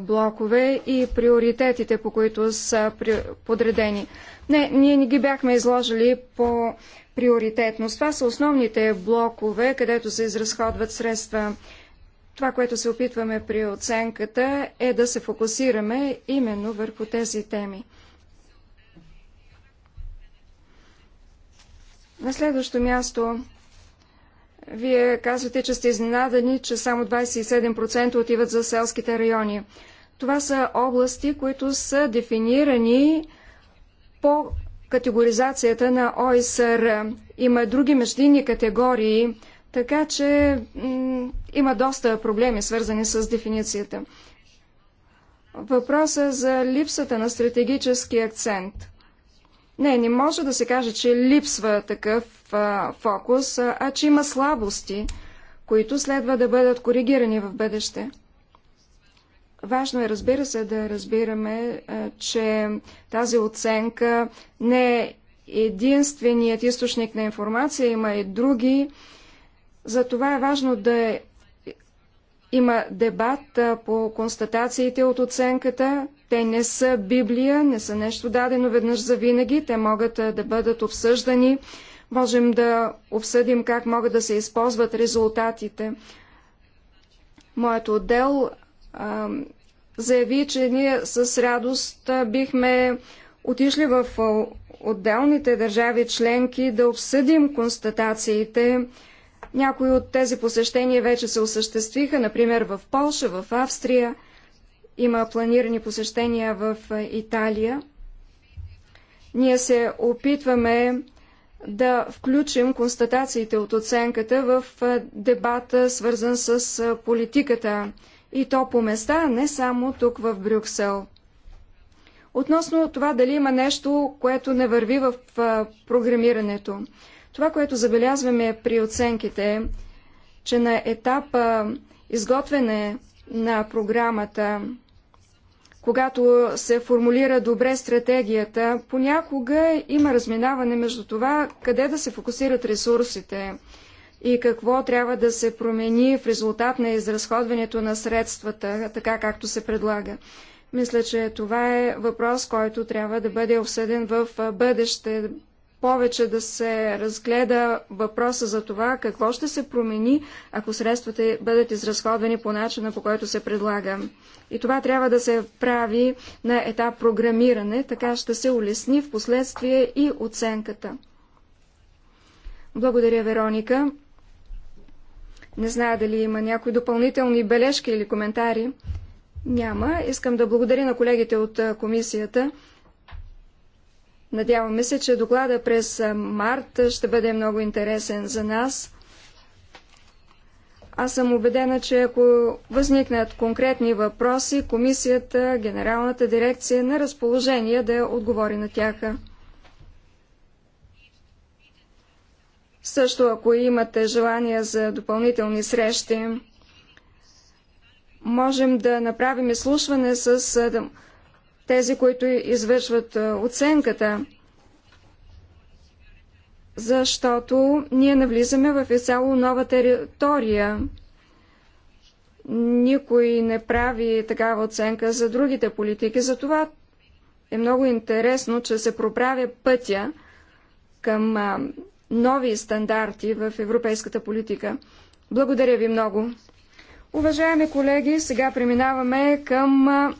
блокове и приоритетите, по които са подредени. Не, ние не ги бяхме изложили по приоритетност. Това са основните блокове, където се изразходват средства. Това, което се опитваме при оценката, е да се фокусираме именно върху тези теми. На следващо място вие казвате, че сте изненадани, че само 27% отиват за селските райони. Това са области, които са дефинирани по категоризацията на ОИСР. Има други междинни категории, така че има доста проблеми, свързани с дефиницията. Въпросът за липсата на стратегически акцент – не, не може да се каже, че липсва такъв а, фокус, а, а че има слабости, които следва да бъдат коригирани в бъдеще. Важно е, разбира се, да разбираме, а, че тази оценка не е единственият източник на информация, има и други. Затова е важно да има дебат по констатациите от оценката, те не са Библия, не са нещо дадено веднъж за винаги. Те могат да бъдат обсъждани. Можем да обсъдим как могат да се използват резултатите. Моето отдел а, заяви, че ние с радост бихме отишли в отделните държави членки да обсъдим констатациите. Някои от тези посещения вече се осъществиха, например в Польша, в Австрия – има планирани посещения в Италия. Ние се опитваме да включим констатациите от оценката в дебата, свързан с политиката. И то по места, не само тук в Брюксел. Относно това дали има нещо, което не върви в програмирането. Това, което забелязваме при оценките че на етапа изготвяне на програмата когато се формулира добре стратегията, понякога има разминаване между това, къде да се фокусират ресурсите и какво трябва да се промени в резултат на изразходването на средствата, така както се предлага. Мисля, че това е въпрос, който трябва да бъде обсъден в бъдеще повече да се разгледа въпроса за това какво ще се промени, ако средствата бъдат изразходвани по начина, по който се предлага. И това трябва да се прави на етап програмиране, така ще се улесни в последствие и оценката. Благодаря, Вероника. Не знае дали има някои допълнителни бележки или коментари. Няма. Искам да благодаря на колегите от комисията. Надяваме се, че доклада през март ще бъде много интересен за нас. Аз съм убедена, че ако възникнат конкретни въпроси, комисията, генералната дирекция на разположение да отговори на тях. Също ако имате желание за допълнителни срещи, можем да направим изслушване с тези, които извършват оценката, защото ние навлизаме в изцяло нова територия. Никой не прави такава оценка за другите политики, затова е много интересно, че се проправя пътя към нови стандарти в европейската политика. Благодаря ви много. Уважаеми колеги, сега преминаваме към